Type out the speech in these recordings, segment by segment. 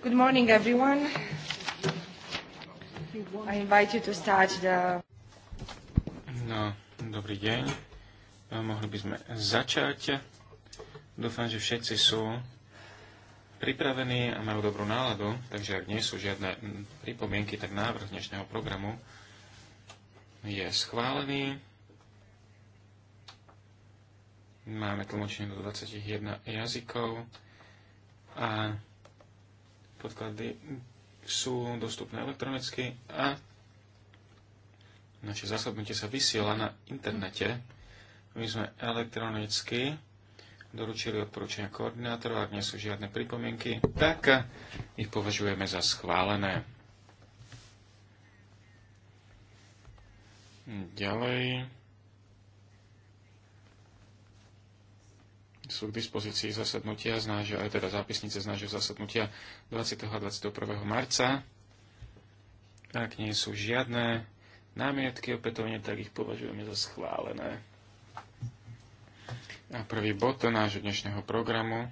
Good morning, everyone. I invite you to start the... No, dobrý deň. E, mohli by sme začať. Dúfam, že všetci sú pripravení a majú dobrú náladu, takže ak nie sú žiadne pripomienky, tak návrh dnešného programu je schválený. Máme tlmočenie do 21 jazykov a Podklady sú dostupné elektronicky a naše zasadnutie sa vysiela na internete. My sme elektronicky doručili odporúčania koordinátorov, ak nie sú žiadne pripomienky, tak ich považujeme za schválené. Ďalej. sú k dispozícii zasadnutia z nášho, aj teda zápisnice z nášho zasadnutia 20. a 21. marca. Ak nie sú žiadne námietky opätovne, tak ich považujeme za schválené. A prvý bod nášho dnešného programu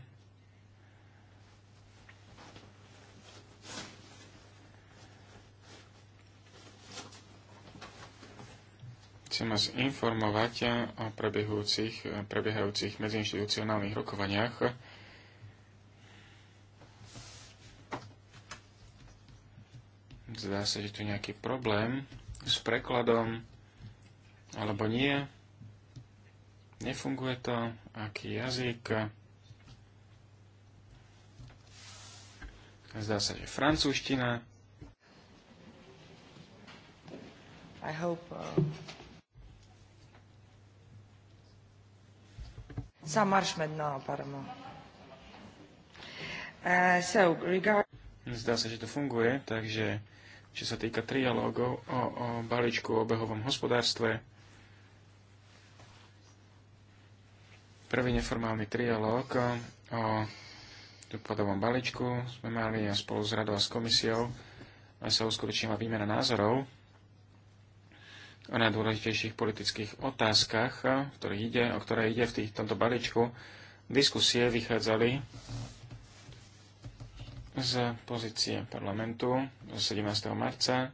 Chcem vás informovať o prebiehajúcich, prebiehajúcich medziinstitucionálnych rokovaniach. Zdá sa, že tu nejaký problém s prekladom, alebo nie. Nefunguje to, aký jazyk. Zdá sa, že francúzština. I hope uh, marche maintenant, apparemment. Zdá sa, že to funguje, takže čo sa týka trialógov o, o balíčku o obehovom hospodárstve, prvý neformálny trialóg o dopadovom balíčku sme mali a spolu s radou a s komisiou a sa uskutočnila výmena názorov o najdôležitejších politických otázkach, ide, o ktoré ide v tých, tomto balíčku, diskusie vychádzali z pozície parlamentu z 17. marca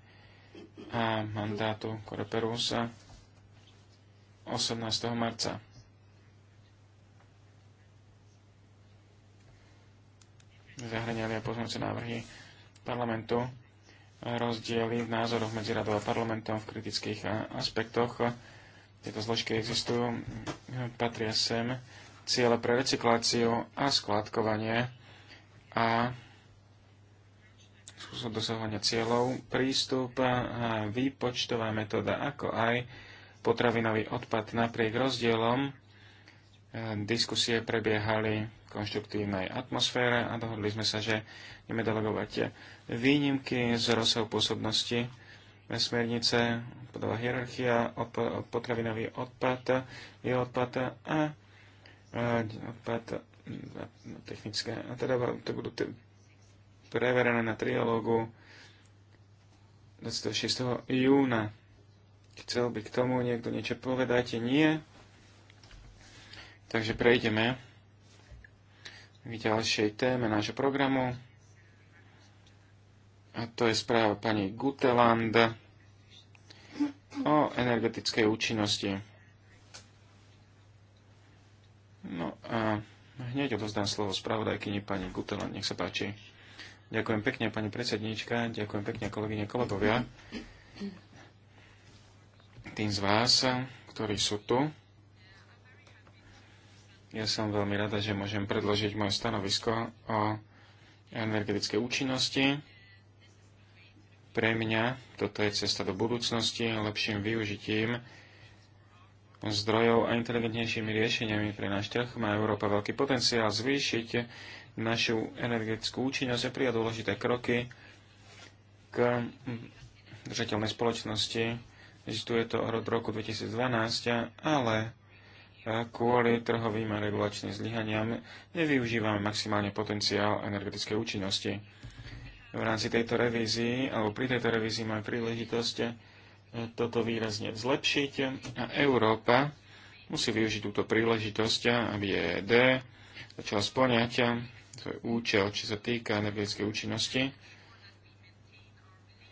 a mandátu Koreperu z 18. marca. Zahraniali aj pozmeňujúce návrhy parlamentu rozdiely v názoroch medzi radou a parlamentom v kritických eh, aspektoch. Tieto zložky existujú, patria sem ciele pre recykláciu a skládkovanie a spôsob dosahovania cieľov, prístup a výpočtová metóda, ako aj potravinový odpad napriek rozdielom. Eh, diskusie prebiehali konštruktívnej atmosfére a dohodli sme sa, že ideme delegovať výnimky z rozsahu pôsobnosti smernice, podala hierarchia, op- odpad, potravinový odpad, je odpad a, a odpad technické. A teda to budú preverené na trialógu 26. júna. Chcel by k tomu niekto niečo povedať? Nie. Takže prejdeme k ďalšej téme nášho programu. A to je správa pani Guteland o energetickej účinnosti. No a hneď odozdám slovo spravodajkyni pani Guteland. Nech sa páči. Ďakujem pekne, pani predsedníčka. Ďakujem pekne, kolegyne, kolegovia. Tým z vás, ktorí sú tu ja som veľmi rada, že môžem predložiť moje stanovisko o energetickej účinnosti. Pre mňa toto je cesta do budúcnosti, lepším využitím zdrojov a inteligentnejšími riešeniami pre náš trh má Európa veľký potenciál zvýšiť našu energetickú účinnosť a prijať dôležité kroky k držateľnej spoločnosti. Existuje to od roku 2012, ale kvôli trhovým a regulačným zlyhaniam nevyužívame maximálne potenciál energetickej účinnosti. V rámci tejto revízii, alebo pri tejto revízii máme príležitosť toto výrazne zlepšiť a Európa musí využiť túto príležitosť, aby ED začala splňať svoj účel, či sa týka energetickej účinnosti.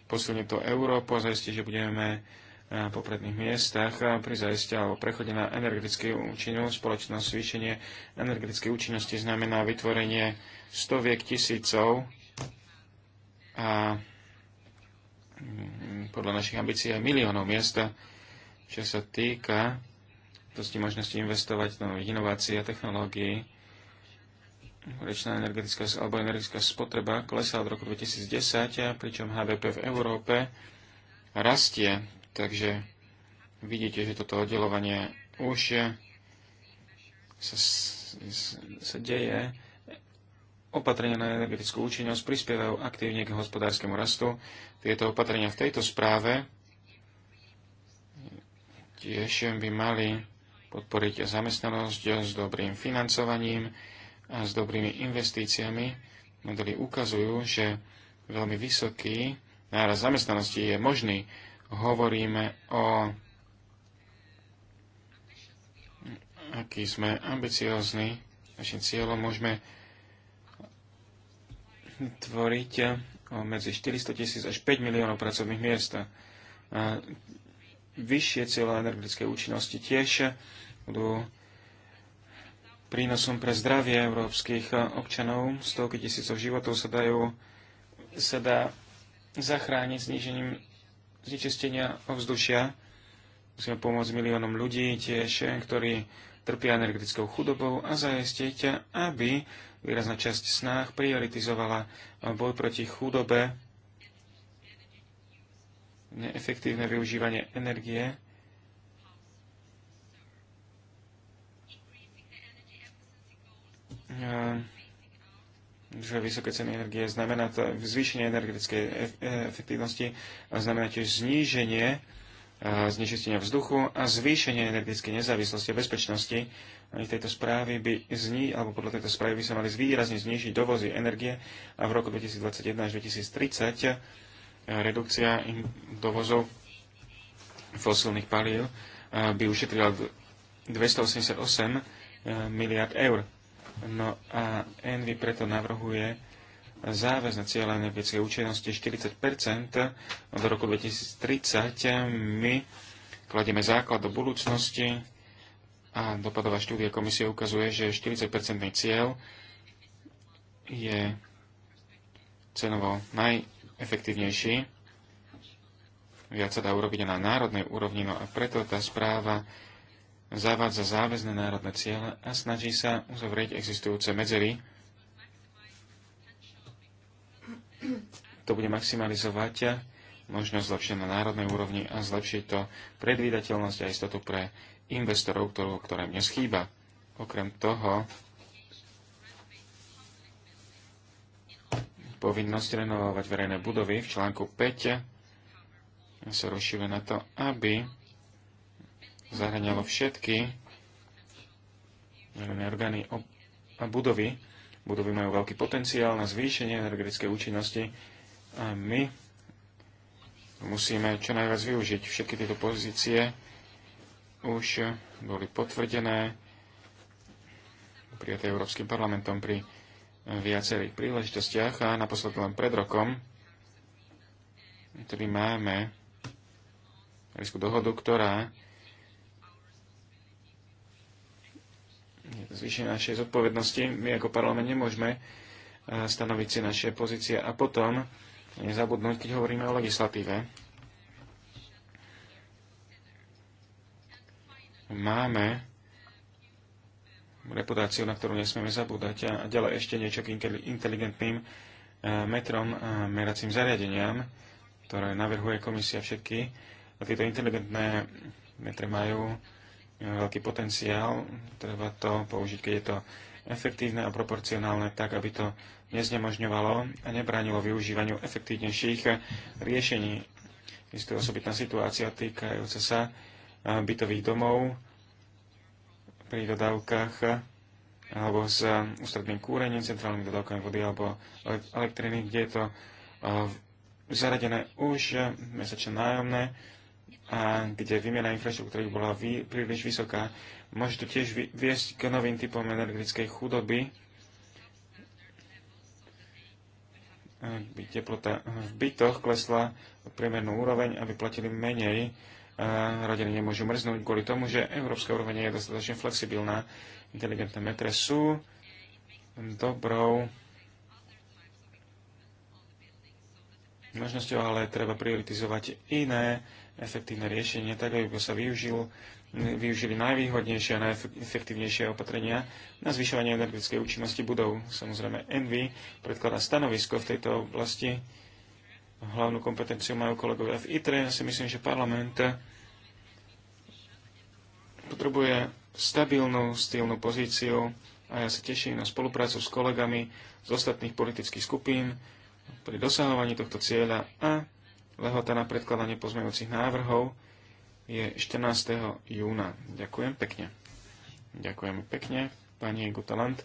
Posilne to Európu a zajistí, že budeme popredných miestach pri zaiste alebo prechode na energetické účinnosť, spoločnosť zvýšenie energetickej účinnosti znamená vytvorenie stoviek tisícov a mm, podľa našich ambícií aj miliónov miesta, čo sa týka dosti možnosti investovať do inovácií a technológií. Rečná energetická alebo energetická spotreba klesá od roku 2010, pričom HDP v Európe rastie Takže vidíte, že toto oddelovanie už sa, sa deje. Opatrenia na energetickú účinnosť prispievajú aktívne k hospodárskemu rastu. Tieto opatrenia v tejto správe tiež by mali podporiť zamestnanosť s dobrým financovaním a s dobrými investíciami. Modely ukazujú, že veľmi vysoký náraz zamestnanosti je možný hovoríme o aký sme ambiciózni, našim cieľom môžeme tvoriť eh, medzi 400 tisíc až 5 miliónov pracovných miest. A vyššie cieľa energetickej účinnosti tiež eh, budú prínosom pre zdravie európskych eh, občanov. Stovky tisícov životov sa dajú sa dá zachrániť znížením znečistenia ovzdušia. Musíme pomôcť miliónom ľudí tiež, ktorí trpia energetickou chudobou a zajistiť, aby výrazná časť snách prioritizovala boj proti chudobe, neefektívne využívanie energie, ehm, že vysoké ceny energie znamená to zvýšenie energetickej e- e- efektívnosti a znamená tiež zníženie znečistenia vzduchu a zvýšenie energetickej nezávislosti a bezpečnosti. Ani tejto správy by zni, alebo podľa tejto správy by sa mali výrazne znížiť dovozy energie a v roku 2021 až 2030 redukcia dovozov fosilných palív by ušetrila 288 e, miliard eur. No a Envy preto navrhuje na cieľe energetickej účinnosti 40 do roku 2030. My kladieme základ do budúcnosti a dopadová štúdia komisie ukazuje, že 40-percentný cieľ je cenovo najefektívnejší. Viac sa dá urobiť na národnej úrovni, no a preto tá správa zavádza záväzne národné ciele a snaží sa uzavrieť existujúce medzery. To bude maximalizovať možnosť zlepšenia na národnej úrovni a zlepšiť to predvídateľnosť a istotu pre investorov, ktorú, ktoré mne schýba. Okrem toho, povinnosť renovovať verejné budovy v článku 5 sa rozšíri na to, aby zahrňalo všetky orgány a budovy. Budovy majú veľký potenciál na zvýšenie energetickej účinnosti a my musíme čo najviac využiť. Všetky tieto pozície už boli potvrdené prijaté Európskym parlamentom pri viacerých príležitostiach a naposledy len pred rokom, ktorý máme Parísku dohodu, ktorá zvýšenie našej zodpovednosti. My ako parlament nemôžeme eh, stanoviť si naše pozície a potom nezabudnúť, keď hovoríme o legislatíve. Máme reputáciu, na ktorú nesmieme zabúdať a ďalej ešte niečo k inteligentným eh, metrom a meracím zariadeniam, ktoré navrhuje komisia všetky. A tieto inteligentné metre majú veľký potenciál. Treba to použiť, keď je to efektívne a proporcionálne, tak aby to neznemožňovalo a nebránilo využívaniu efektívnejších riešení. Isté osobitná situácia týkajúca sa eh, bytových domov pri dodávkach eh, alebo s eh, ústredným kúrením, centrálnymi dodávkami vody alebo elektriny, kde je to zaradené už mesačné nájomné, a kde výmena infraštruktúry bola vý, príliš vysoká. Môže to tiež viesť k novým typom energetickej chudoby, aby teplota v bytoch klesla priemernú úroveň, aby platili menej. Rodiny nemôžu mrznúť kvôli tomu, že európska úroveň je dostatočne flexibilná. Inteligentné metre sú dobrou možnosťou, ale treba prioritizovať iné efektívne riešenie, tak aby sa využil, využili najvýhodnejšie a najefektívnejšie opatrenia na zvyšovanie energetickej účinnosti budov. Samozrejme, Envy predkladá stanovisko v tejto oblasti. Hlavnú kompetenciu majú kolegovia v ITRE. Ja si myslím, že parlament potrebuje stabilnú, stílnu pozíciu a ja sa teším na spoluprácu s kolegami z ostatných politických skupín pri dosahovaní tohto cieľa a Lehota na predkladanie pozmeňujúcich návrhov je 14. júna. Ďakujem pekne. Ďakujem pekne, pani Gutaland.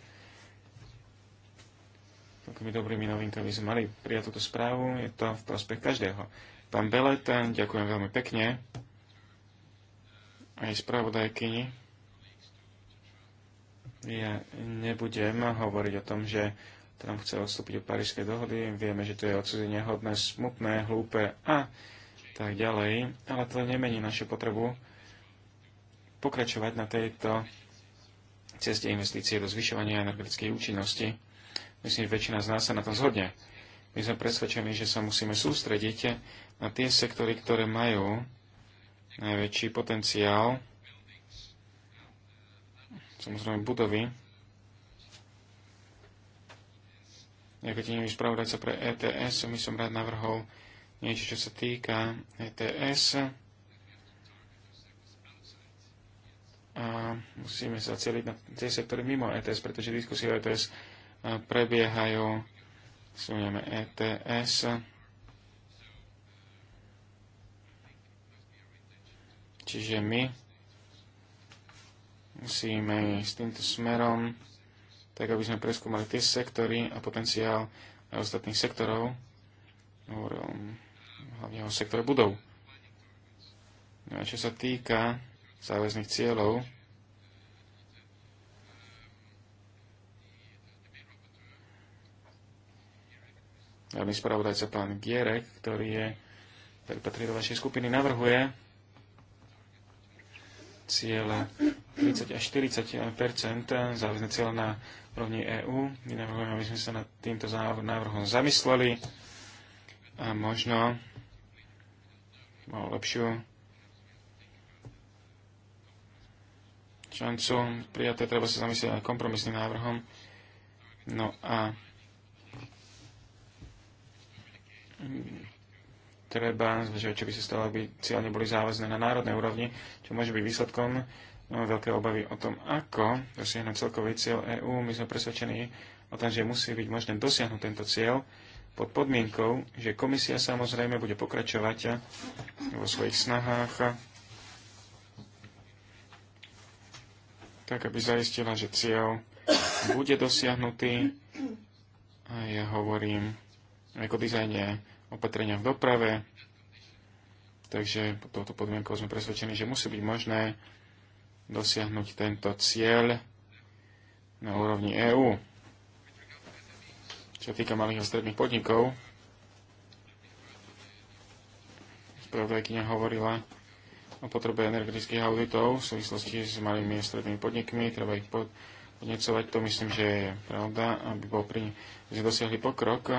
Takými dobrými novinkami sme mali prijať túto správu. Je to v prospech každého. Pán Beleta, ďakujem veľmi pekne. Aj spravodajkyni. Ja nebudem hovoriť o tom, že Trump chce odstúpiť od Parížskej dohody. Vieme, že to je odsúdenie hodné, smutné, hlúpe a tak ďalej. Ale to nemení našu potrebu pokračovať na tejto ceste investície do zvyšovania energetickej účinnosti. Myslím, že väčšina z nás sa na tom zhodne. My sme presvedčení, že sa musíme sústrediť na tie sektory, ktoré majú najväčší potenciál, samozrejme budovy, ako tenevý spravodajca pre ETS, my som rád navrhol niečo, čo sa týka ETS. A musíme sa celiť na tie sektory mimo ETS, pretože diskusie o ETS prebiehajú, Súňame ETS. Čiže my musíme s týmto smerom tak aby sme preskúmali tie sektory a potenciál aj ostatných sektorov, hovoril hlavne o sektore budov. No a čo sa týka záväzných cieľov, hlavný spravodajca pán Gierek, ktorý je ktorý patrí do vašej skupiny, navrhuje cieľe 30 až 40 záväzne cieľa na úrovni EÚ. My navrhujeme, aby sme sa nad týmto návrhom zamysleli a možno mal lepšiu šancu prijaté, treba sa zamyslieť aj kompromisným návrhom. No a treba zvažovať, čo by sa stalo, aby cieľ neboli záväzné na národnej úrovni, čo môže byť výsledkom Máme veľké obavy o tom, ako dosiahnuť celkový cieľ EÚ. My sme presvedčení o tom, že musí byť možné dosiahnuť tento cieľ pod podmienkou, že komisia samozrejme bude pokračovať vo svojich snahách tak, aby zaistila, že cieľ bude dosiahnutý. A ja hovorím ako dizajne opatrenia v doprave. Takže pod touto podmienkou sme presvedčení, že musí byť možné dosiahnuť tento cieľ na úrovni EÚ. Čo týka malých a stredných podnikov, spravodajkynia hovorila o potrebe energetických auditov v súvislosti s malými a strednými podnikmi, treba ich podnecovať, to myslím, že je pravda, aby bol pri, že dosiahli pokrok.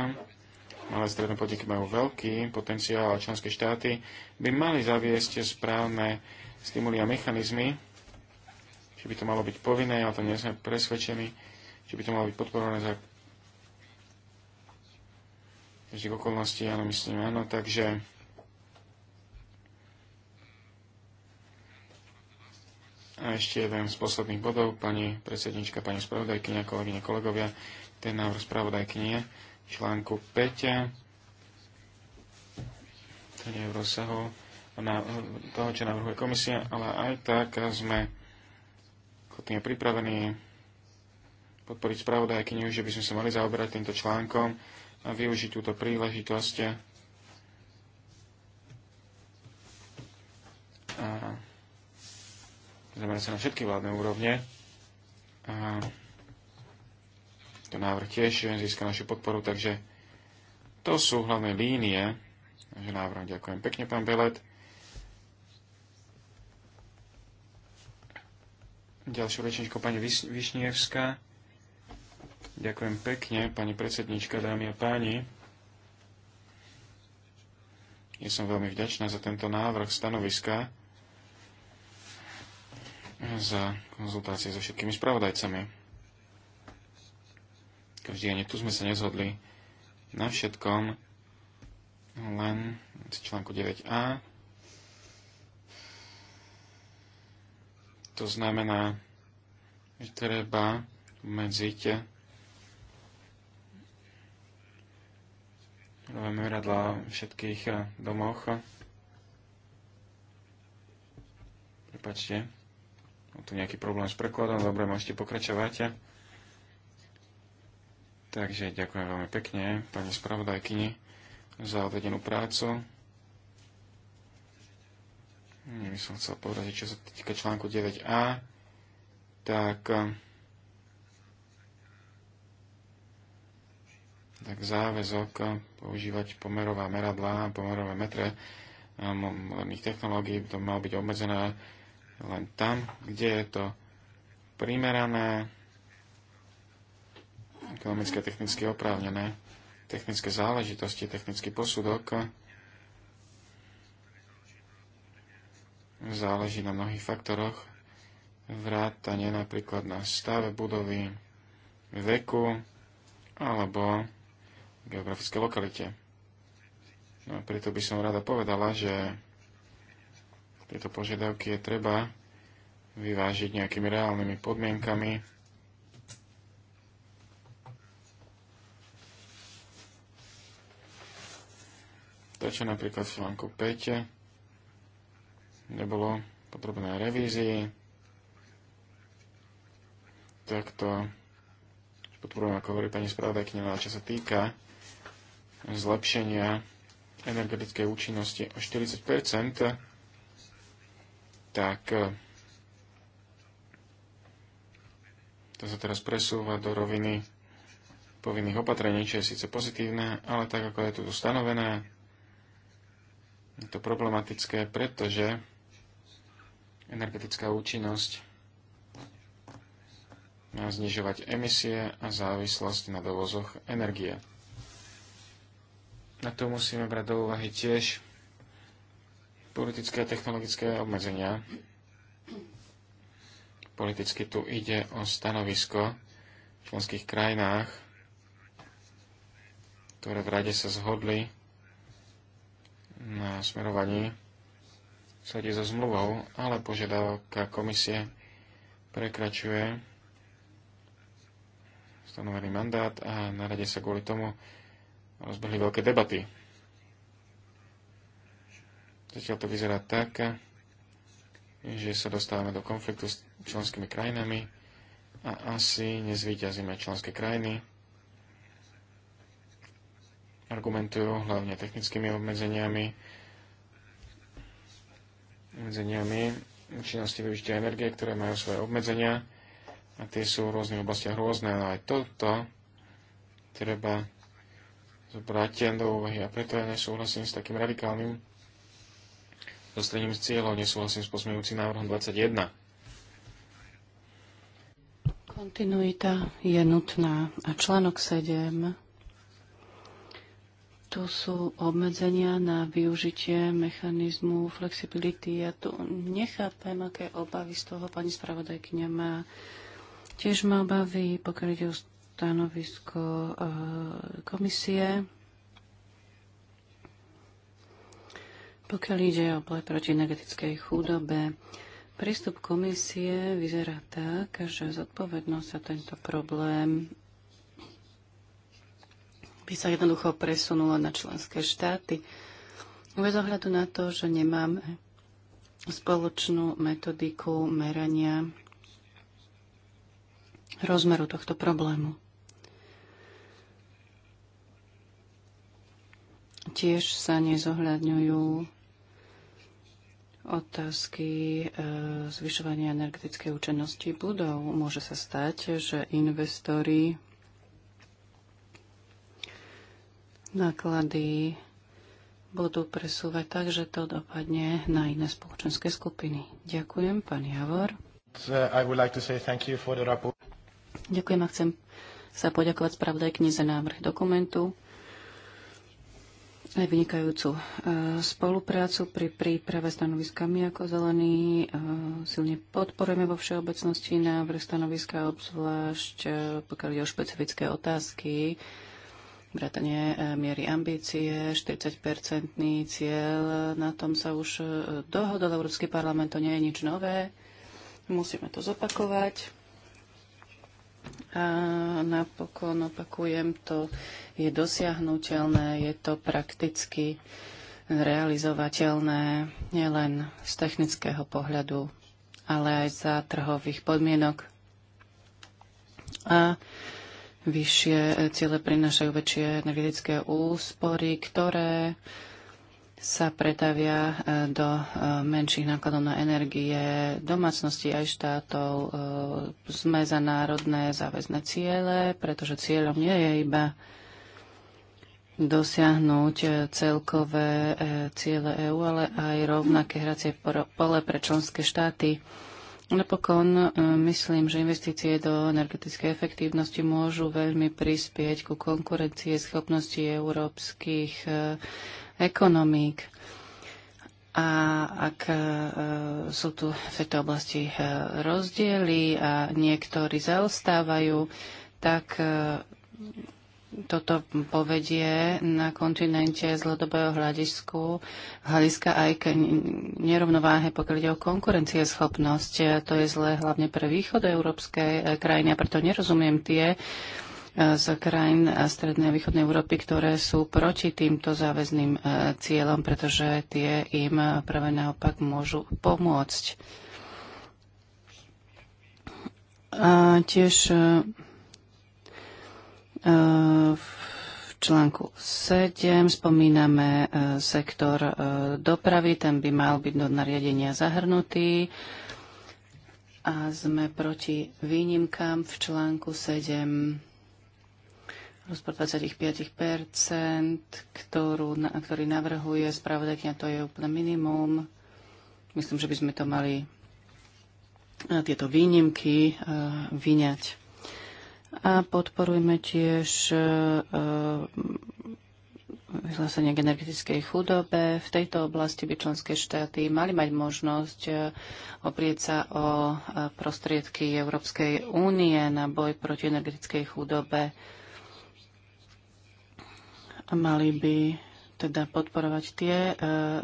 Malé stredné podniky majú veľký potenciál a členské štáty by mali zaviesť správne stimuly a mechanizmy, by to malo byť povinné, ale to nie sme presvedčení, či by to malo byť podporované za každých okolností, áno, myslím, áno, takže A ešte jeden z posledných bodov, pani predsednička, pani spravodajkynia, kolegyne, kolegovia, ten návrh spravodajkynie článku 5, to nie je v rozsahu na toho, čo navrhuje komisia, ale aj tak sme ochotní a pripravení podporiť spravodajkyňu, že by sme sa mali zaoberať týmto článkom a využiť túto príležitosť a zamerať sa na všetky vládne úrovne. A to návrh tiež získa našu podporu, takže to sú hlavné línie Takže návrh Ďakujem pekne, pán Belet. ďalšiu rečničku pani Višnievská. Ďakujem pekne, pani predsednička, dámy a páni. Ja som veľmi vďačná za tento návrh stanoviska, za konzultácie so všetkými spravodajcami. Každý ani tu sme sa nezhodli na všetkom, len z článku 9a To znamená, že treba medziť meradla všetkých eh, domoch. Prepačte, mám tu nejaký problém s prekladom, dobre, môžete pokračovať. Takže ďakujem veľmi pekne pani spravodajkyni za odvedenú prácu. Ja by som chcel povedať, čo sa týka článku 9a, tak, eh, tak záväzok eh, používať pomerová meradlá, pomerové metre eh, moderných technológií to malo byť obmedzené len tam, kde je to primerané, ekonomické, technicky oprávnené, technické záležitosti, technický posudok, záleží na mnohých faktoroch, vrátane napríklad na stave budovy, veku alebo geografické lokalite. No a preto by som rada povedala, že tieto požiadavky je treba vyvážiť nejakými reálnymi podmienkami. To, čo napríklad v článku 5 nebolo potrebné revízii, takto, podporujem, ako hovorí pani spravodajkňa, čo sa týka zlepšenia energetickej účinnosti o 40 tak eh, to sa teraz presúva do roviny povinných opatrení, čo je síce pozitívne, ale tak, ako je tu stanovené, je to problematické, pretože energetická účinnosť, a znižovať emisie a závislosť na dovozoch energie. Na to musíme brať do úvahy tiež politické a technologické obmedzenia. Politicky tu ide o stanovisko v členských krajinách, ktoré v rade sa zhodli na smerovaní slade so zmluvou, ale požiadavka komisie prekračuje stanovený mandát a na rade sa kvôli tomu rozbehli veľké debaty. Zatiaľ to vyzerá tak, že sa dostávame do konfliktu s členskými krajinami a asi nezvýťazíme členské krajiny. Argumentujú hlavne technickými obmedzeniami, obmedzeniami činnosti využitia energie, ktoré majú svoje obmedzenia a tie sú v rôznych oblastiach rôzne, ale aj toto treba zobrať do úvahy a preto ja nesúhlasím s takým radikálnym dostrením z cieľov, nesúhlasím s pozmejúcim návrhom 21. Kontinuita je nutná a článok 7 tu sú obmedzenia na využitie mechanizmu flexibility. Ja tu nechápem, aké obavy z toho pani spravodajkynia má. Tiež má obavy, pokiaľ ide o stanovisko eh, komisie. Pokiaľ ide o boj proti energetickej chudobe, prístup komisie vyzerá tak, že zodpovednosť za tento problém by sa jednoducho presunulo na členské štáty. Bez ohľadu na to, že nemáme spoločnú metodiku merania rozmeru tohto problému. Tiež sa nezohľadňujú otázky e, zvyšovania energetickej účinnosti budov. Môže sa stať, že investori náklady budú presúvať tak, že to dopadne na iné spoločenské skupiny. Ďakujem, pán Javor. Like Ďakujem a chcem sa poďakovať knize za návrh dokumentu aj vynikajúcu e, spoluprácu pri príprave stanoviska. My ako zelení e, silne podporujeme vo všeobecnosti návrh stanoviska, obzvlášť e, pokiaľ je o špecifické otázky, vrátanie e, miery ambície, 40-percentný cieľ, na tom sa už e, dohodol Európsky parlament, to nie je nič nové, musíme to zopakovať. A napokon opakujem, to je dosiahnutelné, je to prakticky realizovateľné nielen z technického pohľadu, ale aj za trhových podmienok. A Vyššie ciele prinášajú väčšie energetické úspory, ktoré sa pretavia e, do e, menších nákladov na energie domácnosti aj štátov. E, sme za národné záväzné ciele, pretože cieľom nie je iba dosiahnuť celkové ciele EÚ, ale aj rovnaké hracie pole pre členské štáty. Napokon e, myslím, že investície do energetickej efektívnosti môžu veľmi prispieť ku konkurencie schopnosti európskych e, ekonomík. A ak e, sú tu v tejto oblasti rozdiely a niektorí zaostávajú, tak toto povedie na kontinente z dlhodobého hľadisku, hľadiska aj k nerovnováhe, pokiaľ ide o konkurencieschopnosť. To je zlé hlavne pre európske eh, krajiny a preto nerozumiem tie eh, z krajín eh, Strednej a Východnej Európy, ktoré sú proti týmto záväzným cieľom, pretože tie im práve naopak môžu pomôcť. A tiež Eh, v článku 7 spomíname eh, sektor eh, dopravy, ten by mal byť do nariadenia zahrnutý a sme proti výnimkám v článku 7 rozpor 25 ktorú, na, ktorý navrhuje spravodajkňa, to je úplne minimum. Myslím, že by sme to mali tieto výnimky vyňať. A podporujeme tiež e, e, vyhlásenie k energetickej chudobe. V tejto oblasti by členské štáty mali mať možnosť e, oprieť sa o prostriedky Európskej únie na boj proti energetickej chudobe. a Mali by teda podporovať tie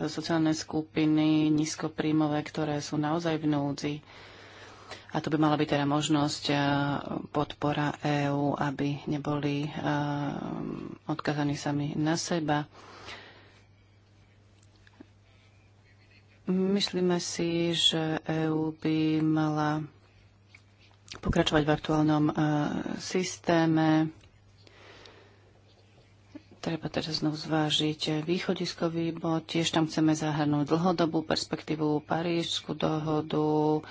sociálne skupiny nízkopríjmové, ktoré sú naozaj v núdzi. A to by mala byť teda možnosť e, podpora EÚ, aby neboli e, odkazaní sami na seba. Myslíme si, že EÚ by mala pokračovať v aktuálnom e, systéme. Treba teda znovu zvážiť východiskový bod. Tiež tam chceme zahrnúť dlhodobú perspektívu, Parížskú dohodu,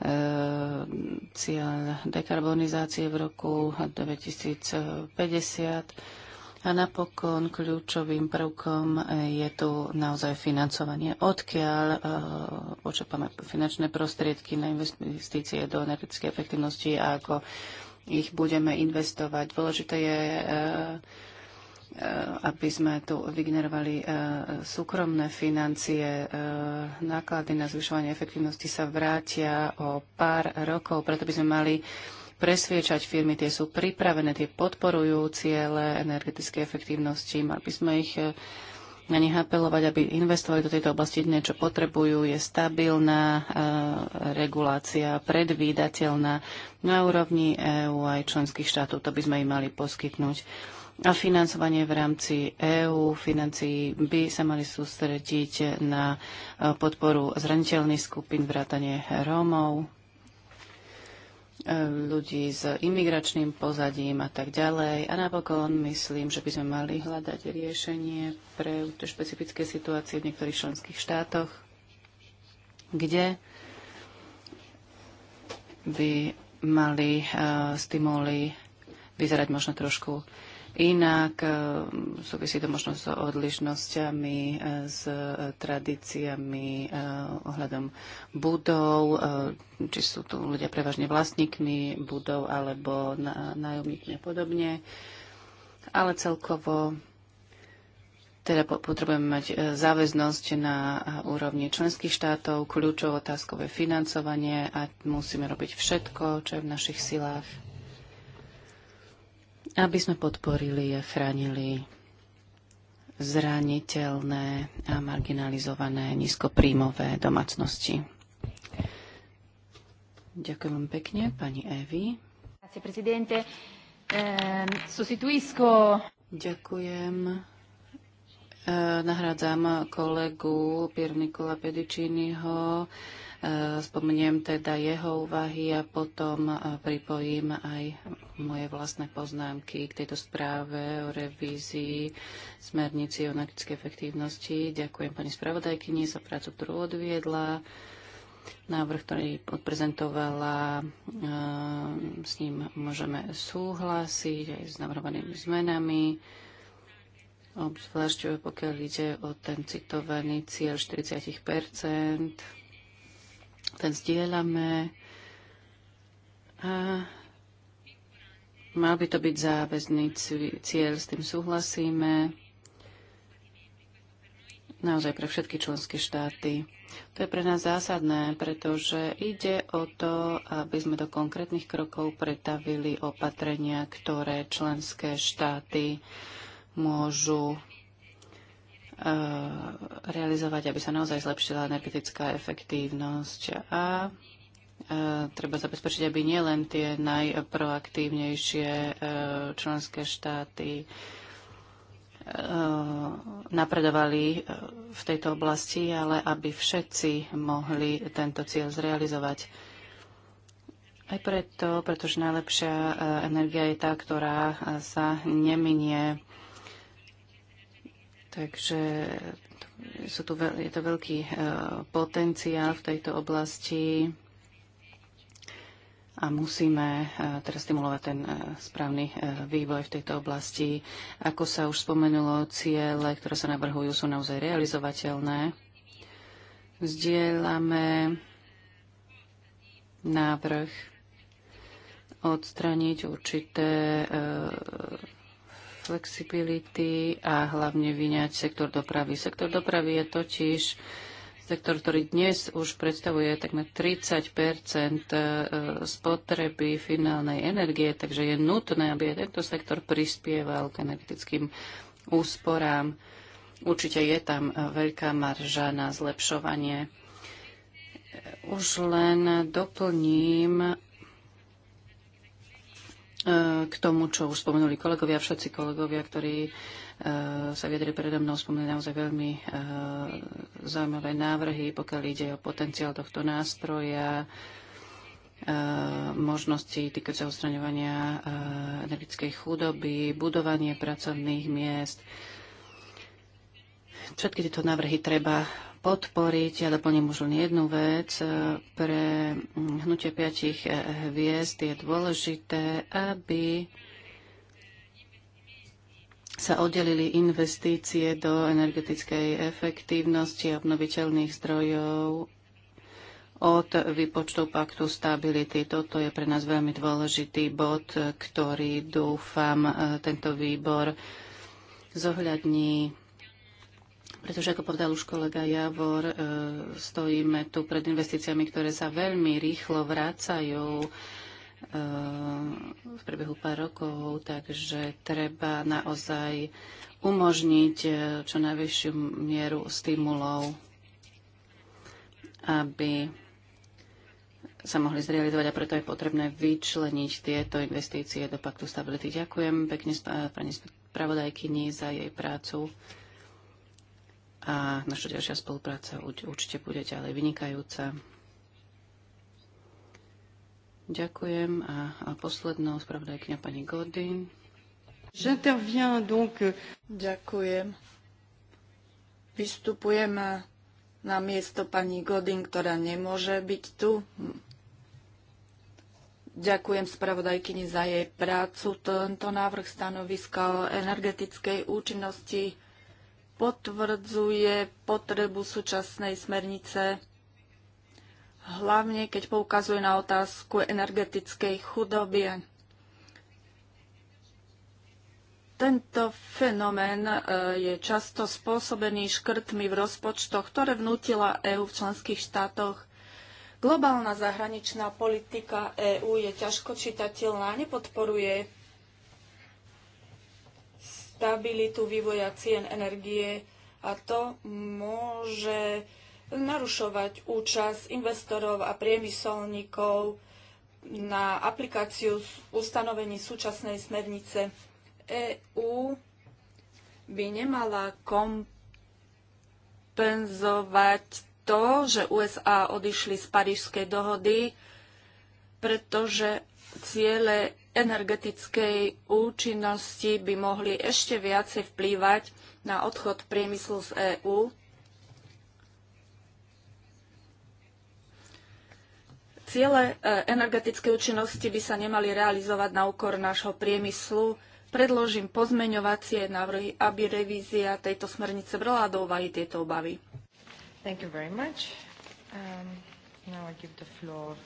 Ehm, cieľ dekarbonizácie v roku 2050. A napokon kľúčovým prvkom je tu naozaj financovanie. Odkiaľ e, finančné prostriedky na investície do energetickej efektivnosti a ako ich budeme investovať. Dôležité je e, Eh, aby sme tu vygenerovali eh, súkromné financie, eh, náklady na zvyšovanie efektivnosti sa vrátia o pár rokov, preto by sme mali presviečať firmy, tie sú pripravené, tie podporujú ciele energetickej efektívnosti, mali by sme ich na nich apelovať, aby investovali do tejto oblasti niečo potrebujú, je stabilná e, regulácia, predvídateľná na úrovni EÚ aj členských štátov, to by sme im mali poskytnúť. A financovanie v rámci EÚ financií by sa mali sústrediť na e, podporu zraniteľných skupín vrátane Rómov, e, ľudí s imigračným pozadím a tak ďalej. A napokon myslím, že by sme mali hľadať riešenie pre špecifické situácie v niektorých členských štátoch, kde by mali uh, stimuly vyzerať možno trošku inak. E, súvisí to možno s odlišnosťami, e, s tradíciami e, ohľadom budov, či sú tu ľudia prevažne vlastníkmi budov alebo nájomníkmi a podobne. Ale celkovo teda potrebujeme mať záväznosť na úrovni členských štátov, kľúčov otázkové financovanie a musíme robiť všetko, čo je v našich silách aby sme podporili a chránili zraniteľné a marginalizované nízkopríjmové domácnosti. Ďakujem vám pekne, pani Evi. Ehm, Ďakujem. Eh, nahrádzam kolegu Pirnikola Pedičínyho Eh, spomeniem teda jeho úvahy a potom eh, pripojím aj moje vlastné poznámky k tejto správe o revízii smernici o energetickej efektívnosti. Ďakujem pani spravodajkyni za prácu, ktorú odviedla návrh, ktorý odprezentovala, eh, s ním môžeme súhlasiť aj s navrhovanými zmenami, obzvlášť pokiaľ ide o ten citovaný cieľ 40 ten zdieľame. A mal by to byť záväzný cieľ, s tým súhlasíme. Naozaj pre všetky členské štáty. To je pre nás zásadné, pretože ide o to, aby sme do konkrétnych krokov pretavili opatrenia, ktoré členské štáty môžu Eh, realizovať, aby sa naozaj zlepšila energetická efektívnosť a eh, treba zabezpečiť, aby nielen tie najproaktívnejšie eh, členské štáty napredovali v tejto oblasti, ale aby všetci mohli tento cieľ zrealizovať. Aj preto, pretože najlepšia energia je tá, ktorá sa neminie Takže sú tu, je to veľký e, potenciál v tejto oblasti a musíme e, teraz stimulovať ten e, správny vývoj v tejto oblasti. Ako sa už spomenulo, ciele, ktoré sa navrhujú, sú naozaj realizovateľné. Vzdielame návrh odstraniť určité flexibility a hlavne vyňať sektor dopravy. Sektor dopravy je totiž sektor, ktorý dnes už predstavuje takmer 30 e, spotreby finálnej energie, takže je nutné, aby aj tento sektor prispieval k energetickým úsporám. Určite je tam e, veľká marža na zlepšovanie. E, už len doplním E, k tomu, čo už spomenuli kolegovia, všetci kolegovia, ktorí e, sa viedri predo mnou, spomenuli naozaj veľmi e, zaujímavé návrhy, pokiaľ ide o potenciál tohto nástroja, možnosti týkajúce odstraňovania energetickej chudoby, budovanie pracovných miest. Všetky tieto návrhy treba podporiť. Ja doplním už len jednu vec. Pre hnutie piatich hviezd je dôležité, aby sa oddelili investície do energetickej efektívnosti a obnoviteľných zdrojov od výpočtu paktu stability. Toto je pre nás veľmi dôležitý bod, ktorý dúfam tento výbor zohľadní pretože, ako povedal už kolega Javor, e, stojíme tu pred investíciami, ktoré sa veľmi rýchlo vrácajú e, v priebehu pár rokov, takže treba naozaj umožniť e, čo najvyššiu mieru stimulov, aby sa mohli zrealizovať a preto je potrebné vyčleniť tieto investície do Paktu stability. Ďakujem pekne pani spravodajkyni za jej prácu a naša ďalšia spolupráca určite bude ďalej vynikajúca. Ďakujem a, a poslednou spravodajkňa pani Godin. J'interviens donc... Euh, Ďakujem. Vystupujem eh, na miesto pani Godin, ktorá nemôže byť tu. Ďakujem spravodajkyni za jej prácu. Tento návrh stanoviska o energetickej účinnosti potvrdzuje potrebu súčasnej smernice, hlavne keď poukazuje na otázku energetickej chudoby. Tento fenomén e, je často spôsobený škrtmi v rozpočtoch, ktoré vnútila EÚ v členských štátoch. Globálna zahraničná politika EÚ je ťažko čitateľná, nepodporuje stabilitu vývoja cien energie a to môže narušovať účasť investorov a priemyselníkov na aplikáciu ustanovení súčasnej smernice. EÚ by nemala kompenzovať to, že USA odišli z Parížskej dohody, pretože ciele energetickej účinnosti by mohli ešte viacej vplývať na odchod priemyslu z EÚ. Ciele e, energetickej účinnosti by sa nemali realizovať na úkor nášho priemyslu. Predložím pozmeňovacie návrhy, aby revízia tejto smernice brala do úvahy tieto obavy. Thank you very much. Um, now I give the floor.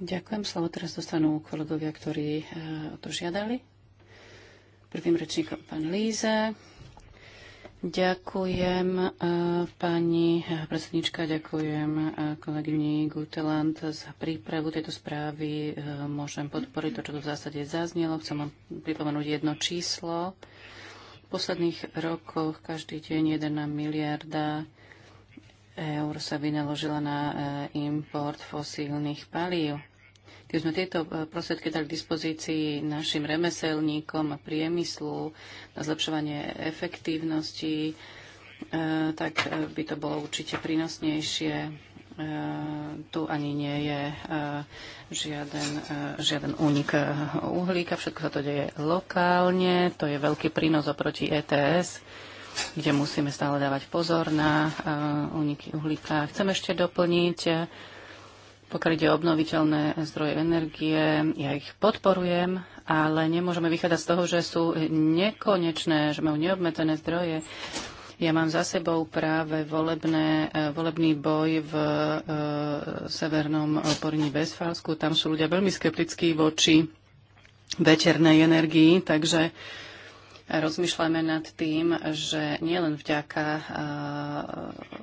Ďakujem. Slovo teraz dostanú kolegovia, ktorí e, o to žiadali. Prvým rečníkom pán Líze. Ďakujem e, pani e, predsednička, ďakujem kolegyni Guteland za prípravu tejto správy. Môžem podporiť to, čo tu v zásade zaznelo. Chcem vám pripomenúť jedno číslo. V posledných rokoch každý deň 1 miliarda eur sa vynaložila na import fosílnych palív. Keď sme tieto e, prostriedky dali k dispozícii našim remeselníkom a priemyslu na zlepšovanie efektívnosti, e, tak e, by to bolo určite prínosnejšie. Tu ani nie je žiaden, žiaden únik uhlíka, všetko sa to deje lokálne, to je veľký prínos oproti ETS kde musíme stále dávať pozor na úniky uhlíka. Chcem ešte doplniť pokiaľ ide o obnoviteľné zdroje energie, ja ich podporujem, ale nemôžeme vychádzať z toho, že sú nekonečné, že majú neobmedzené zdroje. Ja mám za sebou práve volebné, e, volebný boj v e, severnom Porní Vesfalsku. Tam sú ľudia veľmi skeptickí voči veternej energii, takže rozmýšľame nad tým, že nielen vďaka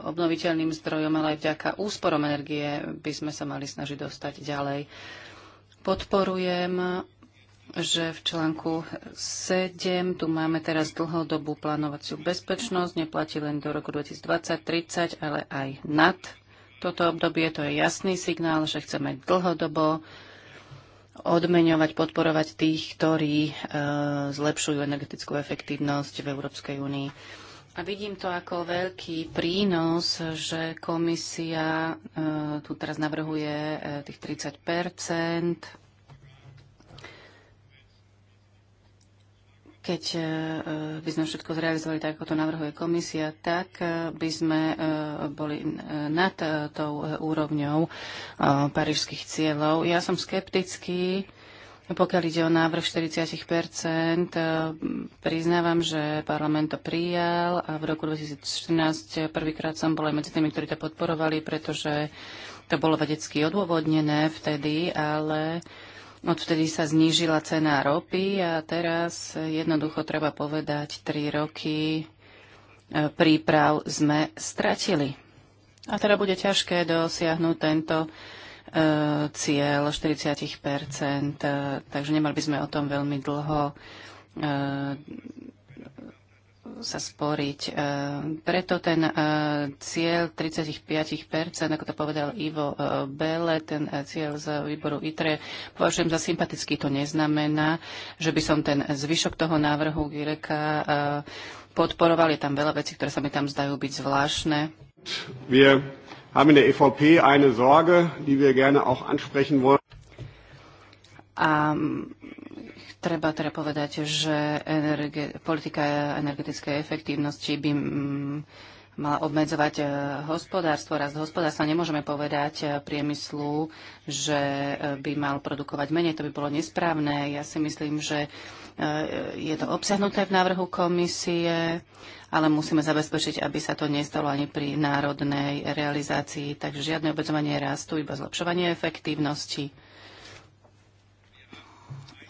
obnoviteľným zdrojom, ale aj vďaka úsporom energie by sme sa mali snažiť dostať ďalej. Podporujem že v článku 7 tu máme teraz dlhodobú plánovaciu bezpečnosť, neplatí len do roku 2020 2030 ale aj nad toto obdobie. To je jasný signál, že chceme dlhodobo odmeňovať, podporovať tých, ktorí e, zlepšujú energetickú efektívnosť v Európskej únii. A vidím to ako veľký prínos, že komisia e, tu teraz navrhuje e, tých 30 Keď e, e, by sme všetko zrealizovali tak, ako to navrhuje komisia, tak e, by sme boli nad tou úrovňou parížských cieľov. Ja som skeptický, pokiaľ ide o návrh 40 priznávam, že parlament to prijal a v roku 2014 prvýkrát som bola medzi tými, ktorí to podporovali, pretože to bolo vedecky odôvodnené vtedy, ale Odvtedy sa znížila cena ropy a teraz jednoducho treba povedať, 3 roky e, príprav sme stratili. A teda bude ťažké dosiahnuť tento e, cieľ 40 e, takže nemali by sme o tom veľmi dlho sa sporiť. E, preto ten e, cieľ 35%, ako to povedal Ivo e, Bele, ten cieľ z výboru ITRE, považujem za sympatický. To neznamená, že by som ten zvyšok toho návrhu Gireka podporoval. Je tam veľa vecí, ktoré sa mi tam zdajú byť zvláštne. Wir haben in der EVP eine Sorge, die wir gerne auch ansprechen wollen. A Treba teda povedať, že energe, politika energetickej efektívnosti by mm, mala obmedzovať e, hospodárstvo, rast hospodárstva. Nemôžeme povedať e, priemyslu, že e, by mal produkovať menej, to by bolo nesprávne. Ja si myslím, že je to obsahnuté v návrhu komisie, ale musíme zabezpečiť, aby sa to nestalo ani pri národnej realizácii. Takže žiadne obmedzovanie rastu, iba zlepšovanie efektívnosti.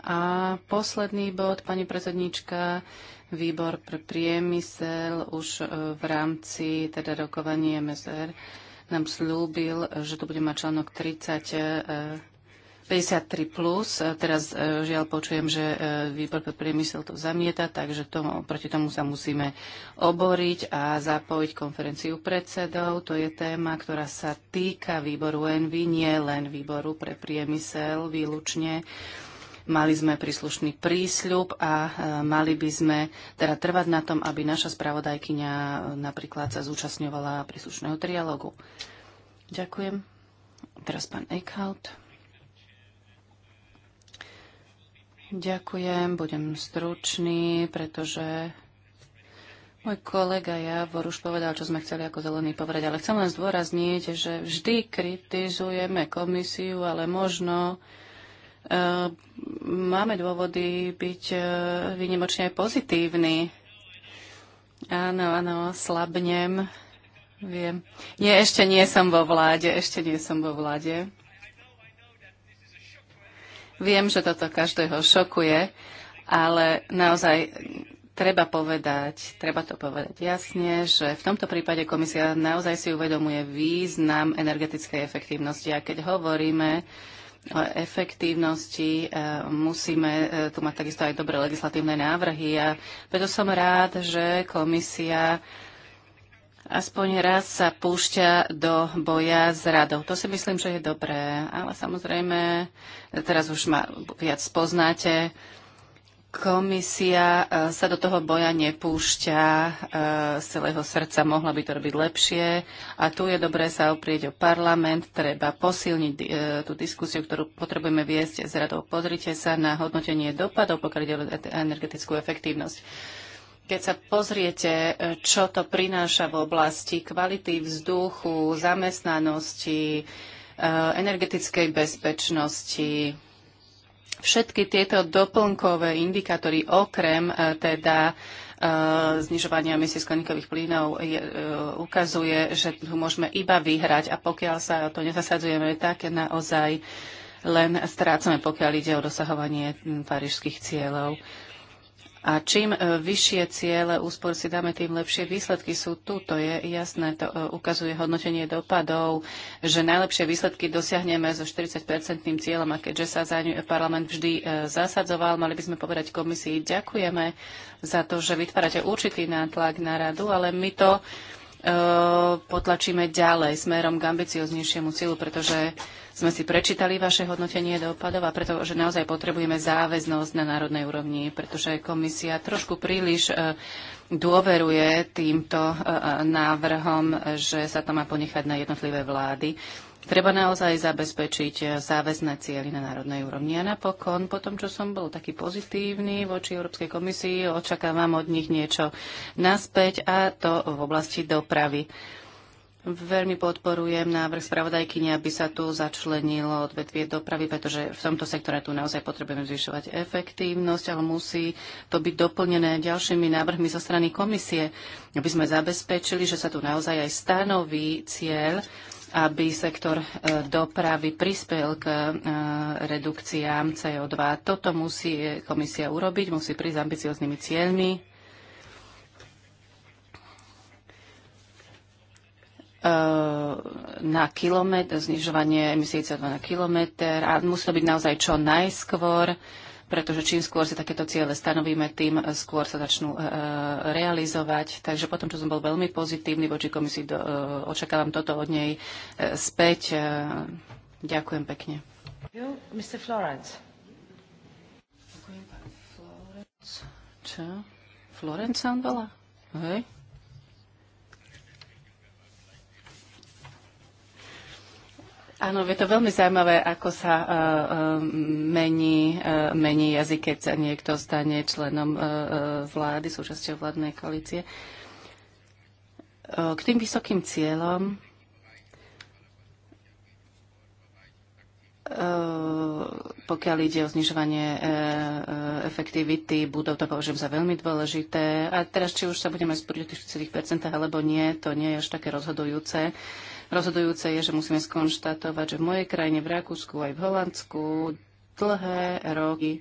A posledný bod, pani predsednička, výbor pre priemysel už e, v rámci teda rokovania MSR nám slúbil, že tu bude mať článok 30 53 e, plus. E, teraz žiaľ počujem, že výbor pre priemysel to zamieta, takže tomu, proti tomu sa musíme oboriť a zapojiť konferenciu predsedov. To je téma, ktorá sa týka výboru ENVY, nie len výboru pre priemysel výlučne. Mali sme príslušný prísľub a e, mali by sme teda trvať na tom, aby naša spravodajkyňa e, napríklad sa zúčastňovala príslušného trialogu. Ďakujem. Teraz pán Eichhout. Ďakujem, budem stručný, pretože môj kolega Javor už povedal, čo sme chceli ako zelený povedať, ale chcem len zdôrazniť, že vždy kritizujeme komisiu, ale možno Ehm, máme dôvody byť e, výnimočne aj pozitívni. Áno, áno, slabnem. Viem. Nie, ešte nie som vo vláde, ešte nie som vo vláde. Viem, že toto každého šokuje, ale naozaj treba povedať, treba to povedať jasne, že v tomto prípade komisia naozaj si uvedomuje význam energetickej efektívnosti. A keď hovoríme efektívnosti e, musíme e, tu mať takisto aj dobré legislatívne návrhy a preto som rád, že komisia aspoň raz sa púšťa do boja s radou. To si myslím, že je dobré, ale samozrejme teraz už ma viac poznáte. Komisia e, sa do toho boja nepúšťa e, z celého srdca, mohla by to robiť lepšie a tu je dobré sa oprieť o parlament, treba posilniť e, tú diskusiu, ktorú potrebujeme viesť s radou. Pozrite sa na hodnotenie dopadov, pokiaľ ide o energetickú efektívnosť. Keď sa pozriete, čo to prináša v oblasti kvality vzduchu, zamestnanosti, energetickej bezpečnosti, Všetky tieto doplnkové indikátory okrem e, teda e, znižovania emisie skleníkových plynov je, e, ukazuje, že tu môžeme iba vyhrať a pokiaľ sa to nezasadzujeme, tak naozaj len strácame, pokiaľ ide o dosahovanie parížských cieľov. A čím e, vyššie ciele úspor si dáme, tým lepšie výsledky sú tu. To je jasné, to e, ukazuje hodnotenie dopadov, že najlepšie výsledky dosiahneme so 40-percentným cieľom a keďže sa za ňu parlament vždy e, zasadzoval, mali by sme povedať komisii, ďakujeme za to, že vytvárate určitý nátlak na radu, ale my to potlačíme ďalej smerom k ambicioznejšiemu cieľu, pretože sme si prečítali vaše hodnotenie dopadov a preto, že naozaj potrebujeme záväznosť na národnej úrovni, pretože komisia trošku príliš e, dôveruje týmto e, návrhom, že sa to má ponechať na jednotlivé vlády. Treba naozaj zabezpečiť záväzné cieľy na národnej úrovni. A napokon, po tom, čo som bol taký pozitívny voči Európskej komisii, očakávam od nich niečo naspäť a to v oblasti dopravy. Veľmi podporujem návrh spravodajkyne, aby sa tu začlenilo odvetvie dopravy, pretože v tomto sektore tu naozaj potrebujeme zvyšovať efektívnosť, ale musí to byť doplnené ďalšími návrhmi zo strany komisie, aby sme zabezpečili, že sa tu naozaj aj stanoví cieľ aby sektor e, dopravy prispel k e, redukciám CO2. Toto musí komisia urobiť, musí prísť s ambicioznými cieľmi. E, na kilometr, znižovanie emisí CO2 na kilometr a musí to byť naozaj čo najskôr pretože čím skôr si takéto ciele stanovíme, tým eh, skôr sa začnú eh, eh, realizovať. Takže potom, čo som bol veľmi pozitívny voči komisii, do, očakávam toto od nej späť. Ďakujem pekne. You, Mr. Florence. Florence. Čo? Florence sa volá? Hej. Áno, je to veľmi zaujímavé, ako sa uh, mení, uh, mení jazyk, keď sa niekto stane členom uh, vlády, súčasťou vládnej koalície. Uh, k tým vysokým cieľom pokiaľ ide o znižovanie efektivity budov, to považujem za veľmi dôležité. A teraz, či už sa budeme spúriť o tých 40% alebo nie, to nie je až také rozhodujúce. Rozhodujúce je, že musíme skonštatovať, že v mojej krajine, v Rakúsku aj v Holandsku dlhé roky e,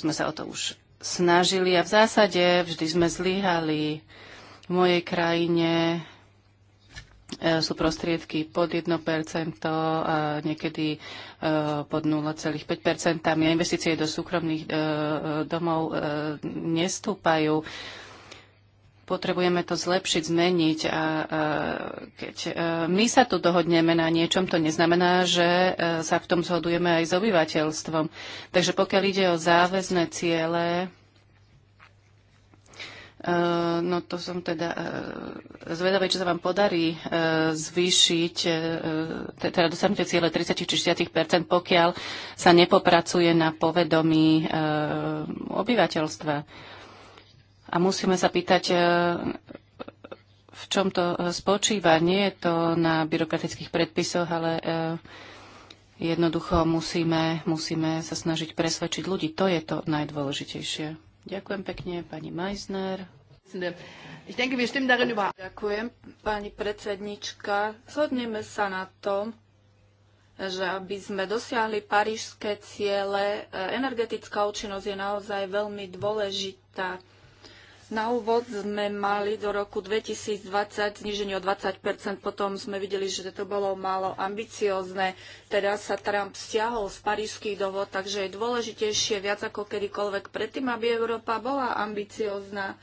sme sa o to už snažili a v zásade vždy sme zlyhali. V mojej krajine e, sú prostriedky pod 1% a niekedy e, pod 0,5%. A investície do súkromných e, e domov e, nestúpajú potrebujeme to zlepšiť, zmeniť. A keď e, my sa tu dohodneme na niečom, to neznamená, že e, sa v tom zhodujeme aj s obyvateľstvom. Takže pokiaľ ide o záväzné ciele, e, no to som teda zvedavý, čo sa vám podarí zvýšiť, teda dosiahnete ciele 30 či 60 pokiaľ sa nepopracuje na povedomí obyvateľstva. A musíme sa pýtať, e, v čom to e, spočíva. Nie je to na byrokratických predpisoch, ale e, jednoducho musíme, musíme sa snažiť presvedčiť ľudí. To je to najdôležitejšie. Ďakujem pekne, pani Meissner. Ďakujem, pani predsednička. Zhodneme sa na tom, že aby sme dosiahli parížské ciele, energetická účinnosť je naozaj veľmi dôležitá. Na úvod sme mali do roku 2020 zniženie o 20 potom sme videli, že to bolo málo ambiciózne. Teraz sa Trump stiahol z parížských dohod, takže je dôležitejšie viac ako kedykoľvek predtým, aby Európa bola ambiciózna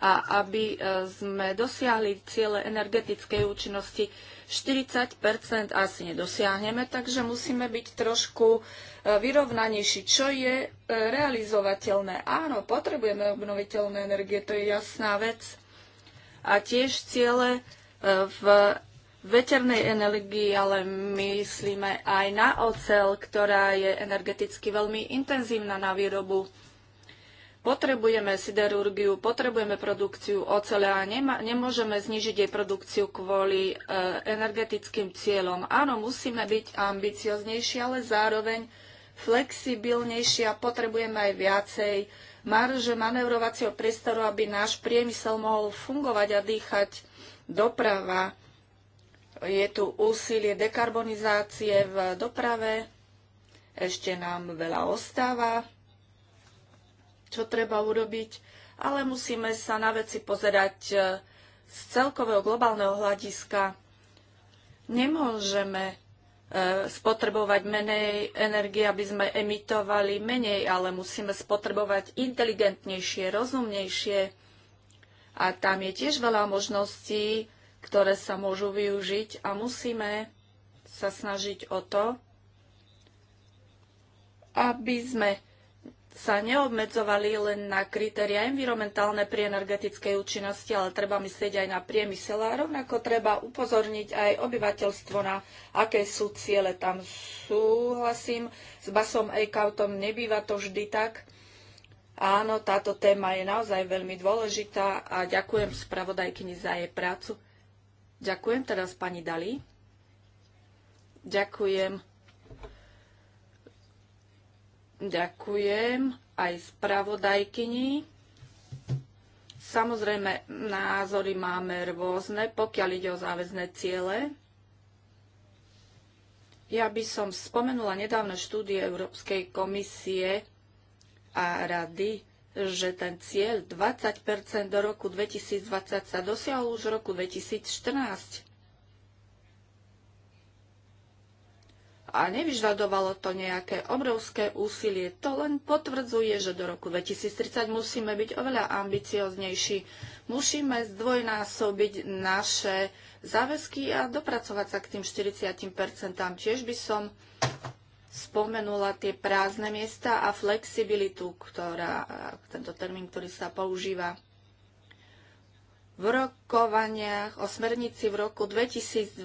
a aby e, sme dosiahli ciele energetickej účinnosti. 40 asi nedosiahneme, takže musíme byť trošku e, vyrovnanejší, čo je e, realizovateľné. Áno, potrebujeme obnoviteľné energie, to je jasná vec. A tiež ciele e, v veternej energii, ale myslíme aj na ocel, ktorá je energeticky veľmi intenzívna na výrobu. Potrebujeme siderurgiu, potrebujeme produkciu ocele a nema, nemôžeme znižiť jej produkciu kvôli e, energetickým cieľom. Áno, musíme byť ambicioznejší, ale zároveň flexibilnejší a potrebujeme aj viacej marže manevrovacieho priestoru, aby náš priemysel mohol fungovať a dýchať doprava. Je tu úsilie dekarbonizácie v doprave, ešte nám veľa ostáva čo treba urobiť, ale musíme sa na veci pozerať e, z celkového globálneho hľadiska. Nemôžeme e, spotrebovať menej energie, aby sme emitovali menej, ale musíme spotrebovať inteligentnejšie, rozumnejšie. A tam je tiež veľa možností, ktoré sa môžu využiť a musíme sa snažiť o to, aby sme sa neobmedzovali len na kritéria environmentálne pri energetickej účinnosti, ale treba myslieť aj na priemysel a rovnako treba upozorniť aj obyvateľstvo na aké sú ciele. Tam súhlasím s Basom Eichautom, nebýva to vždy tak. Áno, táto téma je naozaj veľmi dôležitá a ďakujem spravodajkyni za jej prácu. Ďakujem teraz pani Dali. Ďakujem Ďakujem aj spravodajkyni. Samozrejme, názory máme rôzne, pokiaľ ide o záväzné ciele. Ja by som spomenula nedávne štúdie Európskej komisie a rady, že ten cieľ 20 do roku 2020 sa dosiahol už v roku 2014. a nevyžadovalo to nejaké obrovské úsilie. To len potvrdzuje, že do roku 2030 musíme byť oveľa ambicioznejší. Musíme zdvojnásobiť naše záväzky a dopracovať sa k tým 40%. Tiež by som spomenula tie prázdne miesta a flexibilitu, ktorá, tento termín, ktorý sa používa v rokovaniach o smernici v roku 2012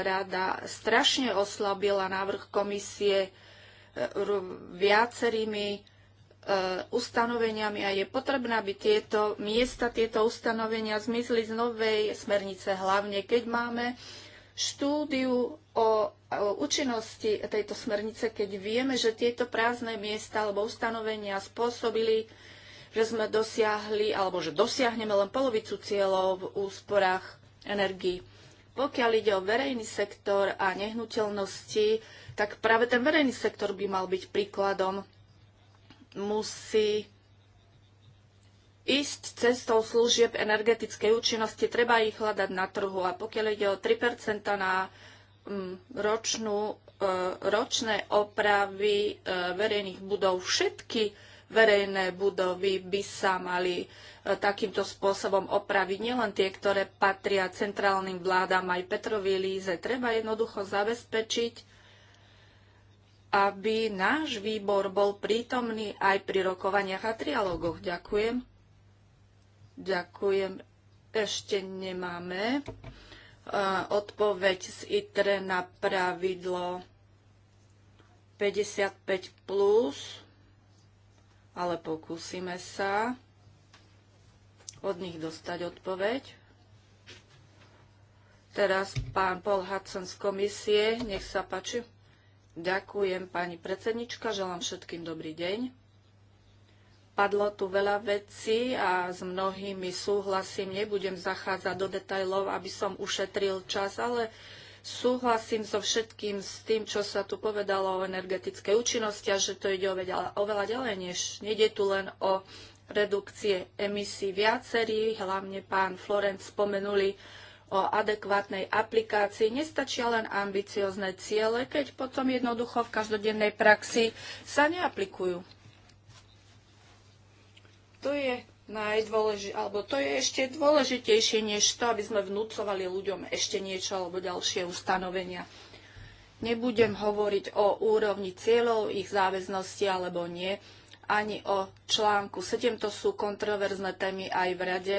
rada strašne oslabila návrh komisie e, viacerými e, ustanoveniami a je potrebné, aby tieto miesta, tieto ustanovenia zmizli z novej smernice, hlavne keď máme štúdiu o, o účinnosti tejto smernice, keď vieme, že tieto prázdne miesta alebo ustanovenia spôsobili že sme dosiahli alebo že dosiahneme len polovicu cieľov v úsporách energii. Pokiaľ ide o verejný sektor a nehnuteľnosti, tak práve ten verejný sektor by mal byť príkladom. Musí ísť cestou služieb energetickej účinnosti, treba ich hľadať na trhu. A pokiaľ ide o 3 na mm, ročnú, e, ročné opravy e, verejných budov, všetky verejné budovy by sa mali e, takýmto spôsobom opraviť. Nielen tie, ktoré patria centrálnym vládam, aj Petrovi Líze. Treba jednoducho zabezpečiť, aby náš výbor bol prítomný aj pri rokovaniach a trialógoch. Ďakujem. Ďakujem. Ešte nemáme e, odpoveď z ITRE na pravidlo 55+. Plus ale pokúsime sa od nich dostať odpoveď. Teraz pán Paul Hudson z komisie, nech sa páči. Ďakujem pani predsednička, želám všetkým dobrý deň. Padlo tu veľa vecí a s mnohými súhlasím. Nebudem zachádzať do detajlov, aby som ušetril čas, ale Súhlasím so všetkým s tým, čo sa tu povedalo o energetickej účinnosti a že to ide oveľa, oveľa ďalej, než nejde tu len o redukcie emisí viacerí, hlavne pán Florenc spomenuli o adekvátnej aplikácii. Nestačia len ambiciozne ciele, keď potom jednoducho v každodennej praxi sa neaplikujú. To je najdôleži- alebo to je ešte dôležitejšie než to, aby sme vnúcovali ľuďom ešte niečo alebo ďalšie ustanovenia. Nebudem hovoriť o úrovni cieľov, ich záväznosti alebo nie, ani o článku 7, to sú kontroverzné témy aj v rade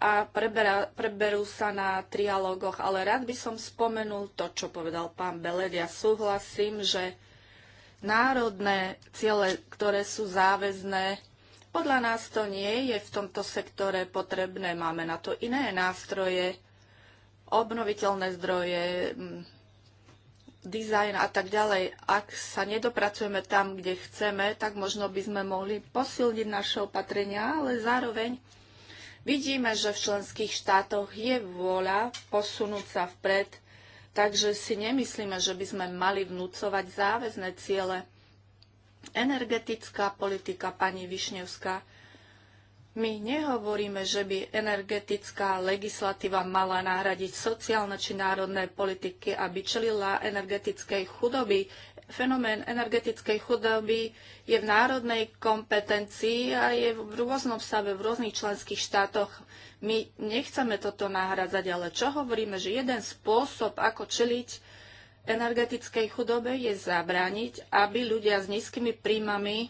a prebera, preberú sa na trialógoch, ale rád by som spomenul to, čo povedal pán Beled. Ja súhlasím, že národné ciele, ktoré sú záväzné, podľa nás to nie je v tomto sektore potrebné. Máme na to iné nástroje, obnoviteľné zdroje, mm, dizajn a tak ďalej. Ak sa nedopracujeme tam, kde chceme, tak možno by sme mohli posilniť naše opatrenia, ale zároveň vidíme, že v členských štátoch je vôľa posunúť sa vpred, takže si nemyslíme, že by sme mali vnúcovať záväzné ciele. Energetická politika, pani Višňovská. My nehovoríme, že by energetická legislatíva mala nahradiť sociálne či národné politiky, aby čelila energetickej chudoby. Fenomén energetickej chudoby je v národnej kompetencii a je v rôznom stave v rôznych členských štátoch. My nechceme toto nahradzať, ale čo hovoríme, že jeden spôsob, ako čeliť energetickej chudobe je zabrániť, aby ľudia s nízkymi príjmami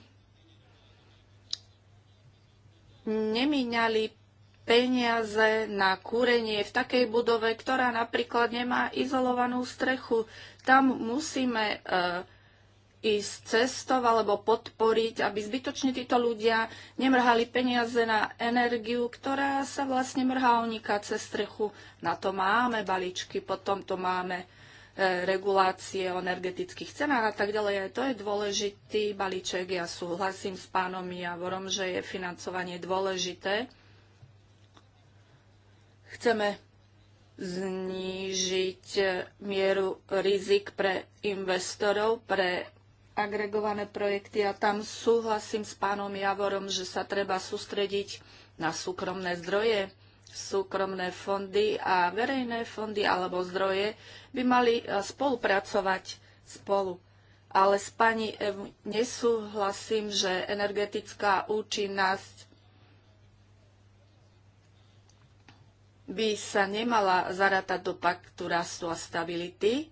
nemíňali peniaze na kúrenie v takej budove, ktorá napríklad nemá izolovanú strechu. Tam musíme e, ísť cestov alebo podporiť, aby zbytočne títo ľudia nemrhali peniaze na energiu, ktorá sa vlastne mrhá uniká cez strechu. Na to máme balíčky, potom to máme E, regulácie o energetických cenách a tak ďalej. To je dôležitý balíček. Ja súhlasím s pánom Javorom, že je financovanie dôležité. Chceme znížiť e, mieru rizik pre investorov, pre agregované projekty a tam súhlasím s pánom Javorom, že sa treba sústrediť na súkromné zdroje súkromné fondy a verejné fondy alebo zdroje by mali e, spolupracovať spolu. Ale s pani Ev nesúhlasím, že energetická účinnosť by sa nemala zarátať do paktu rastu a stability.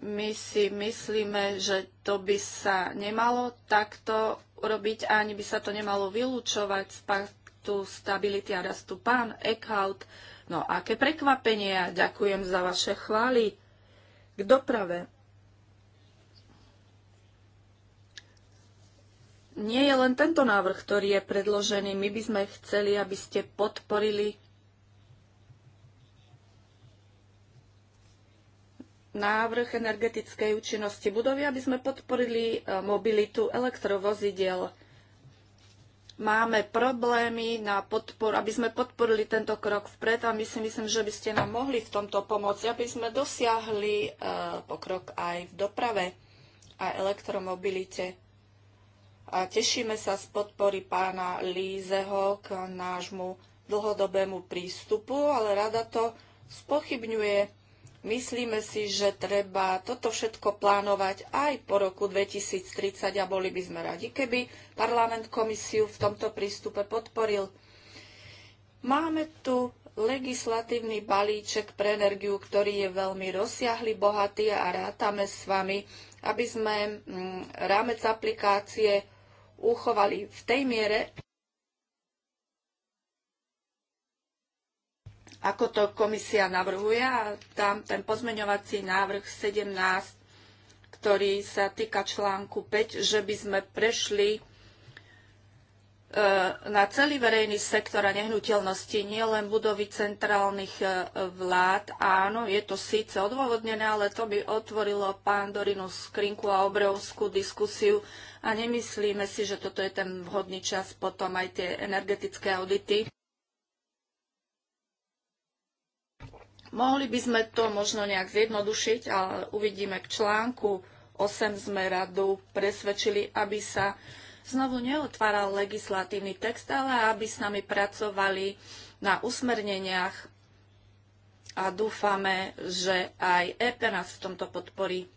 My si myslíme, že to by sa nemalo takto robiť a ani by sa to nemalo vylúčovať z paktu stability a rastu. Pán Eckhout, no aké prekvapenie a ďakujem za vaše chvály k doprave. Nie je len tento návrh, ktorý je predložený. My by sme chceli, aby ste podporili návrh energetickej účinnosti budovy, aby sme podporili e, mobilitu elektrovozidiel. Máme problémy na podpor, aby sme podporili tento krok vpred a my si myslím, že by ste nám mohli v tomto pomôcť, aby sme dosiahli e, pokrok aj v doprave a elektromobilite. A tešíme sa z podpory pána Lízeho k nášmu dlhodobému prístupu, ale rada to spochybňuje Myslíme si, že treba toto všetko plánovať aj po roku 2030 a boli by sme radi, keby parlament komisiu v tomto prístupe podporil. Máme tu legislatívny balíček pre energiu, ktorý je veľmi rozsiahly, bohatý a rátame s vami, aby sme mm, rámec aplikácie uchovali v tej miere, ako to komisia navrhuje a tam ten pozmeňovací návrh 17, ktorý sa týka článku 5, že by sme prešli e, na celý verejný sektor a nehnuteľnosti, nie len budovy centrálnych e, vlád. Áno, je to síce odôvodnené, ale to by otvorilo Pandorinu skrinku a obrovskú diskusiu a nemyslíme si, že toto je ten vhodný čas potom aj tie energetické audity. Mohli by sme to možno nejak zjednodušiť, ale uvidíme k článku 8 sme radu presvedčili, aby sa znovu neotváral legislatívny text, ale aby s nami pracovali na usmerneniach a dúfame, že aj EP nás v tomto podporí.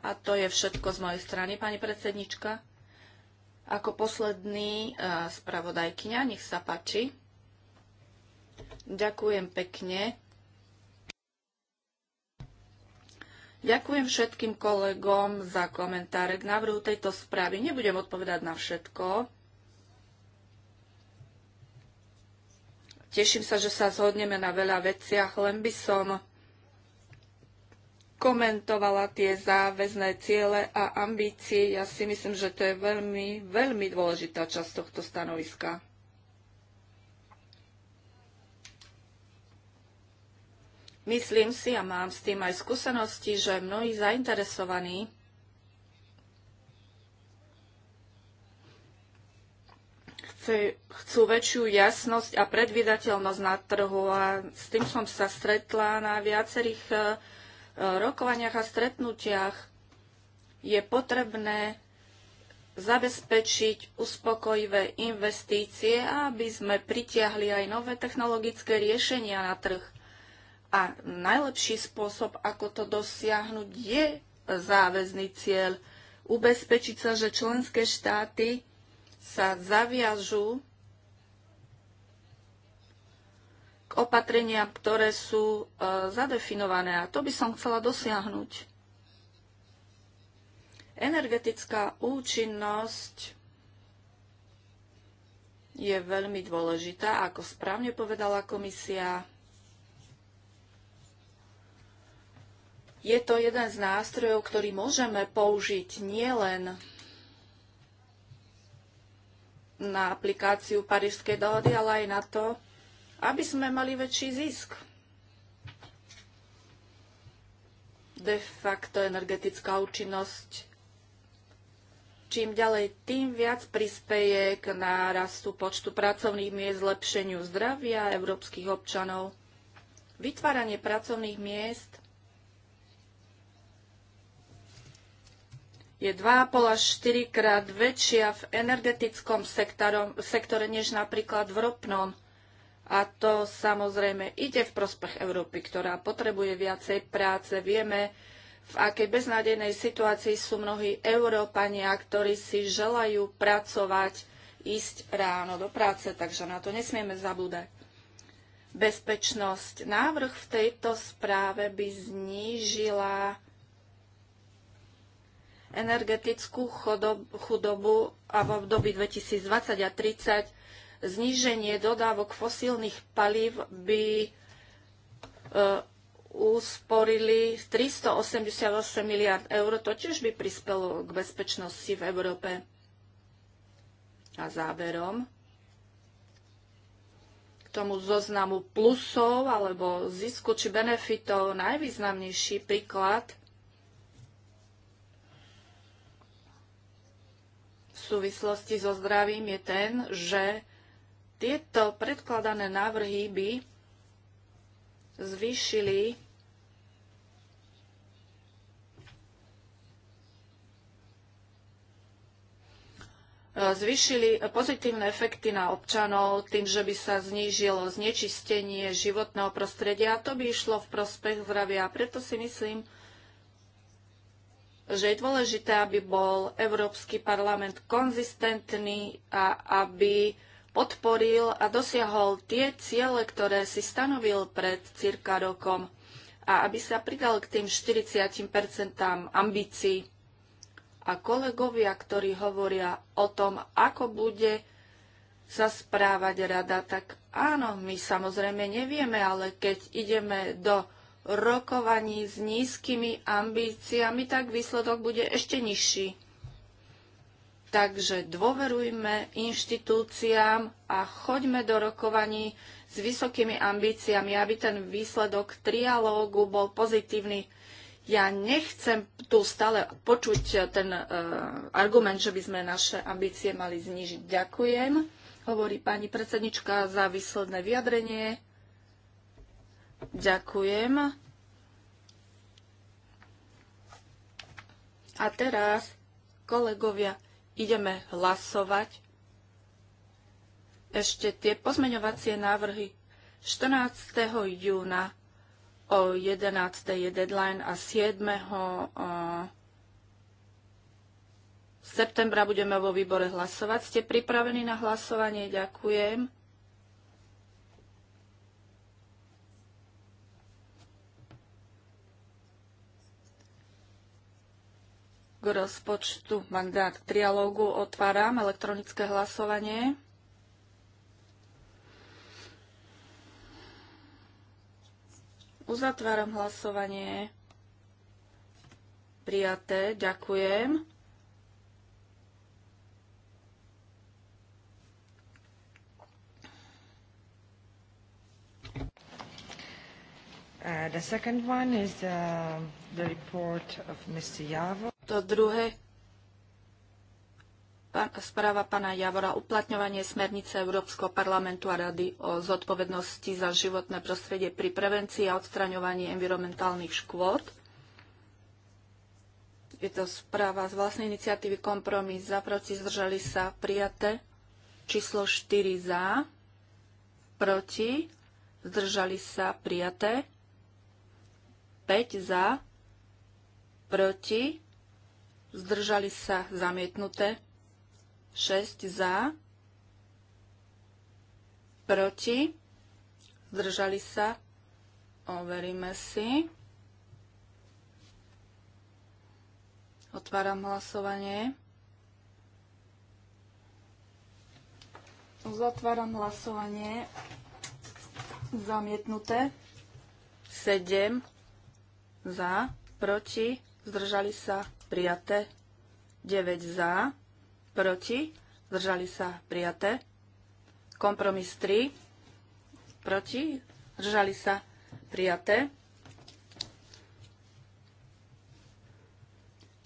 A to je všetko z mojej strany, pani predsednička. Ako posledný eh, spravodajkyňa, nech sa páči. Ďakujem pekne. Ďakujem všetkým kolegom za komentáre k návrhu tejto správy. Nebudem odpovedať na všetko. Teším sa, že sa zhodneme na veľa veciach, len by som komentovala tie záväzné ciele a ambície. Ja si myslím, že to je veľmi, veľmi dôležitá časť tohto stanoviska. Myslím si a mám s tým aj skúsenosti, že mnohí zainteresovaní chcú väčšiu jasnosť a predvydateľnosť na trhu a s tým som sa stretla na viacerých e, rokovaniach a stretnutiach. Je potrebné zabezpečiť uspokojivé investície, aby sme pritiahli aj nové technologické riešenia na trh. A najlepší spôsob, ako to dosiahnuť, je záväzný cieľ. Ubezpečiť sa, že členské štáty sa zaviažú k opatreniam, ktoré sú e, zadefinované. A to by som chcela dosiahnuť. Energetická účinnosť je veľmi dôležitá, ako správne povedala komisia je to jeden z nástrojov, ktorý môžeme použiť nielen na aplikáciu Parížskej dohody, ale aj na to, aby sme mali väčší zisk. De facto energetická účinnosť čím ďalej, tým viac prispeje k nárastu počtu pracovných miest, zlepšeniu zdravia európskych občanov. Vytváranie pracovných miest – je 2,5 až 4 krát väčšia v energetickom sektorom, sektore než napríklad v ropnom. A to samozrejme ide v prospech Európy, ktorá potrebuje viacej práce. Vieme, v akej beznádejnej situácii sú mnohí Európania, ktorí si želajú pracovať, ísť ráno do práce, takže na to nesmieme zabúdať. Bezpečnosť. Návrh v tejto správe by znížila energetickú chudobu a v období 2020 a 2030 zníženie dodávok fosílnych palív by e, usporili 388 miliard eur. To tiež by prispelo k bezpečnosti v Európe. A záverom k tomu zoznamu plusov alebo zisku či benefitov najvýznamnejší príklad – súvislosti so zdravím je ten, že tieto predkladané návrhy by zvýšili zvýšili pozitívne efekty na občanov tým, že by sa znížilo znečistenie životného prostredia a to by išlo v prospech zdravia. Preto si myslím, že je dôležité, aby bol Európsky parlament konzistentný a aby podporil a dosiahol tie ciele, ktoré si stanovil pred cirka rokom a aby sa pridal k tým 40 ambícií. A kolegovia, ktorí hovoria o tom, ako bude sa správať rada, tak áno, my samozrejme nevieme, ale keď ideme do rokovaní s nízkymi ambíciami, tak výsledok bude ešte nižší. Takže dôverujme inštitúciám a choďme do rokovaní s vysokými ambíciami, aby ten výsledok trialógu bol pozitívny ja nechcem tu stále počuť ten uh, argument, že by sme naše ambície mali znížiť. Ďakujem, hovorí pani predsednička za výsledné vyjadrenie. Ďakujem. A teraz, kolegovia, ideme hlasovať ešte tie pozmeňovacie návrhy 14. júna o 11. je deadline a 7. septembra budeme vo výbore hlasovať. Ste pripravení na hlasovanie? Ďakujem. k rozpočtu mandát k trialógu. Otváram elektronické hlasovanie. Uzatváram hlasovanie. Prijaté. Ďakujem. Uh, the second one is uh, the report of Mr. Yavo. To druhé, správa pána Javora, uplatňovanie smernice Európskeho parlamentu a rady o zodpovednosti za životné prostredie pri prevencii a odstraňovaní environmentálnych škôd. Je to správa z vlastnej iniciatívy kompromis za, proti zdržali sa prijaté. Číslo 4 za, proti, zdržali sa prijaté. 5 za, proti, zdržali sa zamietnuté, 6 za, proti, zdržali sa, overíme si. Otváram hlasovanie. zatváram hlasovanie. Zamietnuté. 7 za, proti, zdržali sa, prijaté. 9 za, proti, zdržali sa, prijaté. Kompromis 3, proti, zdržali sa, prijaté.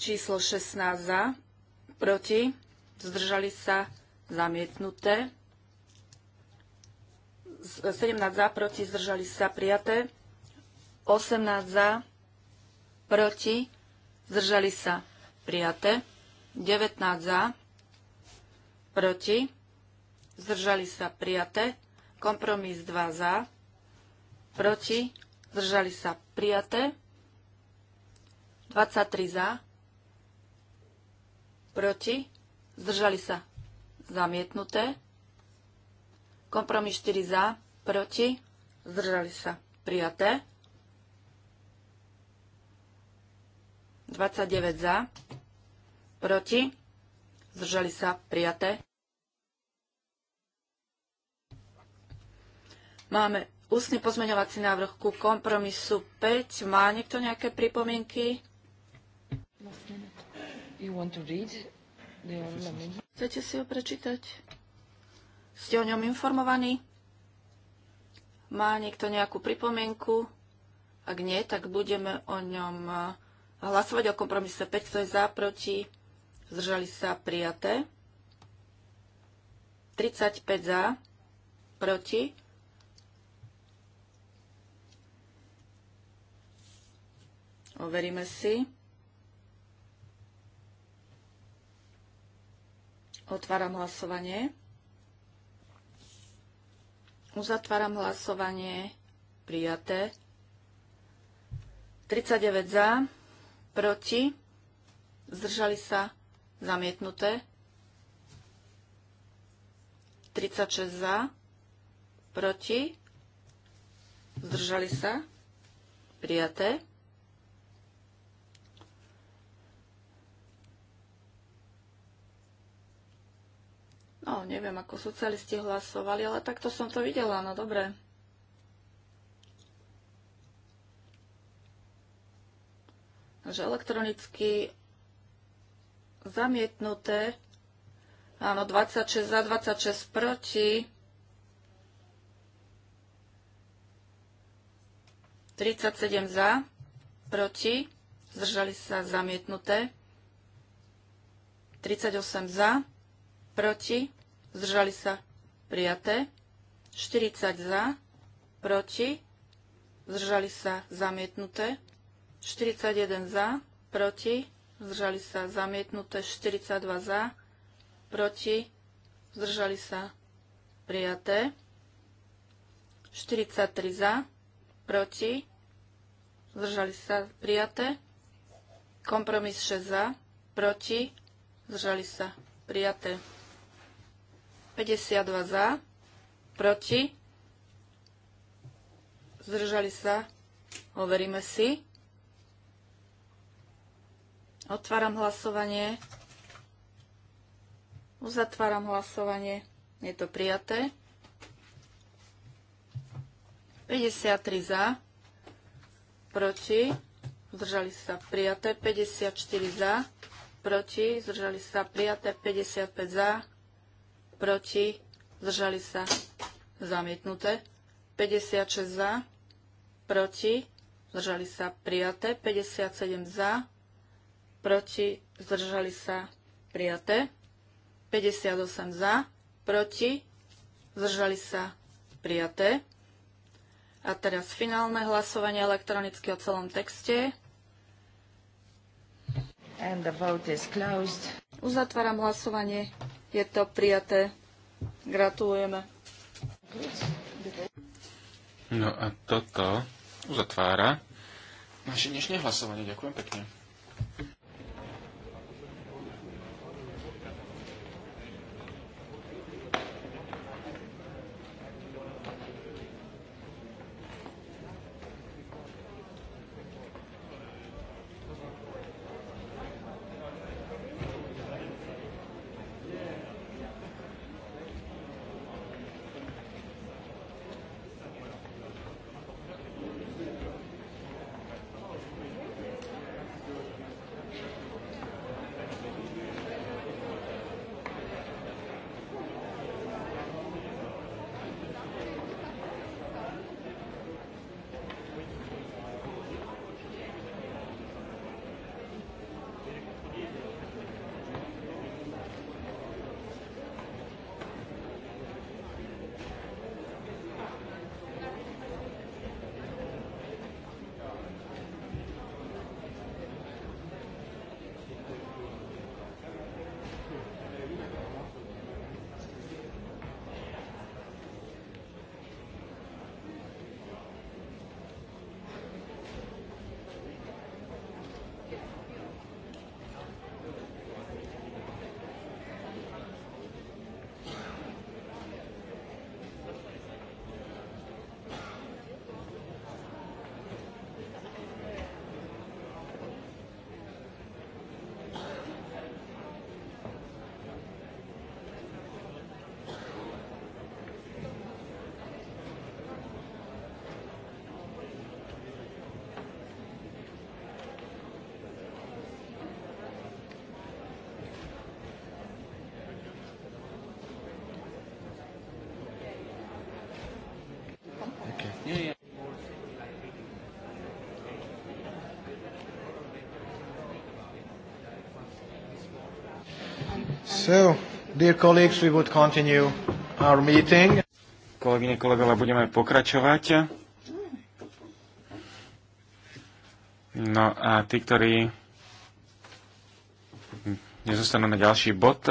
Číslo 16 za, proti, zdržali sa, zamietnuté. 17 za, proti, zdržali sa, prijaté. 18 za, proti, zdržali sa prijaté, 19 za, proti, zdržali sa prijaté, kompromis 2 za, proti, zdržali sa prijaté, 23 za, proti, zdržali sa zamietnuté, kompromis 4 za, proti, zdržali sa prijaté, 29 za, proti, zdržali sa, prijaté. Máme ústny pozmeňovací návrh ku kompromisu 5. Má niekto nejaké pripomienky? Chcete si ho prečítať? Ste o ňom informovaní? Má niekto nejakú pripomienku? Ak nie, tak budeme o ňom hlasovať o kompromise 5, kto je za, proti, zdržali sa prijaté. 35 za, proti. Overíme si. Otváram hlasovanie. Uzatváram hlasovanie. Prijaté. 39 za, proti, zdržali sa zamietnuté, 36 za, proti, zdržali sa, prijaté. No, neviem, ako socialisti hlasovali, ale takto som to videla, no dobre. že elektronicky zamietnuté. Áno, 26 za, 26 proti. 37 za, proti. Zdržali sa zamietnuté. 38 za, proti. Zdržali sa prijaté. 40 za, proti. Zdržali sa zamietnuté. 41 za, proti, zdržali sa zamietnuté 42 za, proti, zdržali sa prijaté 43 za, proti, zdržali sa prijaté, kompromis 6 za, proti, zdržali sa prijaté 52 za, proti, zdržali sa, overíme si. Otváram hlasovanie. Uzatváram hlasovanie. Je to prijaté. 53 za, proti, zdržali sa prijaté, 54 za, proti, zdržali sa prijaté, 55 za, proti, zdržali sa zamietnuté, 56 za, proti, zdržali sa prijaté, 57 za, proti, zdržali sa prijaté. 58 za, proti, zdržali sa prijaté. A teraz finálne hlasovanie elektronicky o celom texte. And the vote is closed. Uzatváram hlasovanie. Je to prijaté. Gratulujeme. No a toto uzatvára naše dnešné hlasovanie. Ďakujem pekne. So, dear colleagues, we would continue our meeting. Kolegyne, kolegovia, budeme pokračovať. No a tí, ktorí nezostanú na ďalší bod,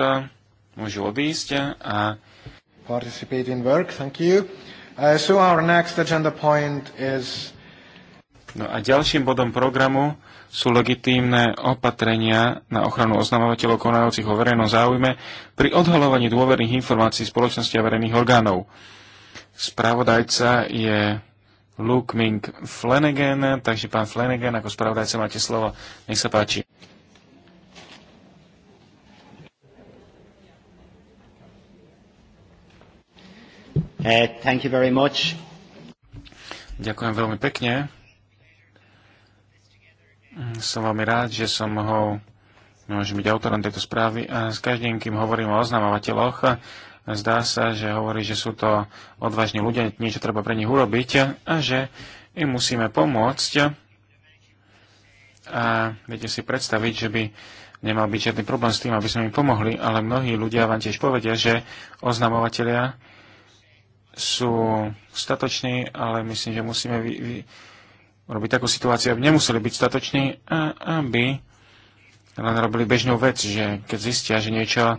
môžu odísť a participate in work. Thank you. Uh, so our next agenda point is No a ďalším bodom programu sú legitímne opatrenia na ochranu oznamovateľov konajúcich o verejnom záujme pri odhalovaní dôverných informácií spoločnosti a verejných orgánov. Spravodajca je Luke Ming Flanagan, takže pán Flanagan, ako spravodajca máte slovo. Nech sa páči. Uh, thank you very much. Ďakujem veľmi pekne. Som veľmi rád, že som mohol môžem byť autorom tejto správy. A s každým, kým hovorím o oznamovateľoch, zdá sa, že hovorí, že sú to odvážni ľudia, niečo treba pre nich urobiť a že im musíme pomôcť. A viete si predstaviť, že by nemal byť žiadny problém s tým, aby sme im pomohli, ale mnohí ľudia vám tiež povedia, že oznamovateľia sú statoční, ale myslím, že musíme vy, vy, robiť takú situáciu, aby nemuseli byť statoční a aby len robili bežnú vec, že keď zistia, že niečo e,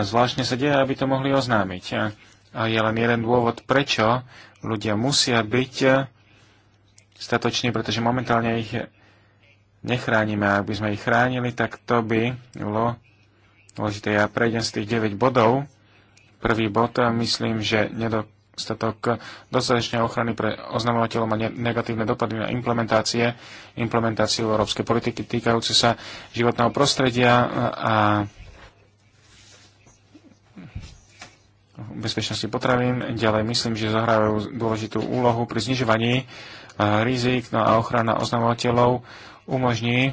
zvláštne sa deje, aby to mohli oznámiť. A je len jeden dôvod, prečo ľudia musia byť e, statoční, pretože momentálne ich nechránime. A ak by sme ich chránili, tak to by bolo dôležité. Ja prejdem z tých 9 bodov. Prvý bod, e, myslím, že nedok- nedostatok dostatečnej ochrany pre oznamovateľov a negatívne dopady na implementácie, implementáciu európskej politiky týkajúce sa životného prostredia a bezpečnosti potravín. Ďalej myslím, že zohrávajú dôležitú úlohu pri znižovaní e, rizik no a ochrana oznamovateľov umožní e,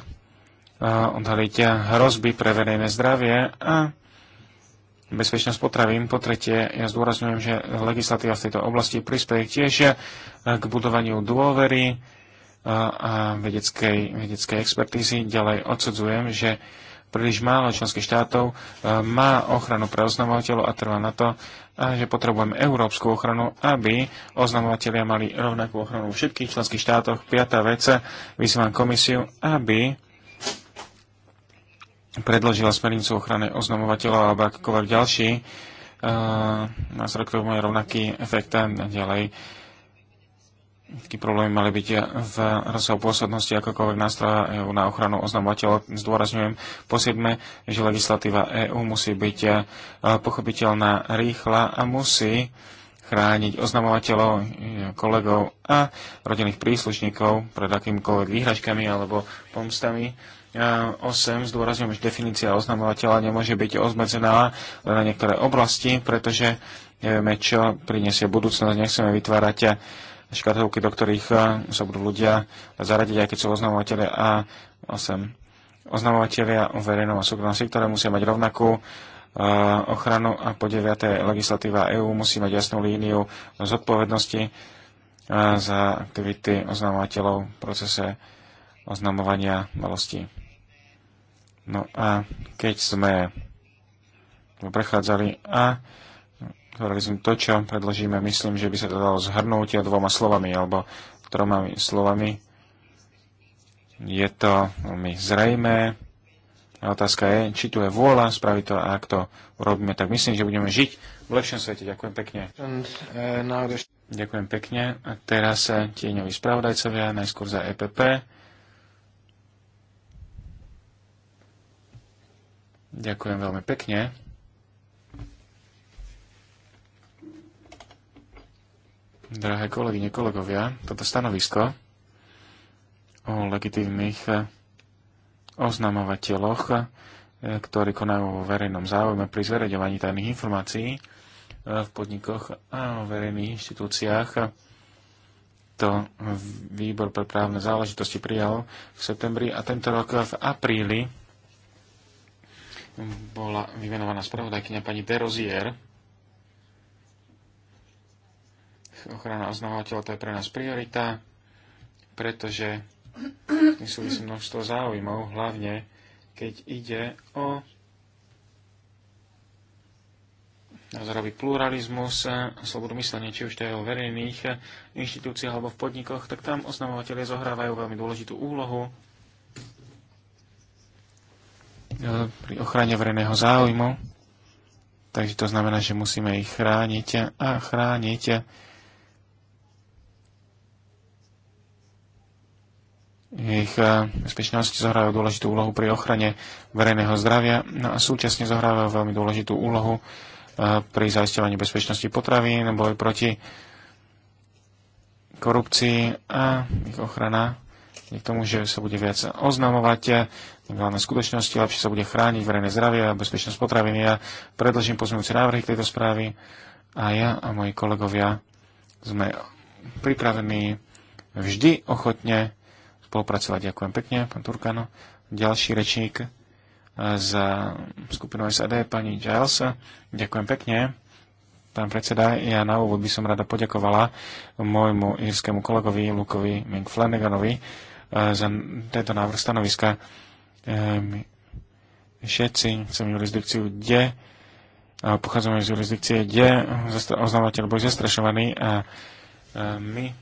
odhaliť hrozby pre verejné zdravie a bezpečnosť potravín. Po tretie, ja zdôrazňujem, že legislatíva v tejto oblasti prispieje tiež eh, k budovaniu dôvery eh, a vedeckej, vedeckej expertízy. Ďalej odsudzujem, že príliš málo členských štátov eh, má ochranu pre oznamovateľov a trvá na to, a že potrebujeme európsku ochranu, aby oznamovateľia mali rovnakú ochranu v všetkých členských štátoch. Piatá vec, vyzývam komisiu, aby predložila smernicu ochrany oznamovateľov alebo akýkoľvek ďalší. Názor k tomu má rovnaký efekt a ďalej. Taký problémy mali byť v rozsahu pôsobnosti akokoľvek nástroja EÚ na ochranu oznamovateľov. Zdôrazňujem po siedme, že legislatíva EÚ musí byť e, pochopiteľná, rýchla a musí chrániť oznamovateľov, kolegov a rodinných príslušníkov pred akýmkoľvek výhražkami alebo pomstami 8 zdôrazňujem, že definícia oznamovateľa nemôže byť obmedzená len na niektoré oblasti, pretože nevieme, čo prinesie budúcnosť, nechceme vytvárať eh, škatovky, do ktorých eh, sa budú ľudia zaradiť, aj keď sú oznamovateľe a 8. Oznamovateľia o verejnom a súkromnom sektore musia mať rovnakú eh, ochranu a po 9. legislatíva EÚ musí mať jasnú líniu zodpovednosti za aktivity oznamovateľov v procese oznamovania malostí. No a keď sme prechádzali a hovorili sme to, čo predložíme, myslím, že by sa to dalo zhrnúť dvoma slovami alebo troma slovami. Je to veľmi zrejmé. A otázka je, či tu je vôľa spraviť to a ak to urobíme, tak myslím, že budeme žiť v lepšom svete. Ďakujem pekne. Eh, Ďakujem pekne. A teraz eh, tieňoví spravodajcovia, najskôr za EPP. Ďakujem veľmi pekne. Drahé kolegyne, kolegovia, toto stanovisko o legitímnych oznamovateľoch, eh, ktorí konajú vo verejnom záujme pri zverejňovaní tajných informácií eh, v podnikoch a verejných inštitúciách to výbor pre právne záležitosti prijal v septembri a tento rok v apríli bola vymenovaná spravodajkynia pani Derozier. Ochrana oznamovateľa to je pre nás priorita, pretože si množstvo záujmov, hlavne keď ide o názorový pluralizmus, slobodu myslenia, či už to je o verejných inštitúciách alebo v podnikoch, tak tam oznamovateľe zohrávajú veľmi dôležitú úlohu E, pri ochrane verejného záujmu. Takže to znamená, že musíme ich chrániť a chrániť ich e, bezpečnosť zohrávajú dôležitú úlohu pri ochrane verejného zdravia no a súčasne zohrávajú veľmi dôležitú úlohu e, pri zaisťovaní bezpečnosti potravín, boj proti korupcii a ich ochrana k tomu, že sa bude viac oznamovať Hlavné skutočnosti lepšie sa bude chrániť verejné zdravie a bezpečnosť potraviny. Ja predložím pozmeňujúce návrhy k tejto správy a ja a moji kolegovia sme pripravení vždy ochotne spolupracovať. Ďakujem pekne, pán Turkano. Ďalší rečník eh, za skupinu SAD, pani Giles. Ďakujem pekne. Pán predseda, ja na úvod by som rada poďakovala môjmu írskému kolegovi Lukovi Mink Flanaganovi eh, za tento návrh stanoviska E, my všetci chceme jurisdikciu, kde pochádzame z jurisdikcie, kde oznávateľ bol zastrašovaný a my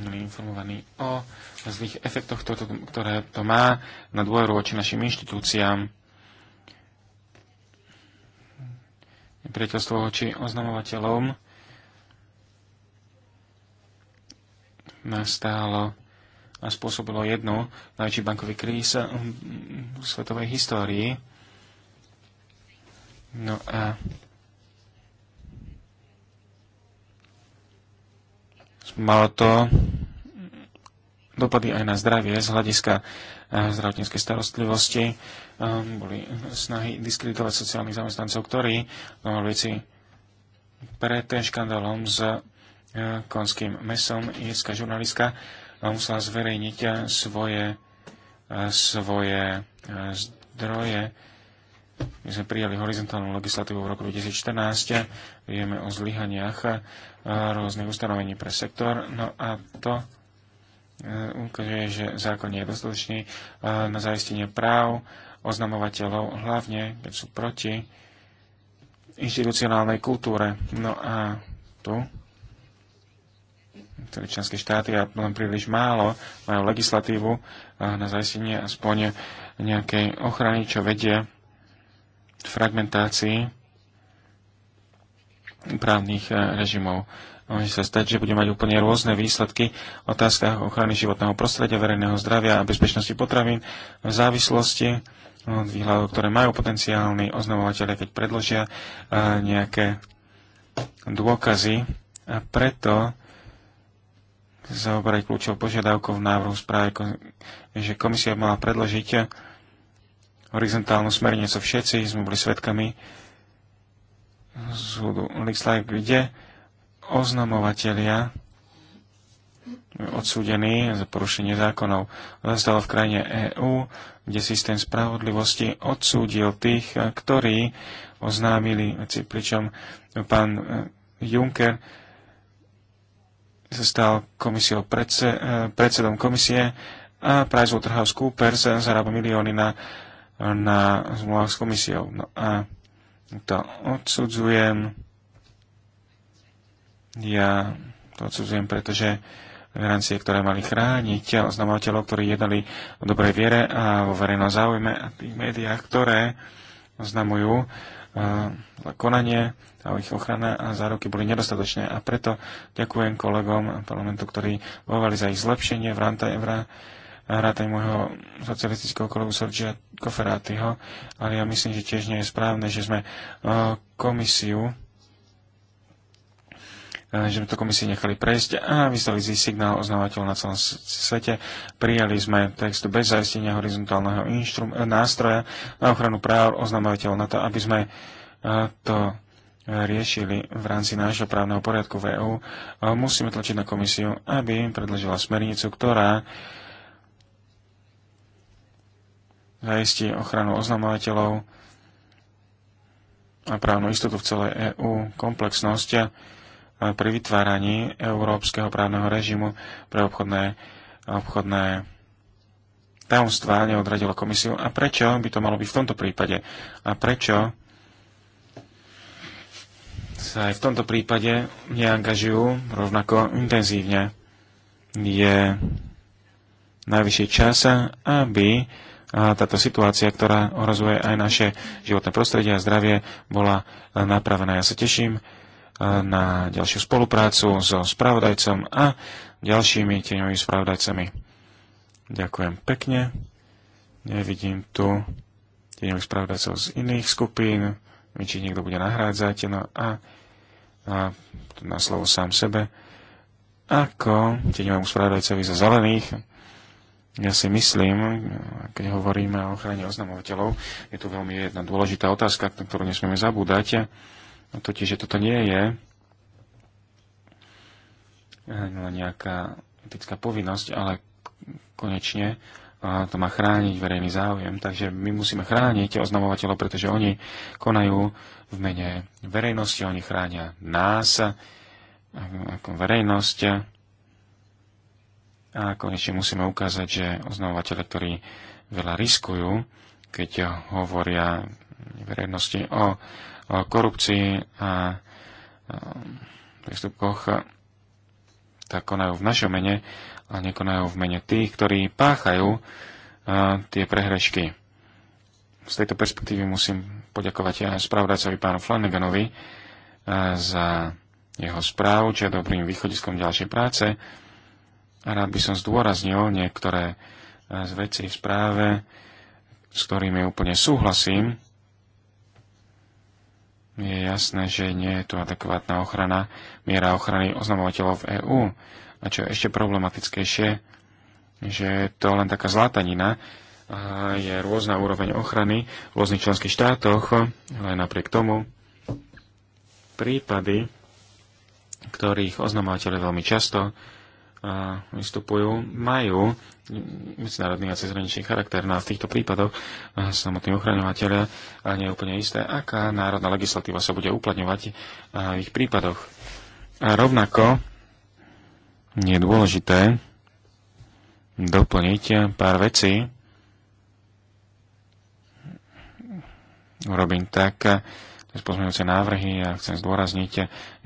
boli informovaní o zlých efektoch, ktoré to má na dôveru voči našim inštitúciám. Priateľstvo voči oznamovateľom Nastálo. stálo a spôsobilo jednu najväčší bankový kríz eh, v svetovej histórii. No a malo to dopady aj na zdravie z hľadiska eh, zdravotníckej starostlivosti. Eh, boli snahy diskreditovať sociálnych zamestnancov, ktorí mali veci pred škandálom s konským mesom írska žurnalistka musela zverejniť eh, svoje, eh, svoje eh, zdroje. My sme prijali horizontálnu legislatívu v roku 2014, vieme o zlyhaniach rôznych ustanovení pre sektor, no a to ukazuje, že zákon nie je dostatočný na zaistenie práv oznamovateľov, hlavne keď sú proti inštitucionálnej kultúre. No a tu ktoré členské štáty a len príliš málo majú legislatívu na zajistenie aspoň nejakej ochrany, čo vedie fragmentácii právnych e, režimov. Môže sa stať, že bude mať úplne rôzne výsledky v otázkach ochrany životného prostredia, verejného zdravia a bezpečnosti potravín v závislosti od výhľadov, ktoré majú potenciálni oznamovateľe, keď predložia e, nejaké dôkazy. A preto zaoberať kľúčov požiadavkou v návrhu správy, že komisia mala predložiť horizontálnu smernicu. Všetci sme boli svetkami hudu Lixlike, kde oznamovatelia odsúdení za porušenie zákonov. Zastalo v krajine EÚ, kde systém spravodlivosti odsúdil tých, ktorí oznámili, pričom pán eh, Juncker sa stal komisiou predse, eh, predsedom komisie a PricewaterhouseCoopers zarába milióny na, na zmluvách s komisiou. No a to odsudzujem. Ja to odsudzujem, pretože garancie, ktoré mali chrániť oznamovateľov, ktorí jednali o dobrej viere a vo verejnom záujme a tých médiách, ktoré oznamujú uh, konanie, a ich ochrana a zároky boli nedostatočné. A preto ďakujem kolegom parlamentu, ktorí bojovali za ich zlepšenie v Ranta Evra, hrátaj môjho socialistického kolegu Sergia Koferátyho, ale ja myslím, že tiež nie je správne, že sme komisiu e, že sme to komisii nechali prejsť a vyslali si signál oznávateľ na celom svete. Prijali sme text bez zaistenia horizontálneho e, nástroja na ochranu práv oznamovateľov na to, aby sme e, to riešili v rámci nášho právneho poriadku v EÚ, musíme tlačiť na komisiu, aby predložila smernicu, ktorá zaistí ochranu oznamovateľov a právnu istotu v celej EÚ, komplexnosť pri vytváraní európskeho právneho režimu pre obchodné, obchodné tajomstvá neodradilo komisiu a prečo by to malo byť v tomto prípade a prečo sa aj v tomto prípade neangažujú rovnako intenzívne. Je najvyššie čas, aby táto situácia, ktorá ohrozuje aj naše životné prostredie a zdravie, bola napravená. Ja sa teším na ďalšiu spoluprácu so spravodajcom a ďalšími tieňovými spravodajcami. Ďakujem pekne. Nevidím tu tieňových spravodajcov z iných skupín, či niekto bude nahrádzať. No a a na slovo sám sebe, ako nemajú spravodajcovi za zelených. Ja si myslím, keď hovoríme o ochrane oznamovateľov, je tu veľmi jedna dôležitá otázka, na ktorú nesmieme zabúdať, a totiž, že toto nie je nejaká etická povinnosť, ale konečne to má chrániť verejný záujem. Takže my musíme chrániť oznamovateľov, pretože oni konajú v mene verejnosti, oni chránia nás ako verejnosť. A konečne musíme ukázať, že oznamovateľe, ktorí veľa riskujú, keď hovoria verejnosti o, o korupcii a prístupkoch, tak konajú v našom mene a nekonajú v mene tých, ktorí páchajú a, tie prehrešky. Z tejto perspektívy musím poďakovať aj spravodajcovi pánu Flanaganovi za jeho správu, čo je dobrým východiskom ďalšej práce. A rád by som zdôraznil niektoré z vecí v správe, s ktorými úplne súhlasím. Je jasné, že nie je tu adekvátna ochrana, miera ochrany oznamovateľov v EÚ a čo je ešte problematickejšie, že to len taká zlatanina, je rôzna úroveň ochrany v rôznych členských štátoch, ale napriek tomu prípady, ktorých oznamovateľe veľmi často vystupujú, majú medzinárodný a cezhraničný charakter. No a v týchto prípadoch samotní ochraňovateľia nie je úplne isté, aká národná legislatíva sa bude uplatňovať v ich prípadoch. A rovnako je dôležité doplniť pár vecí. Urobím tak, spozmeňujúce návrhy a chcem zdôrazniť,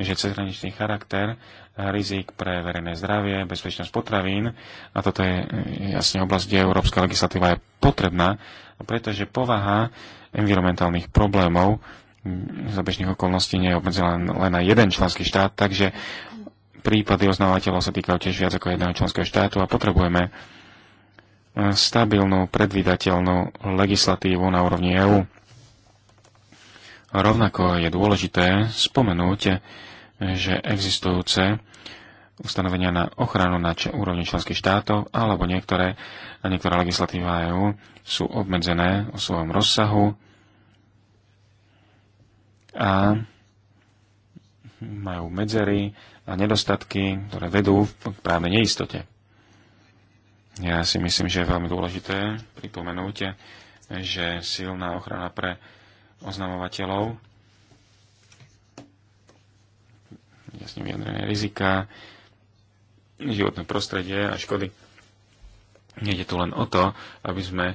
že cezhraničný charakter rizik pre verejné zdravie, bezpečnosť potravín, a toto je jasne oblasť, kde európska legislatíva je potrebná, pretože povaha environmentálnych problémov za bežných okolností nie je obmedzená len na jeden členský štát, takže prípady oznávateľov sa týkajú tiež viac ako jedného členského štátu a potrebujeme e, stabilnú, predvydateľnú legislatívu na úrovni EÚ. Rovnako je dôležité spomenúť, že existujúce ustanovenia na ochranu na úrovni členských štátov alebo niektoré, niektorá legislatíva EÚ sú obmedzené o svojom rozsahu a majú medzery, a nedostatky, ktoré vedú k právnej neistote. Ja si myslím, že je veľmi dôležité pripomenúť, že silná ochrana pre oznamovateľov, jasne vyjadrené rizika, životné prostredie a škody. Nejde tu len o to, aby sme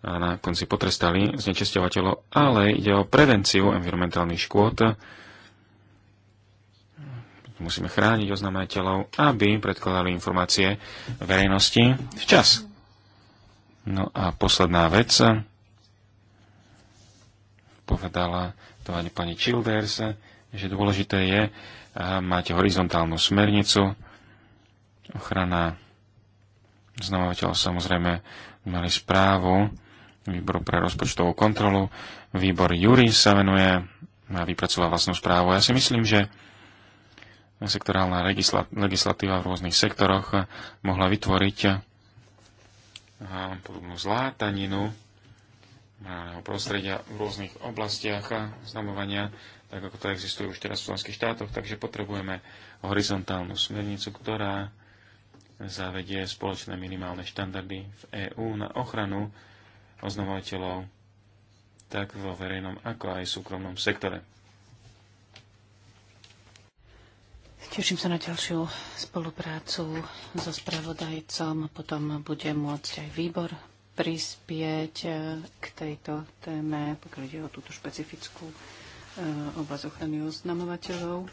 na konci potrestali znečisťovateľov, ale ide o prevenciu environmentálnych škôd, Musíme chrániť oznamateľov, aby predkladali informácie verejnosti včas. No a posledná vec, povedala to ani pani Childers, že dôležité je eh, mať horizontálnu smernicu, ochrana oznamovateľov samozrejme mali správu výboru pre rozpočtovú kontrolu. Výbor Júri sa venuje a vypracoval vlastnú správu. Ja si myslím, že sektorálna legislatíva v rôznych sektoroch mohla vytvoriť eh, podobnú zlátaninu prostredia v rôznych oblastiach znamovania, tak ako to existuje už teraz v slovenských štátoch, takže potrebujeme horizontálnu smernicu, ktorá zavedie spoločné minimálne štandardy v EÚ na ochranu oznamovateľov tak vo verejnom ako aj súkromnom sektore. Teším sa na ďalšiu spoluprácu so spravodajcom. Potom bude môcť aj výbor prispieť e, k tejto téme, pokiaľ ide o túto špecifickú e, oblasť ochrany oznamovateľov.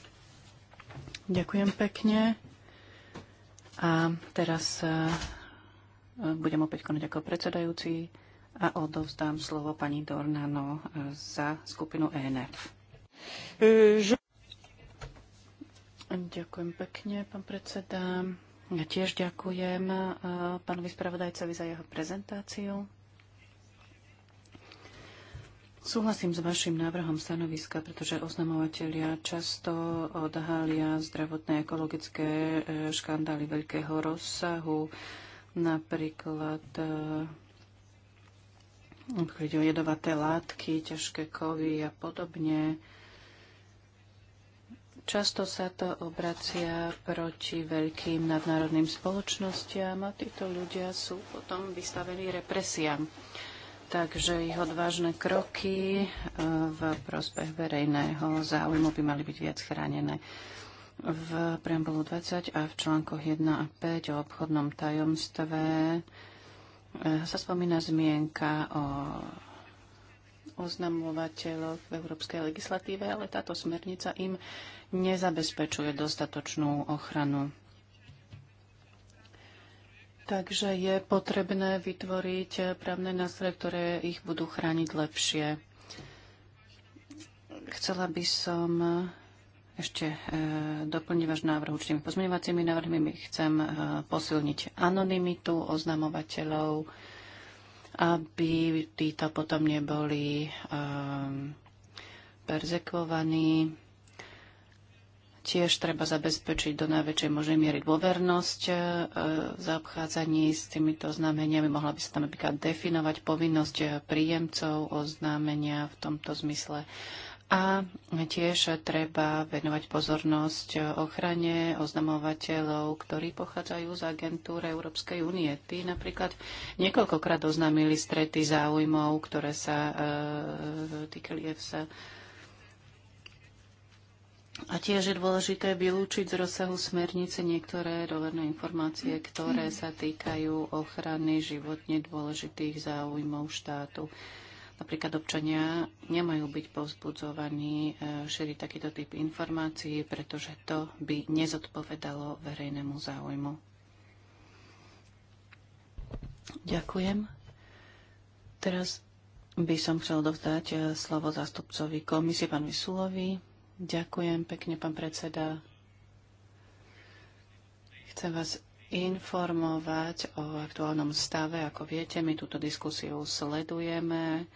Ďakujem pekne. A teraz e, budem opäť konať ako predsedajúci a odovzdám slovo pani Dornano za skupinu ENF. Ďakujem pekne, pán predseda. Ja tiež ďakujem pánovi spravodajcovi za jeho prezentáciu. Súhlasím s vašim návrhom stanoviska, pretože oznamovateľia často odhalia zdravotné ekologické e, škandály veľkého rozsahu, napríklad e, ide o jedovaté látky, ťažké kovy a podobne. Často sa to obracia proti veľkým nadnárodným spoločnostiam a títo ľudia sú potom vystavení represiám. Takže ich odvážne kroky e, v prospech verejného záujmu by mali byť viac chránené. V preambulu 20 a v článkoch 1 a 5 o obchodnom tajomstve e, sa spomína zmienka o oznamovateľov v európskej legislatíve, ale táto smernica im nezabezpečuje dostatočnú ochranu. Takže je potrebné vytvoriť právne nástroje, ktoré ich budú chrániť lepšie. Chcela by som ešte e, doplniť váš návrh určitými pozmeňovacími návrhmi. Chcem e, posilniť anonymitu oznamovateľov, aby títo potom neboli um, perzekvovaní. Tiež treba zabezpečiť do najväčšej možnej miery dôvernosť e, uh, v obchádzanie s týmito oznámeniami. Mohla by sa tam napríklad definovať povinnosť príjemcov oznámenia v tomto zmysle. E, a tiež treba venovať pozornosť ochrane oznamovateľov, ktorí pochádzajú z agentúry Európskej únie. Tí napríklad niekoľkokrát oznámili strety záujmov, ktoré sa e, týkali EFSA. A tiež je dôležité vylúčiť z rozsahu smernice niektoré doverné informácie, ktoré sa týkajú ochrany životne dôležitých záujmov štátu. E, Napríklad občania nemajú byť povzbudzovaní e, šíriť takýto typ informácií, pretože to by nezodpovedalo verejnému záujmu. Ďakujem. Teraz by som chcel dovzdať e, slovo zástupcovi komisie, pán Visulovi. Ďakujem pekne, pán predseda. Chcem vás informovať o aktuálnom stave. Ako viete, my túto diskusiu sledujeme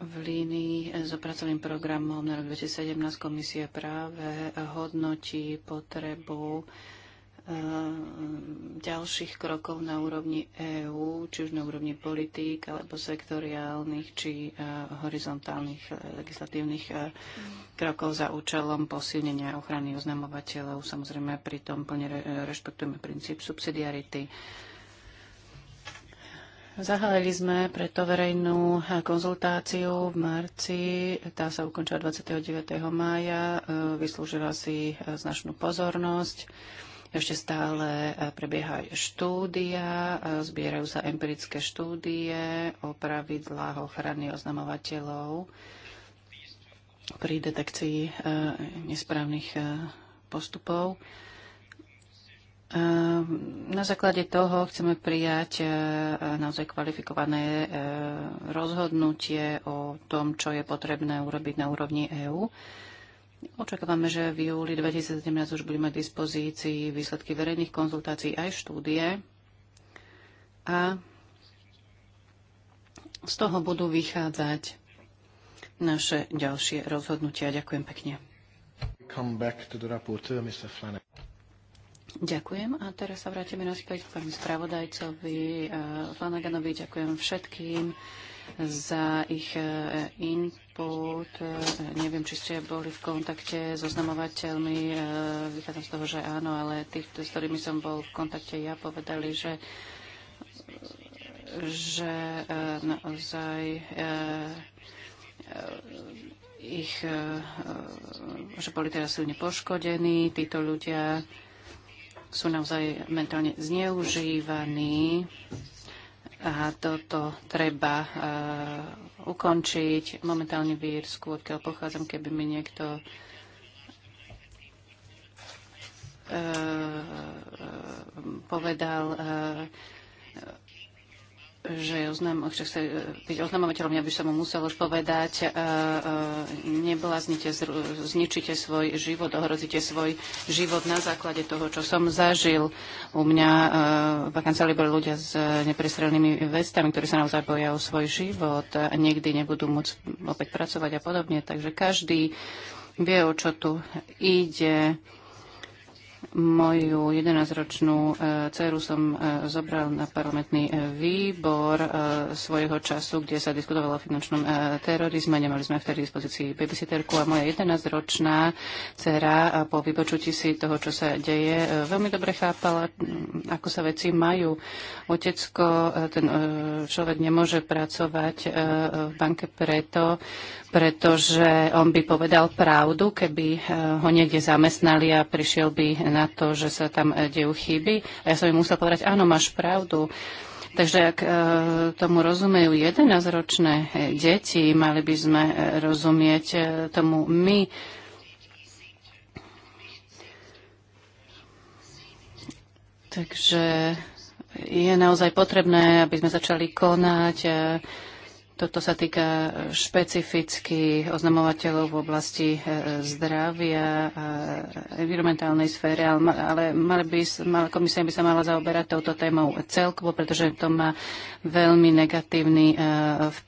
v línii s opracovým programom na rok 2017 komisie práve hodnotí potrebu Eh, ďalších krokov na úrovni EÚ, či už na úrovni politík, alebo sektoriálnych, či eh, horizontálnych eh, legislatívnych krokov za účelom posilnenia ochrany oznamovateľov. Samozrejme, pritom plne rešpektujeme princíp subsidiarity. Zahájili sme preto verejnú konzultáciu v marci. Tá sa ukončila 29. mája. Vyslúžila si značnú pozornosť. Ešte stále e, prebieha štúdia, e, zbierajú sa empirické štúdie o pravidlách ochrany oznamovateľov pri detekcii e, nesprávnych postupov. Na základe toho chceme prijať naozaj kvalifikované rozhodnutie o tom, čo je potrebné urobiť na úrovni EÚ. Očakávame, že v júli 2017 už budeme mať dispozícii výsledky verejných konzultácií aj štúdie a z toho budú vychádzať naše ďalšie rozhodnutia. Ďakujem pekne. Rapporteur, Ďakujem a teraz sa vrátime späť k pánu spravodajcovi eh, Flanaganovi. Ďakujem všetkým za ich eh, in- input. E, neviem, či ste boli v kontakte s oznamovateľmi. E, vychádzam z toho, že áno, ale tých, s ktorými som bol v kontakte ja, povedali, že že e, naozaj ich, že boli teraz silne poškodení. Títo ľudia sú naozaj mentálne zneužívaní a toto treba e, ukončiť. Momentálne v Írsku, odkiaľ pochádzam, keby mi niekto e, e, povedal, že oznam, že chce e, byť oznamovateľom, ja by som mu musel už povedať, uh, uh, zničite svoj život, ohrozíte svoj život na základe toho, čo som zažil. U mňa uh, v kancelárii boli ľudia s neprestrelnými vestami, ktorí sa naozaj boja o svoj život a nikdy nebudú môcť opäť pracovať a podobne. Takže každý vie, o čo tu ide. Moju 11-ročnú e, dceru som e, zobral na parlamentný e, výbor svojho času, kde sa diskutovalo o finančnom terorizme. Nemali sme vtedy dispozícii babysitterku a moja 11-ročná dcera po vypočutí si toho, čo sa deje, veľmi dobre chápala, mm, ako sa veci majú. Otecko, ten človek nemôže pracovať v banke preto, pretože on by povedal pravdu, keby eh, ho niekde zamestnali a prišiel by na to, že sa tam eh, dejú chyby. A ja som im musel povedať, áno, máš pravdu. Takže ak eh, tomu rozumejú 11-ročné deti, mali by sme rozumieť tomu my. Takže je naozaj potrebné, aby sme začali konať. Toto sa týka špecificky oznamovateľov v oblasti e, zdravia a environmentálnej sféry, ale mal by, mal, komisia by sa mala zaoberať touto témou celkovo, pretože to má veľmi negatívny e,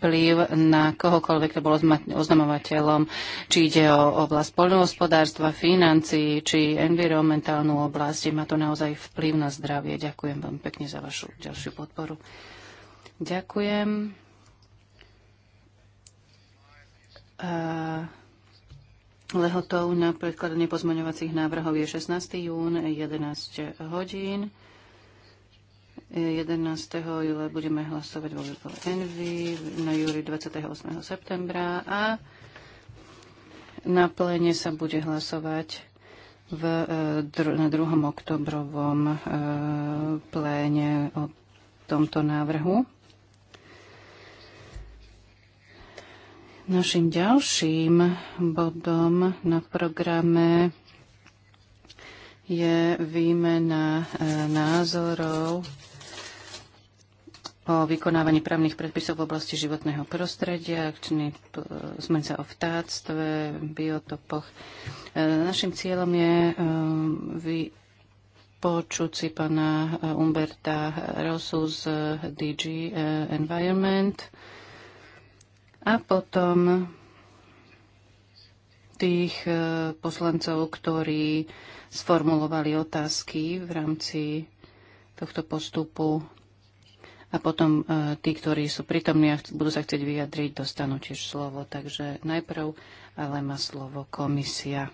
vplyv na kohokoľvek, kto bolo oznamovateľom, či ide o oblasť poľnohospodárstva, financií, či environmentálnu oblasť. Má to naozaj vplyv na zdravie. Ďakujem veľmi pekne za vašu ďalšiu podporu. Ďakujem. Lehotou na predkladanie pozmaňovacích návrhov je 16. jún 11 hodín. 11. júla budeme hlasovať vo výbore Envy na júri 28. septembra a na plene sa bude hlasovať v, e, na 2. oktobrovom e, pléne o tomto návrhu. Našim ďalším bodom na programe je výmena e, názorov o vykonávaní právnych predpisov v oblasti životného prostredia, akčný zmenca o vtáctve, biotopoch. E, našim cieľom je e, vypočuť si pána Umberta Rosu z DG Environment a potom tých e, poslancov, ktorí sformulovali otázky v rámci tohto postupu. A potom e, tí, ktorí sú prítomní a budú sa chcieť vyjadriť, dostanú tiež slovo. Takže najprv ale má slovo komisia.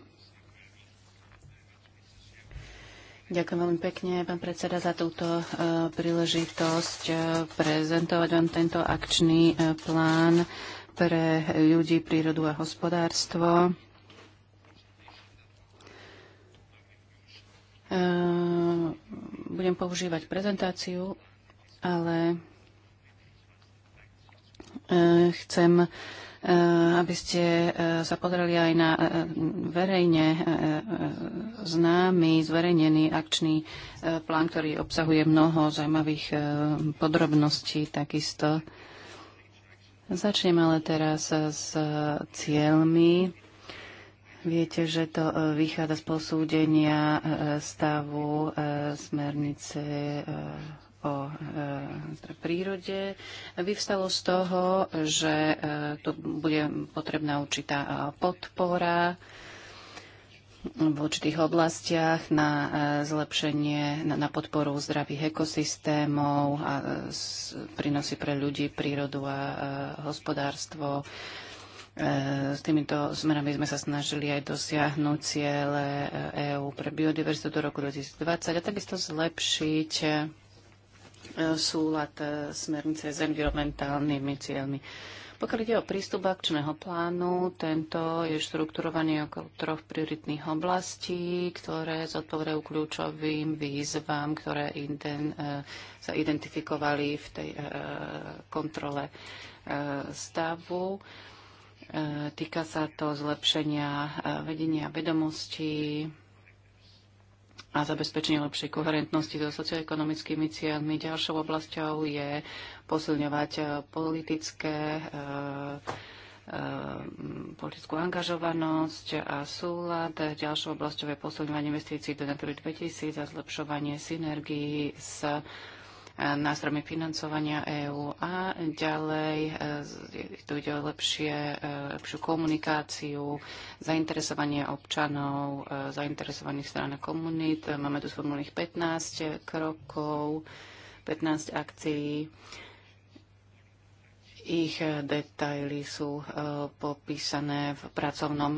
Ďakujem veľmi pekne, pán predseda, za túto e, príležitosť prezentovať vám tento akčný plán pre ľudí, prírodu a hospodárstvo. E, budem používať prezentáciu, ale e, chcem, e, aby ste sa pozreli aj na verejne známy, zverejnený akčný plán, ktorý obsahuje mnoho zaujímavých podrobností takisto. Začnem ale teraz s cieľmi. Viete, že to e, vychádza z posúdenia e, stavu e, smernice o prírode. Vyvstalo z toho, že tu bude potrebná určitá podpora v určitých oblastiach na e, zlepšenie, na, na podporu zdravých ekosystémov a e, prinosy pre ľudí, prírodu a e, hospodárstvo. S týmito smerami sme sa snažili aj dosiahnuť ciele EÚ pre biodiverzitu do roku 2020 a takisto zlepšiť súlad smernice s environmentálnymi cieľmi. Pokiaľ ide o prístup akčného plánu, tento je štrukturovaný okolo troch prioritných oblastí, ktoré zodpovedajú kľúčovým výzvam, ktoré inden, e, sa identifikovali v tej e, kontrole e, stavu. E, týka sa to zlepšenia e, vedenia vedomostí, a zabezpečenie lepšej koherentnosti so socioekonomickými cieľmi. Ďalšou oblasťou je posilňovať e, politické, e, e, politickú angažovanosť a súlad. Ďalšou oblasťou je posilňovanie investícií do Natury 2000 a zlepšovanie synergií s nástromy financovania EÚ a ďalej e, tu ide o lepšie, e, lepšiu komunikáciu, zainteresovanie občanov, e, zainteresovaných strán a komunít. Máme tu sformulných 15 krokov, 15 akcií. Ich detaily sú popísané v pracovnom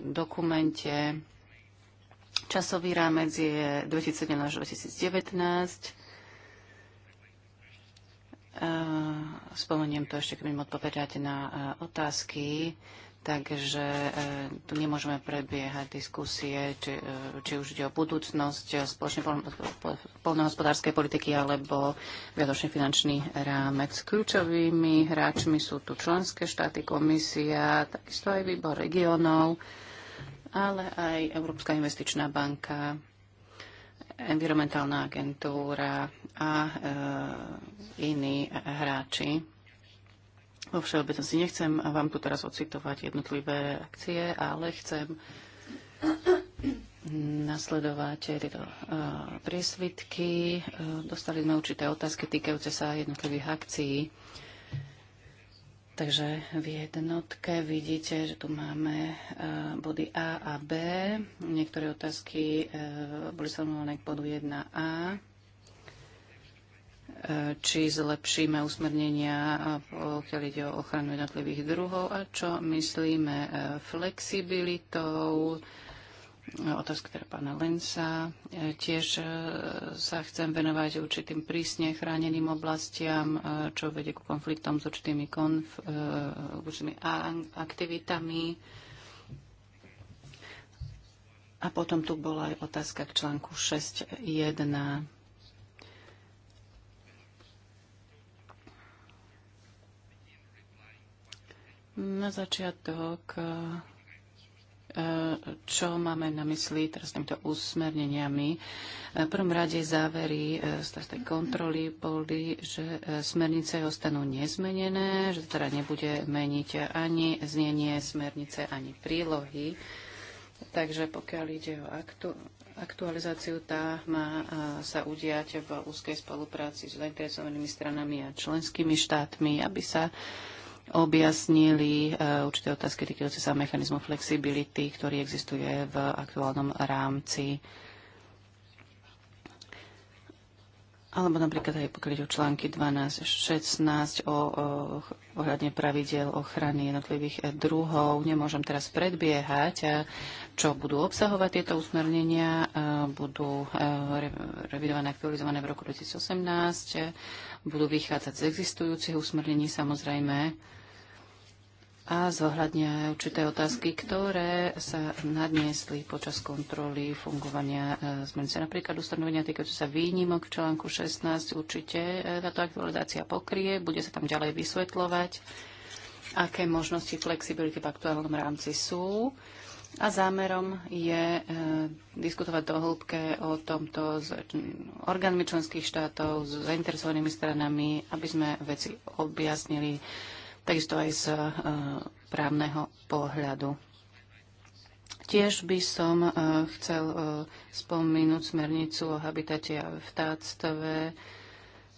dokumente. Časový rámec je 2017 až 2019. Eh, spomeniem to ešte, keď mi odpovedáte na eh, otázky. Takže eh, tu nemôžeme prebiehať diskusie, či, či už ide o budúcnosť spoločnej poľnohospodárskej politiky alebo viadočný finančný rámec. Kľúčovými hráčmi sú tu členské štáty, komisia, takisto aj výbor regionov, ale aj Európska investičná banka environmentálna agentúra a e, iní hráči. Vo všeobecnosti nechcem vám tu teraz ocitovať jednotlivé akcie, ale chcem nasledovať tieto e, priesvitky. E, dostali sme určité otázky týkajúce sa jednotlivých akcií. E, Takže v jednotke vidíte, že tu máme e, body A a B. Niektoré otázky e, boli samozrejme k bodu 1a e, či zlepšíme usmernenia, pokiaľ ide o ochranu jednotlivých druhov a čo myslíme flexibilitou, otázka teda pána Lensa. E, tiež e, sa chcem venovať určitým prísne chráneným oblastiam, e, čo vedie ku konfliktom s určitými, konf, určitými aktivitami. A potom tu bola aj otázka k článku 6.1. Na začiatok E, čo máme na mysli teraz týmto usmerneniami. E, v prvom rade závery e, z tej kontroly boli, že smernice ostanú nezmenené, že teda nebude meniť ani znenie smernice, ani prílohy. Takže pokiaľ ide o aktu, aktualizáciu, tá má sa udiať v úzkej spolupráci s zainteresovanými stranami a členskými štátmi, aby sa objasnili e, určité otázky týkajúce sa mechanizmu flexibility, ktorý existuje v aktuálnom rámci. Alebo napríklad aj pokryť o články 12, 16 o, o, ohľadne pravidel ochrany jednotlivých e, druhov. Nemôžem teraz predbiehať, e, čo budú obsahovať tieto usmernenia. Budú revidované, aktualizované v roku 2018. Budú vychádzať z existujúcich usmernení samozrejme a zohľadňa určité otázky, ktoré sa nadniesli počas kontroly fungovania e, sa Napríklad ustanovenia týkajúce sa výnimok v článku 16 určite e, táto aktualizácia pokrie, bude sa tam ďalej vysvetľovať, aké možnosti flexibility v aktuálnom rámci sú. A zámerom je e, diskutovať do hĺbke o tomto s orgánmi členských štátov, s zainteresovanými stranami, aby sme veci objasnili, takisto aj z eh, právneho pohľadu. Tiež by som eh, chcel eh, spomínuť smernicu o habitate a vtáctve,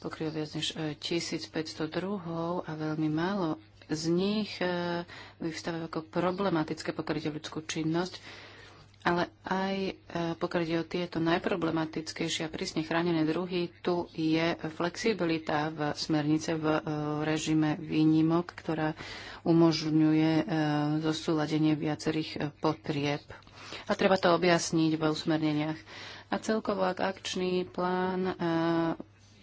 pokrýva viac než 1500 druhov a veľmi málo z nich vyvstávajú ako problematické pokrytie ľudskú činnosť ale aj e, pokiaľ ide o tieto najproblematickejšie a prísne chránené druhy, tu je flexibilita v smernice v e, režime výnimok, ktorá umožňuje e, zosúladenie viacerých potrieb. A treba to objasniť vo usmerneniach. A celkovo, ak akčný plán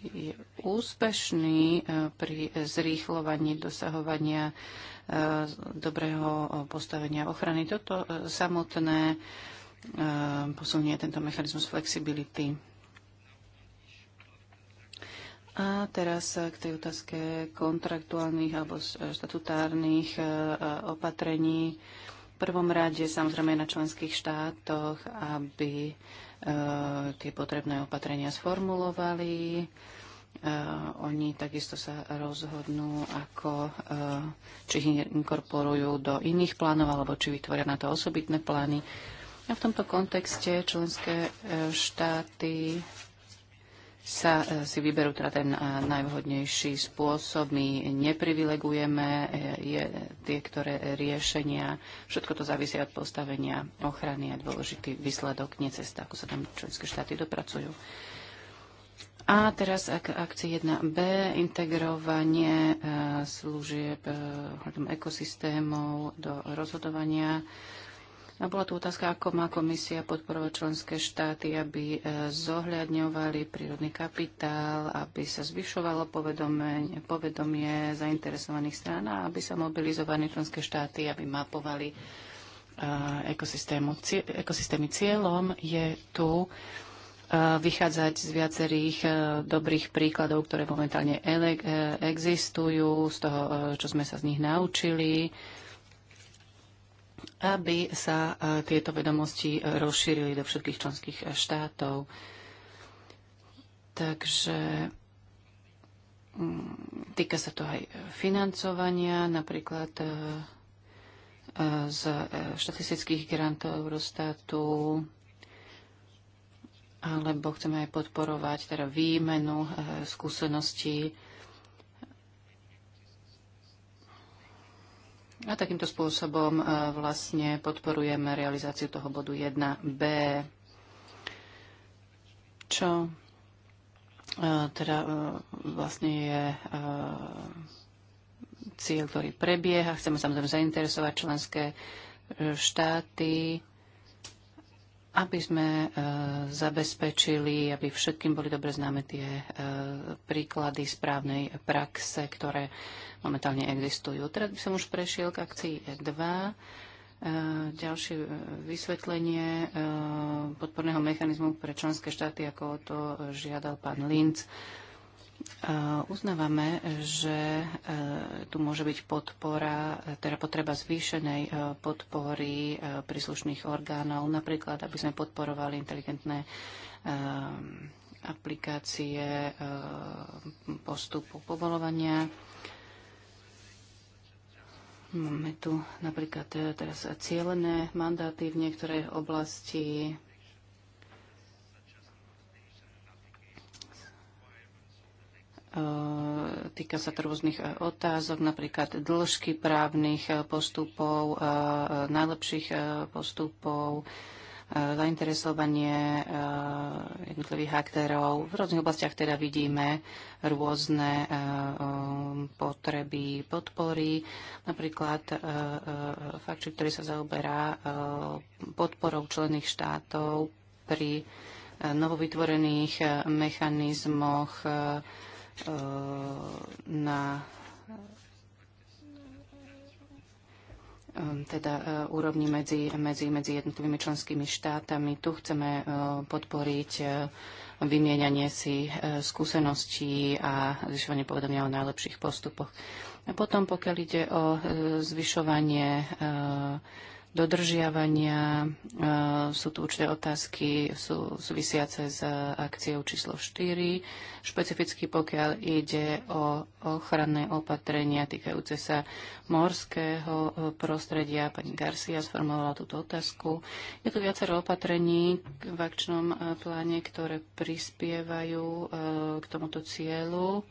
je úspešný pri zrýchlovaní dosahovania E, dobrého e, postavenia ochrany. Toto e, samotné posunie tento mechanizmus flexibility. A teraz k tej otázke kontraktuálnych alebo štatutárnych opatrení. V prvom rade samozrejme na členských štátoch, aby tie potrebné opatrenia sformulovali Eh, oni takisto sa rozhodnú, ako, eh, či ich inkorporujú do iných plánov, alebo či vytvoria na to osobitné plány. A v tomto kontexte členské eh, štáty sa si vyberú teda ten najvhodnejší spôsob. My neprivilegujeme je, tie, ktoré riešenia. Všetko to závisí od postavenia ochrany a dôležitý výsledok, nie cesta, ako sa tam členské štáty dopracujú. A teraz ak akcie 1b, integrovanie e, služieb e, ekosystémov do rozhodovania. A bola tu otázka, ako má komisia podporovať členské štáty, aby e, zohľadňovali prírodný kapitál, aby sa zvyšovalo povedomie, povedomie zainteresovaných strán a aby sa mobilizovali členské štáty, aby mapovali ekosystému, ekosystémy. Cieľom je tu Eh, vychádzať z viacerých eh, dobrých príkladov, ktoré momentálne eh, existujú, z toho, čo sme sa z nich naučili, aby sa tieto vedomosti rozšírili do všetkých členských štátov. Takže mm, týka sa to aj financovania, napríklad z štatistických grantov Eurostatu, alebo chceme aj podporovať teda výmenu e, skúseností. A takýmto spôsobom e, vlastne podporujeme realizáciu toho bodu 1b, čo e, teda vlastne je cieľ, ktorý prebieha. Chceme samozrejme zainteresovať členské štáty aby sme e, zabezpečili, aby všetkým boli dobre známe tie e, príklady správnej praxe, ktoré momentálne existujú. Teraz by som už prešiel k akcii 2. E ďalšie vysvetlenie podporného mechanizmu pre členské štáty, ako to žiadal pán Linc Eh, uznávame, že eh, tu môže byť podpora, teda potreba zvýšenej eh, podpory príslušných orgánov, napríklad, aby sme podporovali inteligentné aplikácie postupu povolovania. Máme tu napríklad teraz cieľené mandáty v niektorej oblasti, Ehm, týka sa to rôznych e, otázok, napríklad dĺžky právnych e, postupov, e, najlepších postupov, zainteresovanie jednotlivých aktérov. V rôznych oblastiach teda vidíme rôzne potreby podpory. Napríklad fakt, ktorý sa zaoberá podporou členných štátov pri novovytvorených mechanizmoch Eh, na eh, teda eh, úrovni medzi, medzi, medzi jednotlivými členskými štátami. Tu chceme podporiť vymieňanie si skúseností a zvyšovanie povedomia o najlepších postupoch. A potom, pokiaľ ide o zvyšovanie dodržiavania. Eh, sú tu určité otázky sú súvisiace s eh, akciou číslo 4, špecificky pokiaľ ide o ochranné opatrenia týkajúce sa morského eh, prostredia. Pani Garcia sformulovala túto otázku. Je tu viacero opatrení v akčnom pláne, ktoré prispievajú k tomuto cieľu.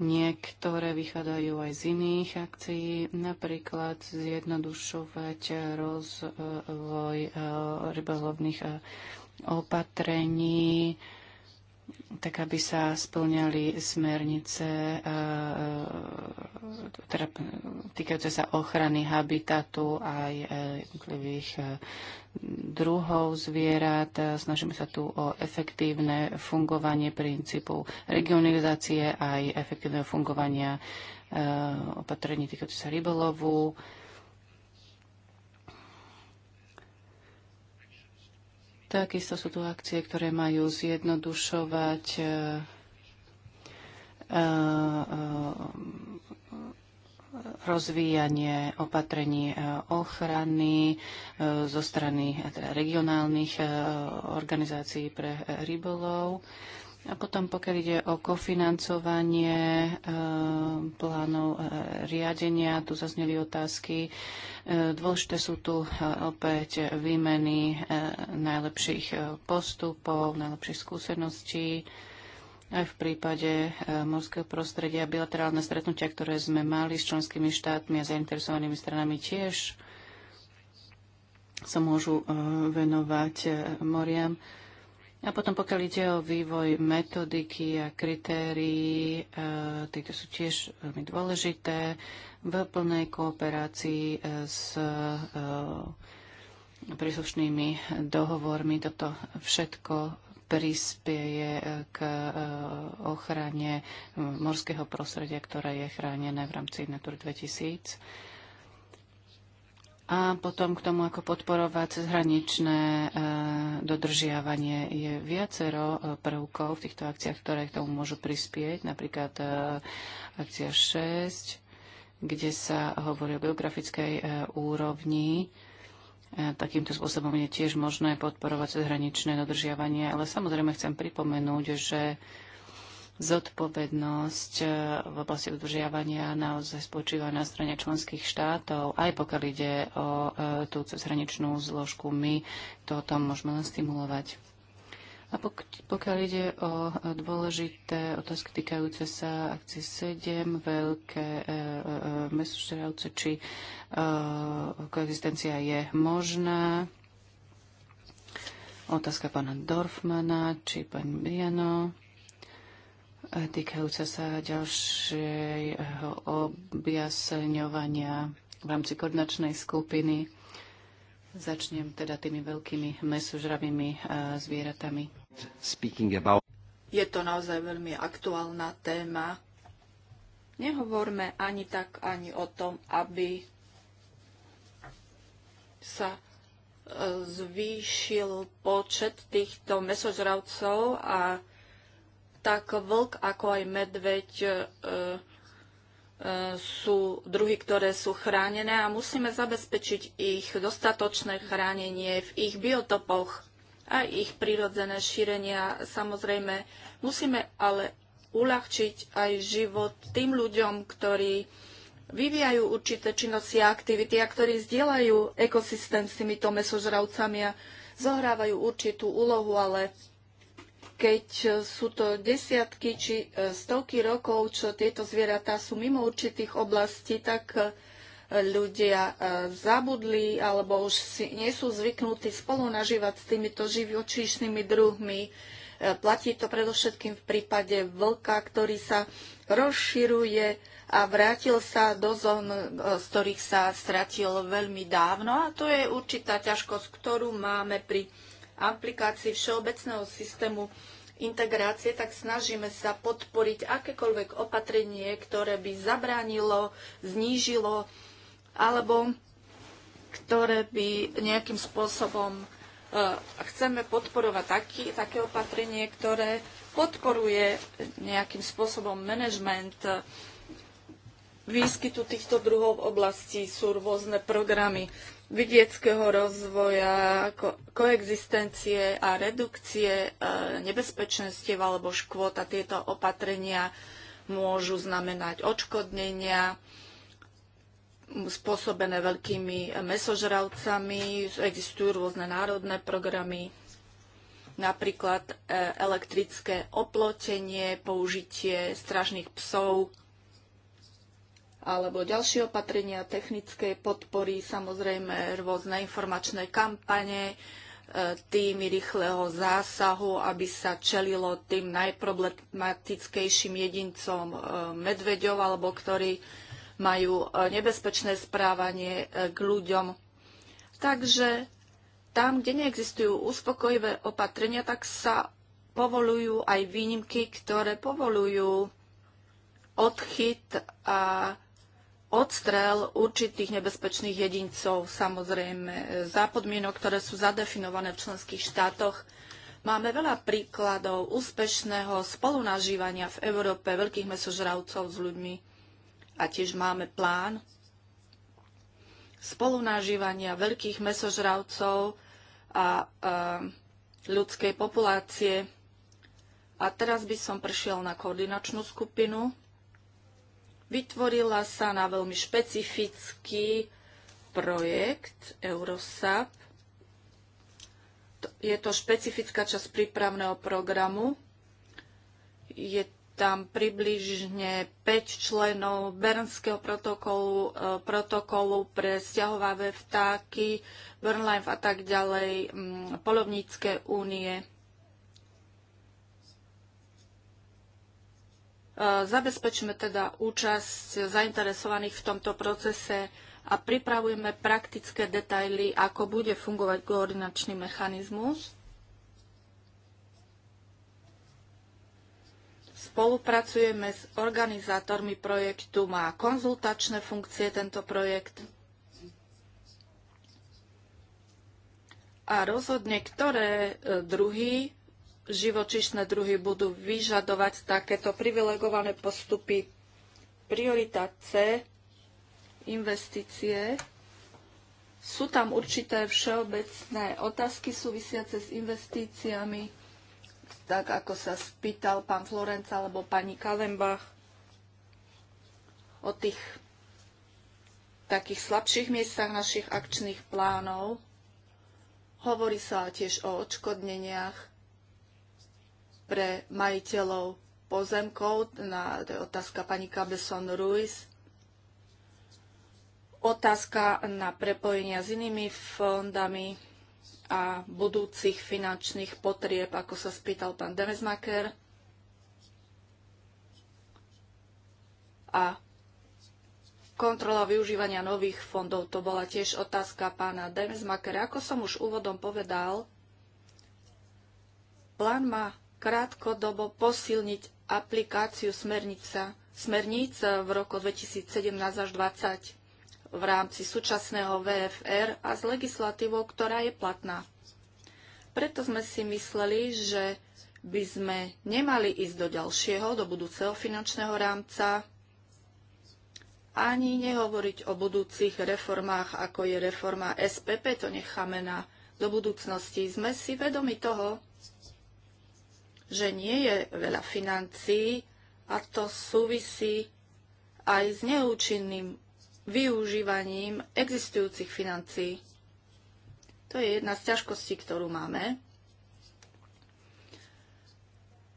Niektoré vychádzajú aj z iných akcií, napríklad zjednodušovať rozvoj e, rybolovných e, opatrení, tak aby sa splňali smernice e, teda týkajúce sa ochrany habitatu aj jednotlivých druhov zvierat. Snažíme sa tu o efektívne fungovanie princípu regionalizácie aj efektívneho fungovania e, opatrení týkajúce sa rybolovu. Takisto sú tu akcie, ktoré majú zjednodušovať e, e, rozvíjanie opatrení e, ochrany e, zo strany e, teda regionálnych organizácií pre rybolov. A potom, pokiaľ ide o kofinancovanie e, plánov e, riadenia, tu zazneli otázky. E, dôležité sú tu opäť výmeny najlepších postupov, najlepších skúseností aj v prípade e, morského prostredia. Bilaterálne stretnutia, ktoré sme mali s členskými štátmi a zainteresovanými stranami tiež sa môžu e, venovať e, moriam. A potom pokiaľ ide o vývoj metodiky a kritérií, tieto sú tiež veľmi dôležité v plnej kooperácii s príslušnými dohovormi. Toto všetko prispieje e, k e, ochrane morského prostredia, ktoré je chránené v rámci Natúry 2000 a potom k tomu, ako podporovať cezhraničné e, dodržiavanie. Je viacero prvkov v týchto akciách, ktoré k tomu môžu prispieť. Napríklad akcia 6, kde sa hovorí o geografickej úrovni E, takýmto spôsobom je tiež možné podporovať cezhraničné dodržiavanie, ale samozrejme chcem pripomenúť, že zodpovednosť e, v oblasti dodržiavania naozaj spočíva na strane členských štátov, aj pokiaľ ide o e, tú cezhraničnú zložku. My toto môžeme len stimulovať. A pok- pokiaľ ide o e, dôležité otázky týkajúce sa akcie 7, veľké e, e, e mesožravce, či e, koexistencia je možná. Otázka pána Dorfmana, či pani Briano e, týkajúca sa ďalšieho objasňovania v rámci koordinačnej skupiny. Začnem teda tými veľkými mesožravými zvieratami. Je to naozaj veľmi aktuálna téma. Nehovorme ani tak, ani o tom, aby sa e, zvýšil počet týchto mesožravcov a tak vlk ako aj medveď e, e, sú druhy, ktoré sú chránené a musíme zabezpečiť ich dostatočné chránenie v ich biotopoch a ich prirodzené šírenia. Samozrejme, musíme ale uľahčiť aj život tým ľuďom, ktorí vyvíjajú určité činnosti a aktivity a ktorí zdieľajú ekosystém s týmito mesožravcami a zohrávajú určitú úlohu, ale keď sú to desiatky či e, stovky rokov, čo tieto zvieratá sú mimo určitých oblastí, tak e, ľudia e, zabudli alebo už si, nie sú zvyknutí spolu nažívať s týmito živočíšnymi druhmi. E, platí to predovšetkým v prípade vlka, ktorý sa rozširuje a vrátil sa do zón, e, z ktorých sa stratil veľmi dávno. A to je určitá ťažkosť, ktorú máme pri aplikácii všeobecného systému integrácie, tak snažíme sa podporiť akékoľvek opatrenie, ktoré by zabránilo, znížilo alebo ktoré by nejakým spôsobom eh, chceme podporovať taký, také opatrenie, ktoré podporuje nejakým spôsobom manažment eh, výskytu týchto druhov oblastí. Sú rôzne programy vidieckého rozvoja, ko- koexistencie a redukcie e, nebezpečenstiev alebo škôd a tieto opatrenia môžu znamenať odškodnenia, spôsobené veľkými mesožravcami. Existujú rôzne národné programy, napríklad e, elektrické oplotenie, použitie stražných psov alebo ďalšie opatrenia technickej podpory, samozrejme rôzne informačné kampane, e, týmy rýchleho zásahu, aby sa čelilo tým najproblematickejším jedincom e, medveďov, alebo ktorí majú e, nebezpečné správanie e, k ľuďom. Takže tam, kde neexistujú uspokojivé opatrenia, tak sa povolujú aj výnimky, ktoré povolujú odchyt a odstrel určitých nebezpečných jedincov, samozrejme, za podmienok, ktoré sú zadefinované v členských štátoch. Máme veľa príkladov úspešného spolunažívania v Európe veľkých mesožravcov s ľuďmi a tiež máme plán spolunážívania veľkých mesožravcov a, a ľudskej populácie. A teraz by som prešiel na koordinačnú skupinu. Vytvorila sa na veľmi špecifický projekt Eurosap. Je to špecifická časť prípravného programu. Je tam približne 5 členov Bernského protokolu, e, protokolu pre stiahovavé vtáky, Bernlife a tak ďalej, polovnícke únie. E, zabezpečíme teda účasť zainteresovaných v tomto procese a pripravujeme praktické detaily, ako bude fungovať koordinačný mechanizmus. Spolupracujeme s organizátormi projektu, má konzultačné funkcie tento projekt. A rozhodne, ktoré e, druhy, živočišné druhy budú vyžadovať takéto privilegované postupy. Priorita C, investície. Sú tam určité všeobecné otázky súvisiace s investíciami tak ako sa spýtal pán Florenca alebo pani Kalembach o tých takých slabších miestach našich akčných plánov. Hovorí sa tiež o odškodneniach pre majiteľov pozemkov, na, to je otázka pani Cabeson Ruiz, otázka na prepojenia s inými fondami, a budúcich finančných potrieb, ako sa spýtal pán Demesmaker. A kontrola využívania nových fondov, to bola tiež otázka pána Demesmakera. Ako som už úvodom povedal, plán má krátkodobo posilniť aplikáciu smernica, smerníc v roku 2017 až 2020 v rámci súčasného VFR a s legislatívou, ktorá je platná. Preto sme si mysleli, že by sme nemali ísť do ďalšieho, do budúceho finančného rámca, ani nehovoriť o budúcich reformách, ako je reforma SPP, to necháme na do budúcnosti. Sme si vedomi toho, že nie je veľa financií a to súvisí aj s neúčinným využívaním existujúcich financií. To je jedna z ťažkostí, ktorú máme.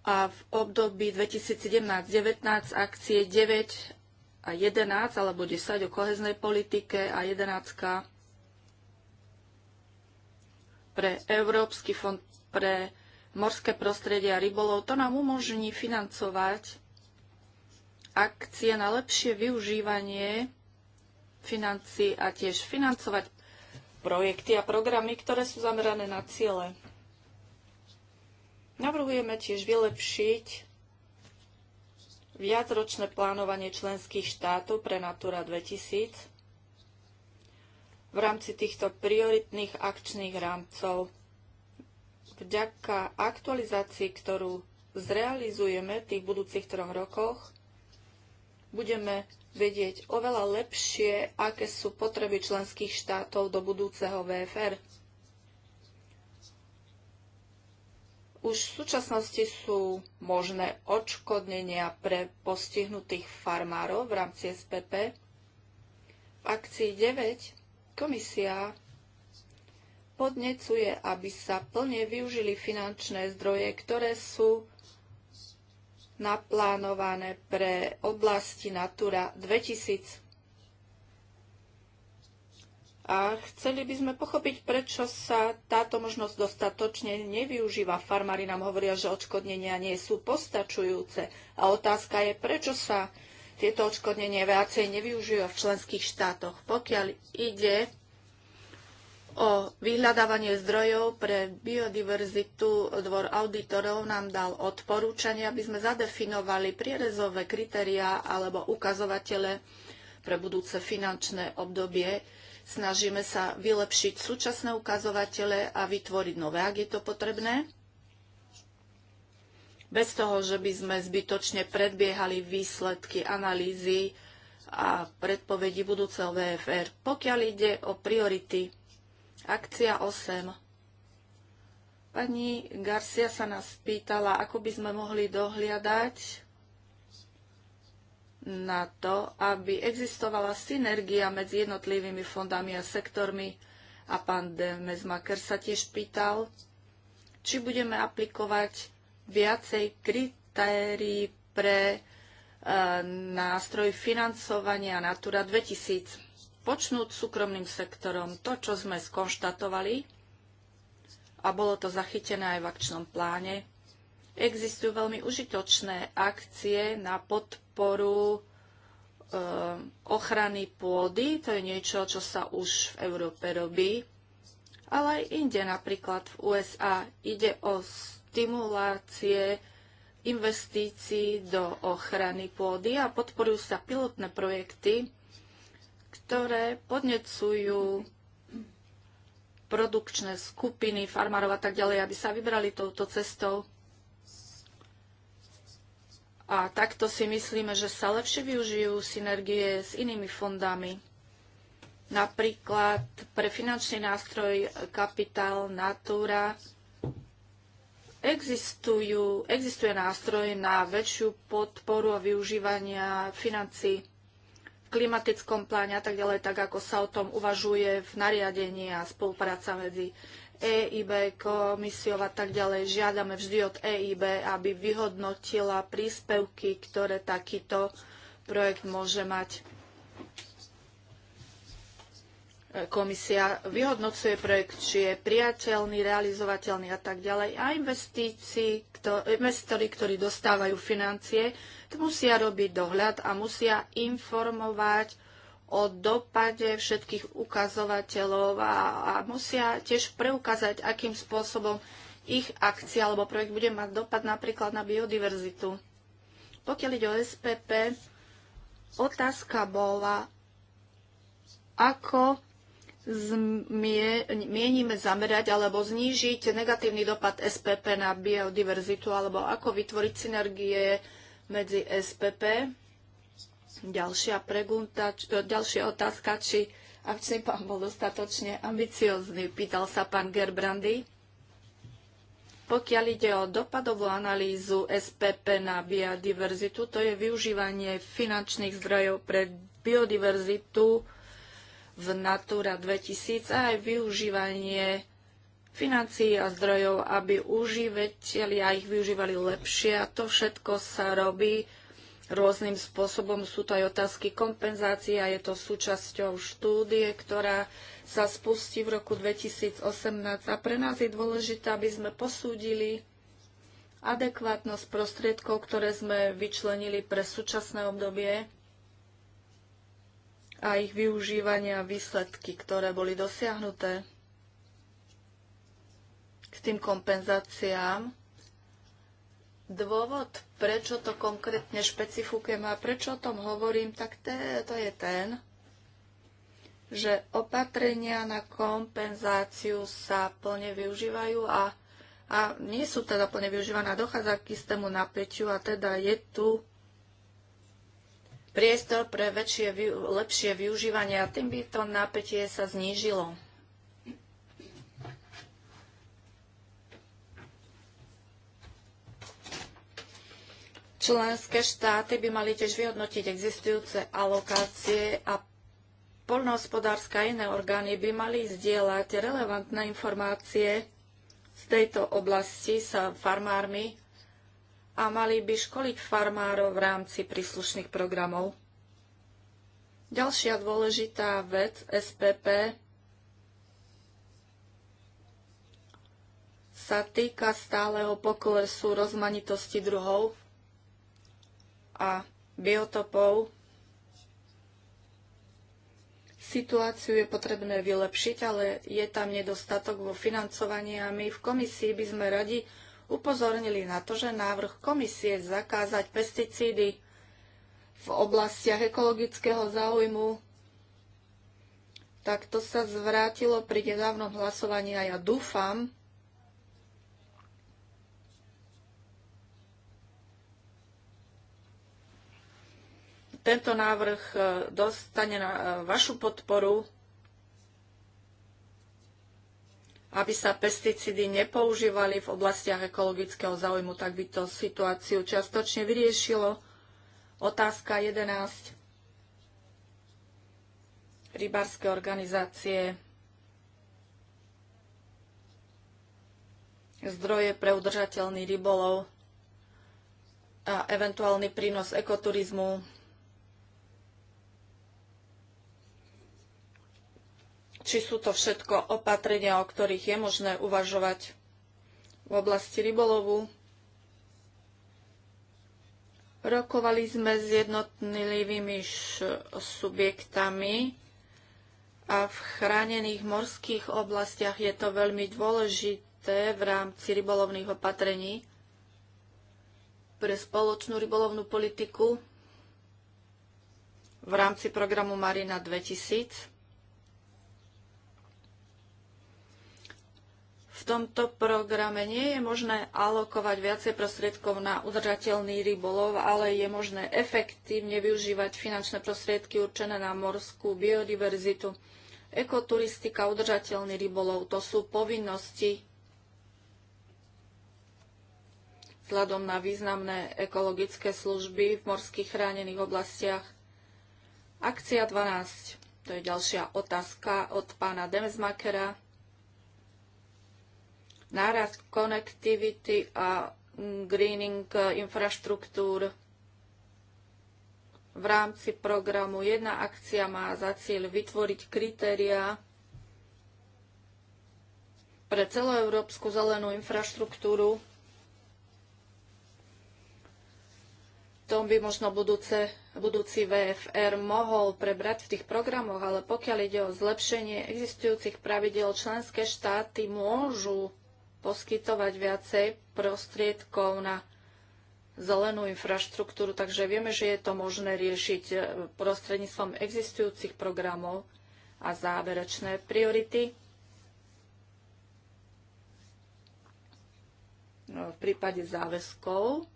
A v období 2017-19 akcie 9 a 11 alebo 10 o koheznej politike a 11 pre Európsky fond pre morské prostredie a rybolov. To nám umožní financovať akcie na lepšie využívanie financí a tiež financovať projekty a programy, ktoré sú zamerané na ciele. Navrhujeme tiež vylepšiť viacročné plánovanie členských štátov pre Natura 2000 v rámci týchto prioritných akčných rámcov. Vďaka aktualizácii, ktorú zrealizujeme v tých budúcich troch rokoch, budeme vedieť oveľa lepšie, aké sú potreby členských štátov do budúceho VFR. Už v súčasnosti sú možné odškodnenia pre postihnutých farmárov v rámci SPP. V akcii 9 komisia podnecuje, aby sa plne využili finančné zdroje, ktoré sú naplánované pre oblasti Natura 2000. A chceli by sme pochopiť, prečo sa táto možnosť dostatočne nevyužíva. Farmári nám hovoria, že odškodnenia nie sú postačujúce. A otázka je, prečo sa tieto odškodnenia viacej nevyužíva v členských štátoch. Pokiaľ ide o vyhľadávanie zdrojov pre biodiverzitu dvor auditorov nám dal odporúčanie, aby sme zadefinovali prierezové kritériá alebo ukazovatele pre budúce finančné obdobie. Snažíme sa vylepšiť súčasné ukazovatele a vytvoriť nové, ak je to potrebné. Bez toho, že by sme zbytočne predbiehali výsledky analýzy a predpovedi budúceho VFR. Pokiaľ ide o priority Akcia 8. Pani Garcia sa nás pýtala, ako by sme mohli dohliadať na to, aby existovala synergia medzi jednotlivými fondami a sektormi. A pán Mezmaker sa tiež pýtal, či budeme aplikovať viacej kritérií pre e, nástroj financovania Natura 2000 počnúť súkromným sektorom to, čo sme skonštatovali, a bolo to zachytené aj v akčnom pláne, existujú veľmi užitočné akcie na podporu e, ochrany pôdy. To je niečo, čo sa už v Európe robí, ale aj inde, napríklad v USA. Ide o stimulácie investícií do ochrany pôdy a podporujú sa pilotné projekty, ktoré podnecujú produkčné skupiny farmárov a tak ďalej, aby sa vybrali touto cestou. A takto si myslíme, že sa lepšie využijú synergie s inými fondami. Napríklad pre finančný nástroj Kapitál Natura existuje nástroj na väčšiu podporu a využívania financií klimatickom pláne a tak ďalej, tak ako sa o tom uvažuje v nariadení a spolupráca medzi EIB, komisiou a tak ďalej. Žiadame vždy od EIB, aby vyhodnotila príspevky, ktoré takýto projekt môže mať komisia vyhodnocuje projekt, či je priateľný, realizovateľný a tak ďalej. A investori, ktorí dostávajú financie, to musia robiť dohľad a musia informovať o dopade všetkých ukazovateľov a, a musia tiež preukázať, akým spôsobom ich akcia alebo projekt bude mať dopad napríklad na biodiverzitu. Pokiaľ ide o SPP, otázka bola, ako zmie, mienime zamerať alebo znížiť negatívny dopad SPP na biodiverzitu alebo ako vytvoriť synergie medzi SPP. Ďalšia, pregunta, e, ďalšia otázka, či akčný pán bol dostatočne ambiciozný, pýtal sa pán Gerbrandy. Pokiaľ ide o dopadovú analýzu SPP na biodiverzitu, to je využívanie finančných zdrojov pre biodiverzitu v Natura 2000 a aj využívanie financií a zdrojov, aby užívateľia ich využívali lepšie a to všetko sa robí rôznym spôsobom. Sú to aj otázky kompenzácie a je to súčasťou štúdie, ktorá sa spustí v roku 2018 a pre nás je dôležité, aby sme posúdili adekvátnosť prostriedkov, ktoré sme vyčlenili pre súčasné obdobie a ich využívania výsledky, ktoré boli dosiahnuté k tým kompenzáciám. Dôvod, prečo to konkrétne špecifikujem a prečo o tom hovorím, tak to je ten, že opatrenia na kompenzáciu sa plne využívajú a, a nie sú teda plne využívané. Dochádza k istému napätiu a teda je tu priestor pre väčšie, lepšie využívanie a tým by to napätie sa znížilo. Členské štáty by mali tiež vyhodnotiť existujúce alokácie a poľnohospodárske a iné orgány by mali zdieľať relevantné informácie z tejto oblasti s farmármi a mali by školiť farmárov v rámci príslušných programov. Ďalšia dôležitá vec SPP sa týka stáleho poklesu rozmanitosti druhov a biotopov. Situáciu je potrebné vylepšiť, ale je tam nedostatok vo financovaní a my v komisii by sme radi upozornili na to, že návrh komisie zakázať pesticídy v oblastiach ekologického záujmu, tak to sa zvrátilo pri nedávnom hlasovaní a ja dúfam, tento návrh e, dostane na e, vašu podporu aby sa pesticídy nepoužívali v oblastiach ekologického záujmu, tak by to situáciu čiastočne vyriešilo. Otázka 11. Rybárske organizácie zdroje pre udržateľný rybolov a eventuálny prínos ekoturizmu či sú to všetko opatrenia, o ktorých je možné uvažovať v oblasti rybolovu. Rokovali sme s jednotlivými subjektami a v chránených morských oblastiach je to veľmi dôležité v rámci rybolovných opatrení pre spoločnú rybolovnú politiku v rámci programu Marina 2000. v tomto programe nie je možné alokovať viacej prostriedkov na udržateľný rybolov, ale je možné efektívne využívať finančné prostriedky určené na morskú biodiverzitu. Ekoturistika, udržateľný rybolov, to sú povinnosti vzhľadom na významné ekologické služby v morských chránených oblastiach. Akcia 12. To je ďalšia otázka od pána Demesmakera nárast konektivity a greening infraštruktúr v rámci programu. Jedna akcia má za cieľ vytvoriť kritériá pre celoeurópsku zelenú infraštruktúru. tom by možno budúce, budúci VFR mohol prebrať v tých programoch, ale pokiaľ ide o zlepšenie existujúcich pravidel, členské štáty môžu poskytovať viacej prostriedkov na zelenú infraštruktúru, takže vieme, že je to možné riešiť e, prostredníctvom existujúcich programov a záverečné priority. E, v prípade záväzkov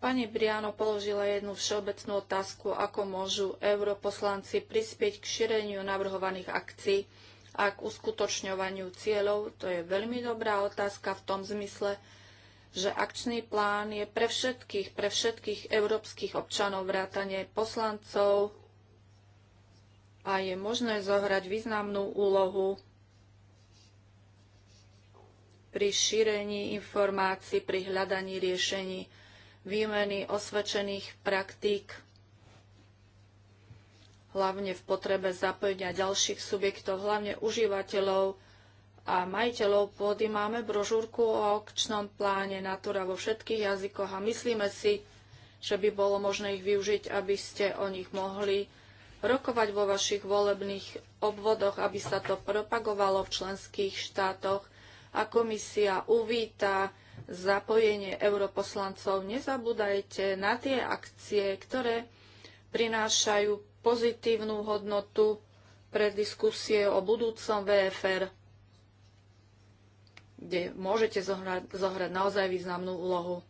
Pani Briano položila jednu všeobecnú otázku, ako môžu europoslanci prispieť k šíreniu navrhovaných akcií a k uskutočňovaniu cieľov. To je veľmi dobrá otázka v tom zmysle, že akčný plán je pre všetkých, pre všetkých európskych občanov vrátane poslancov a je možné zohrať významnú úlohu pri šírení informácií, pri hľadaní riešení výmeny osvedčených praktík, hlavne v potrebe zapojenia ďalších subjektov, hlavne užívateľov a majiteľov pôdy. Máme brožúrku o aukčnom pláne Natura vo všetkých jazykoch a myslíme si, že by bolo možné ich využiť, aby ste o nich mohli rokovať vo vašich volebných obvodoch, aby sa to propagovalo v členských štátoch a komisia uvíta zapojenie europoslancov. Nezabúdajte na tie akcie, ktoré prinášajú pozitívnu hodnotu pre diskusie o budúcom VFR, kde môžete zohrať, zohrať naozaj významnú úlohu.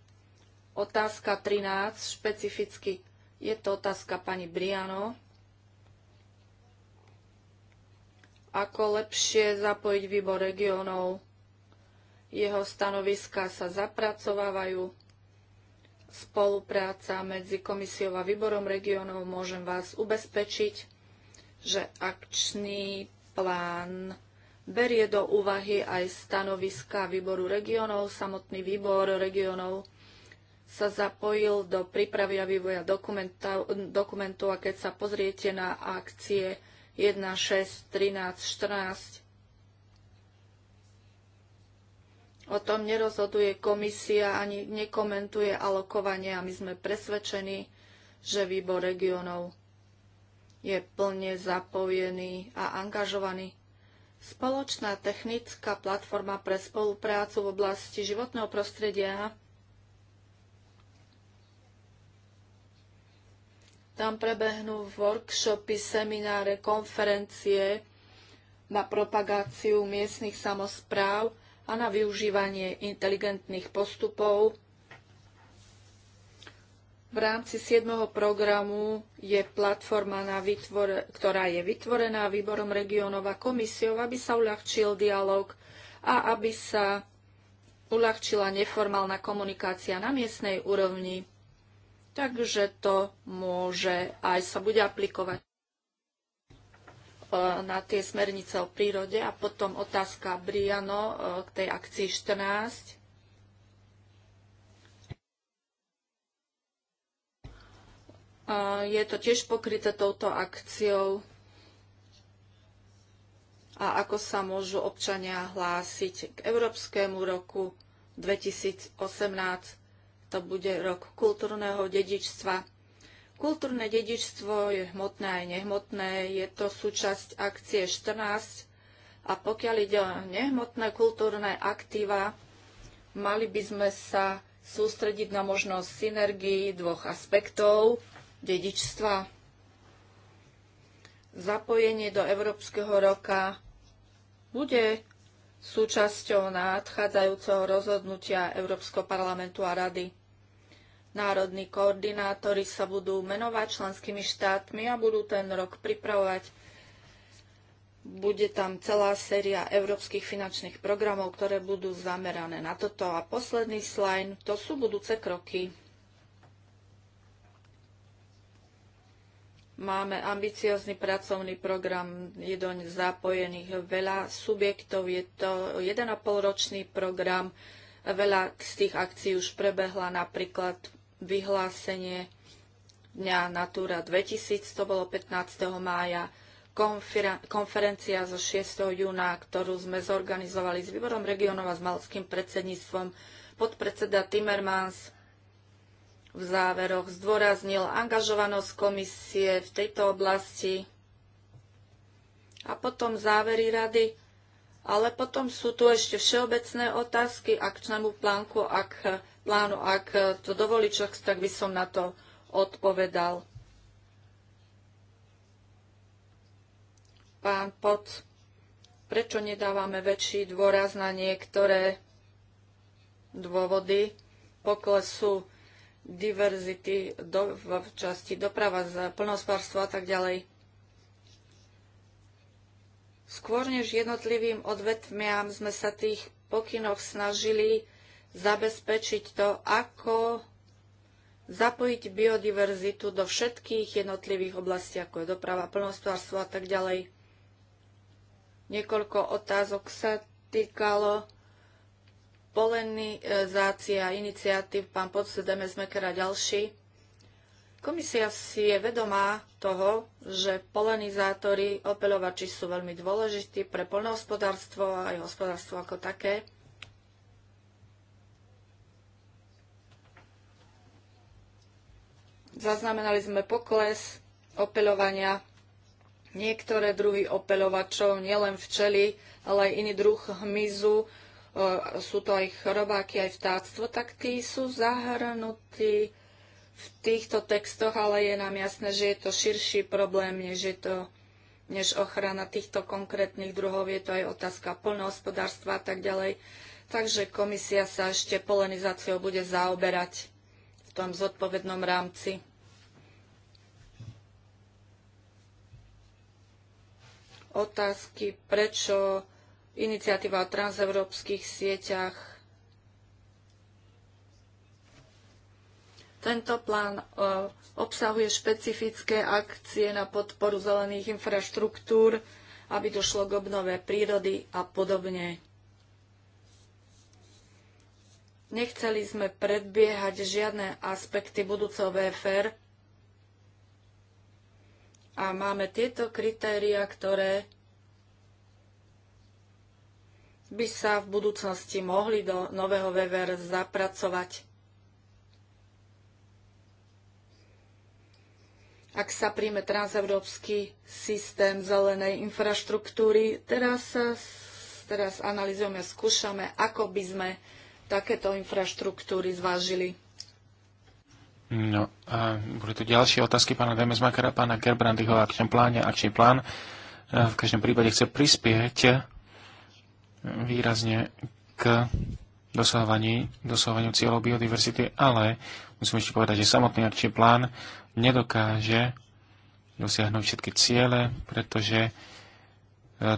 Otázka 13, špecificky je to otázka pani Briano. Ako lepšie zapojiť výbor regionov jeho stanoviská sa zapracovávajú. Spolupráca medzi komisiou a výborom regionov môžem vás ubezpečiť, že akčný plán berie do úvahy aj stanoviska výboru regionov. Samotný výbor regionov sa zapojil do prípravy a vývoja dokumentov a keď sa pozriete na akcie 1, 6, 13, 14, O tom nerozhoduje komisia ani nekomentuje alokovanie a my sme presvedčení, že výbor regionov je plne zapojený a angažovaný. Spoločná technická platforma pre spoluprácu v oblasti životného prostredia Tam prebehnú workshopy, semináre, konferencie na propagáciu miestnych samozpráv a na využívanie inteligentných postupov. V rámci 7. programu je platforma, na vytvor, ktorá je vytvorená výborom regionov a komisiou, aby sa uľahčil dialog a aby sa uľahčila neformálna komunikácia na miestnej úrovni. Takže to môže aj sa bude aplikovať. E, na tie smernice o prírode a potom otázka Briano e, k tej akcii 14. E, je to tiež pokryté touto akciou a ako sa môžu občania hlásiť k Európskemu roku 2018. To bude rok kultúrneho dedičstva. Kultúrne dedičstvo je hmotné aj nehmotné, je to súčasť akcie 14 a pokiaľ ide o nehmotné kultúrne aktíva, mali by sme sa sústrediť na možnosť synergii dvoch aspektov dedičstva. Zapojenie do Európskeho roka bude súčasťou nadchádzajúceho rozhodnutia Európskeho parlamentu a rady Národní koordinátori sa budú menovať členskými štátmi a budú ten rok pripravovať. Bude tam celá séria európskych finančných programov, ktoré budú zamerané na toto. A posledný slajn, to sú budúce kroky. Máme ambiciózny pracovný program, je doň zapojených veľa subjektov, je to 1,5 ročný program, veľa z tých akcií už prebehla, napríklad vyhlásenie dňa Natura 2000, to bolo 15. mája, konferencia zo 6. júna, ktorú sme zorganizovali s výborom regionov a s malským predsedníctvom. Podpredseda Timmermans v záveroch zdôraznil angažovanosť komisie v tejto oblasti a potom závery rady. Ale potom sú tu ešte všeobecné otázky akčnému plánku, ak plánu. Ak eh, to dovolí čas, tak by som na to odpovedal. Pán Pot, prečo nedávame väčší dôraz na niektoré dôvody poklesu diverzity do, v časti doprava, plnospárstva a tak ďalej. Skôr než jednotlivým odvetviam sme sa tých pokynov snažili zabezpečiť to, ako zapojiť biodiverzitu do všetkých jednotlivých oblastí, ako je doprava, plnohospodárstvo a tak ďalej. Niekoľko otázok sa týkalo polenizácia iniciatív pán podseď Demesmeker a ďalší. Komisia si je vedomá toho, že polenizátory opelovači sú veľmi dôležití pre poľnohospodárstvo a aj hospodárstvo ako také. Zaznamenali sme pokles opeľovania. Niektoré druhy opeľovačov, nielen včely, ale aj iný druh hmyzu, e, sú to aj chorobáky, aj vtáctvo, tak tí sú zahrnutí v týchto textoch, ale je nám jasné, že je to širší problém, než, je to, než ochrana týchto konkrétnych druhov. Je to aj otázka poľnohospodárstva a tak ďalej. Takže komisia sa ešte polenizáciou bude zaoberať tom zodpovednom rámci. Otázky, prečo iniciatíva o transeurópskych sieťach. Tento plán e, obsahuje špecifické akcie na podporu zelených infraštruktúr, aby došlo k obnove prírody a podobne. Nechceli sme predbiehať žiadne aspekty budúceho VFR a máme tieto kritéria, ktoré by sa v budúcnosti mohli do nového VVR zapracovať. Ak sa príjme transeurópsky systém zelenej infraštruktúry, teraz, teraz analizujeme, skúšame, ako by sme takéto infraštruktúry zvážili. No a bude tu ďalšie otázky pána Demesmakera, pána Gerbrandyho o akčnom pláne. Akčný plán e, v každom prípade chce prispieť výrazne k dosahovaní, dosahovaniu cieľov biodiverzity, ale musím ešte povedať, že samotný akčný plán nedokáže dosiahnuť všetky ciele, pretože e,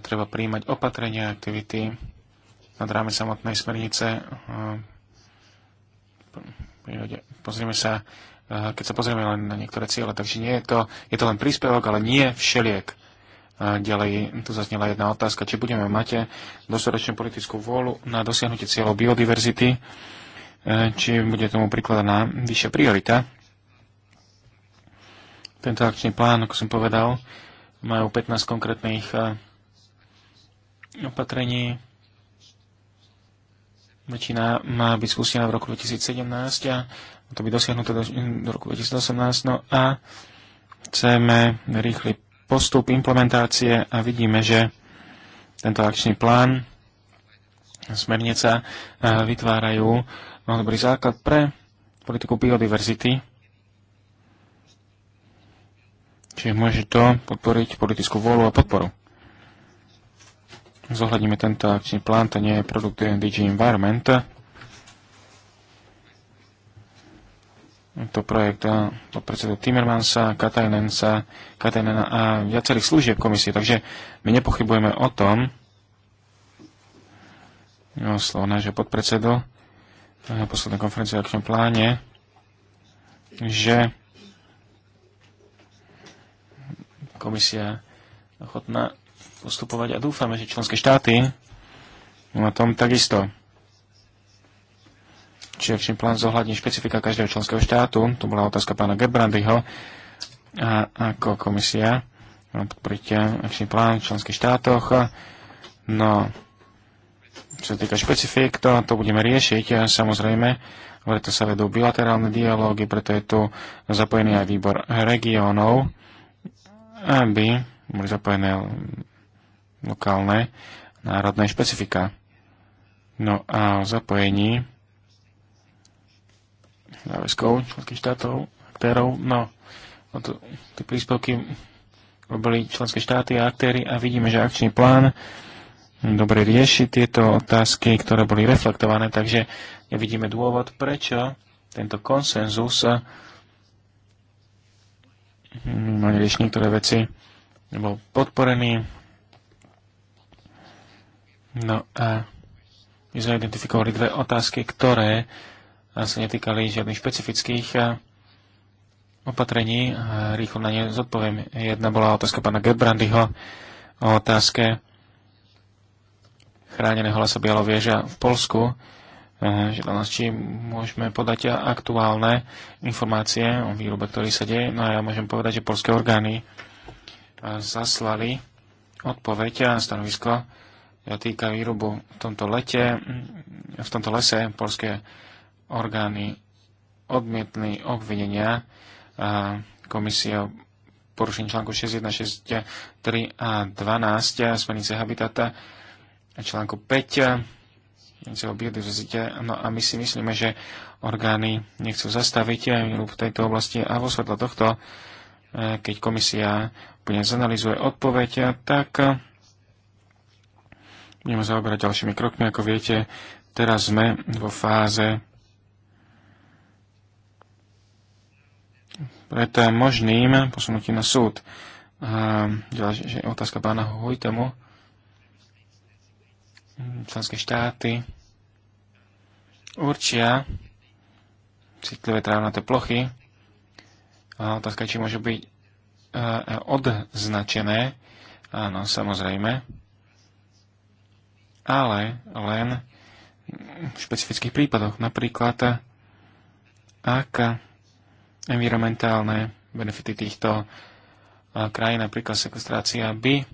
treba príjmať opatrenia, aktivity, nad rámec samotnej smernice. Eh, pozrieme sa, eh, keď sa pozrieme len na niektoré ciele, takže nie je to, je to len príspevok, ale nie všeliek. Ďalej tu zaznela jedna otázka, či budeme mať dostatočnú politickú vôľu na dosiahnutie cieľov biodiverzity, eh, či bude tomu prikladaná vyššia priorita. Tento akčný plán, ako som povedal, majú 15 konkrétnych opatrení, väčšina má byť spustená v roku 2017 a to by dosiahnuté do, do roku 2018. No a chceme rýchly postup implementácie a vidíme, že tento akčný plán smernica vytvárajú dobrý základ pre politiku biodiverzity. Čiže môže to podporiť politickú vôľu a podporu zohľadíme tento akčný plán, to nie je produkt DG Environment. To projekt eh, pod predsedu Timmermansa, Katajnensa, Katajnena a viacerých služieb komisie. Takže my nepochybujeme o tom, no, slovo nášho podpredsedu na eh, poslednej konferencii o akčnom pláne, že komisia ochotná postupovať a dúfame, že členské štáty na tom takisto. Čiže všim plán zohľadní špecifika každého členského štátu. Tu bola otázka pána Gebrandyho. A ako komisia podporíte akčný plán v členských štátoch. No, čo sa týka špecifik, to, to budeme riešiť samozrejme. Preto sa vedú bilaterálne dialógy, preto je tu zapojený aj výbor regiónov, aby boli zapojené lokálne národné špecifika. No a o zapojení záväzkov členských štátov, aktérov, no, no to, tie príspevky robili členské štáty a aktéry a vidíme, že akčný plán dobre rieši tieto otázky, ktoré boli reflektované, takže nevidíme dôvod, prečo tento konsenzus eh, minimálne rieši niektoré veci, nebol podporený, No a my sme identifikovali dve otázky, ktoré sa netýkali žiadnych špecifických eh, opatrení. Rýchlo na ne zodpoviem. Jedna bola otázka pána Gerbrandyho o otázke chráneného lesa Bielovieža v Polsku. Eh, Žiadala nás, či môžeme podať aktuálne informácie o výrobe, ktorý sa deje. No a ja môžem povedať, že polské orgány eh, zaslali odpoveď a stanovisko týka výrobu v tomto lete, v tomto lese polské orgány odmietli obvinenia komisie porušení článku 6163 a 12 smernice Habitata a článku 5 smernice o biodiverzite. No a my si myslíme, že orgány nechcú zastaviť v tejto oblasti a vo svetle tohto, e, keď komisia úplne zanalizuje odpoveď, tak budeme zaoberať ďalšími krokmi. Ako viete, teraz sme vo fáze je možným posunutím na súd. A ďalšia otázka pána Hojtemu. Členské štáty určia citlivé trávnaté plochy. A otázka, či môžu byť e, odznačené. Áno, samozrejme ale len v špecifických prípadoch. Napríklad, ak environmentálne benefity týchto krajín, napríklad sekvestrácia, by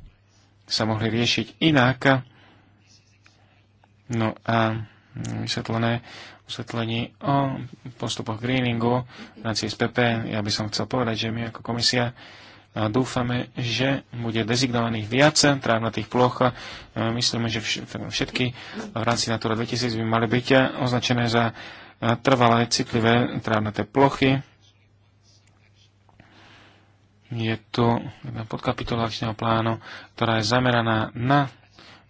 sa mohli riešiť inak. No a vysvetlené usvetlení o postupoch greeningu v CSPP. SPP. Ja by som chcel povedať, že my ako komisia a dúfame, že bude dezignovaných viac trávnatých ploch. Myslíme, že všetky v rámci Natura 2000 by mali byť označené za trvalé citlivé trávnaté plochy. Je tu jedna podkapitola akčného plánu, ktorá je zameraná na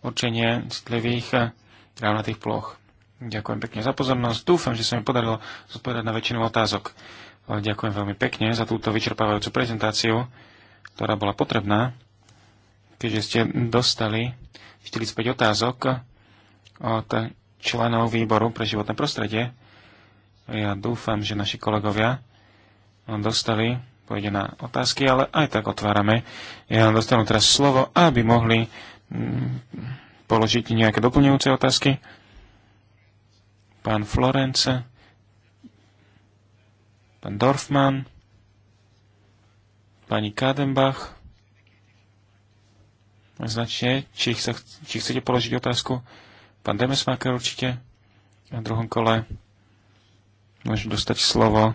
určenie citlivých trávnatých ploch. Ďakujem pekne za pozornosť. Dúfam, že sa mi podarilo zodpovedať na väčšinu otázok. Ďakujem veľmi pekne za túto vyčerpávajúcu prezentáciu ktorá bola potrebná, keďže ste dostali 45 otázok od členov výboru pre životné prostredie. Ja dúfam, že naši kolegovia dostali pôjde na otázky, ale aj tak otvárame. Ja dostanú teraz slovo, aby mohli mm, položiť nejaké doplňujúce otázky. Pán Florence, pán Dorfman, Pani Kadenbach. značne, či, chce, či chcete položiť otázku. Pán Demesmaker určite na druhom kole môžu dostať slovo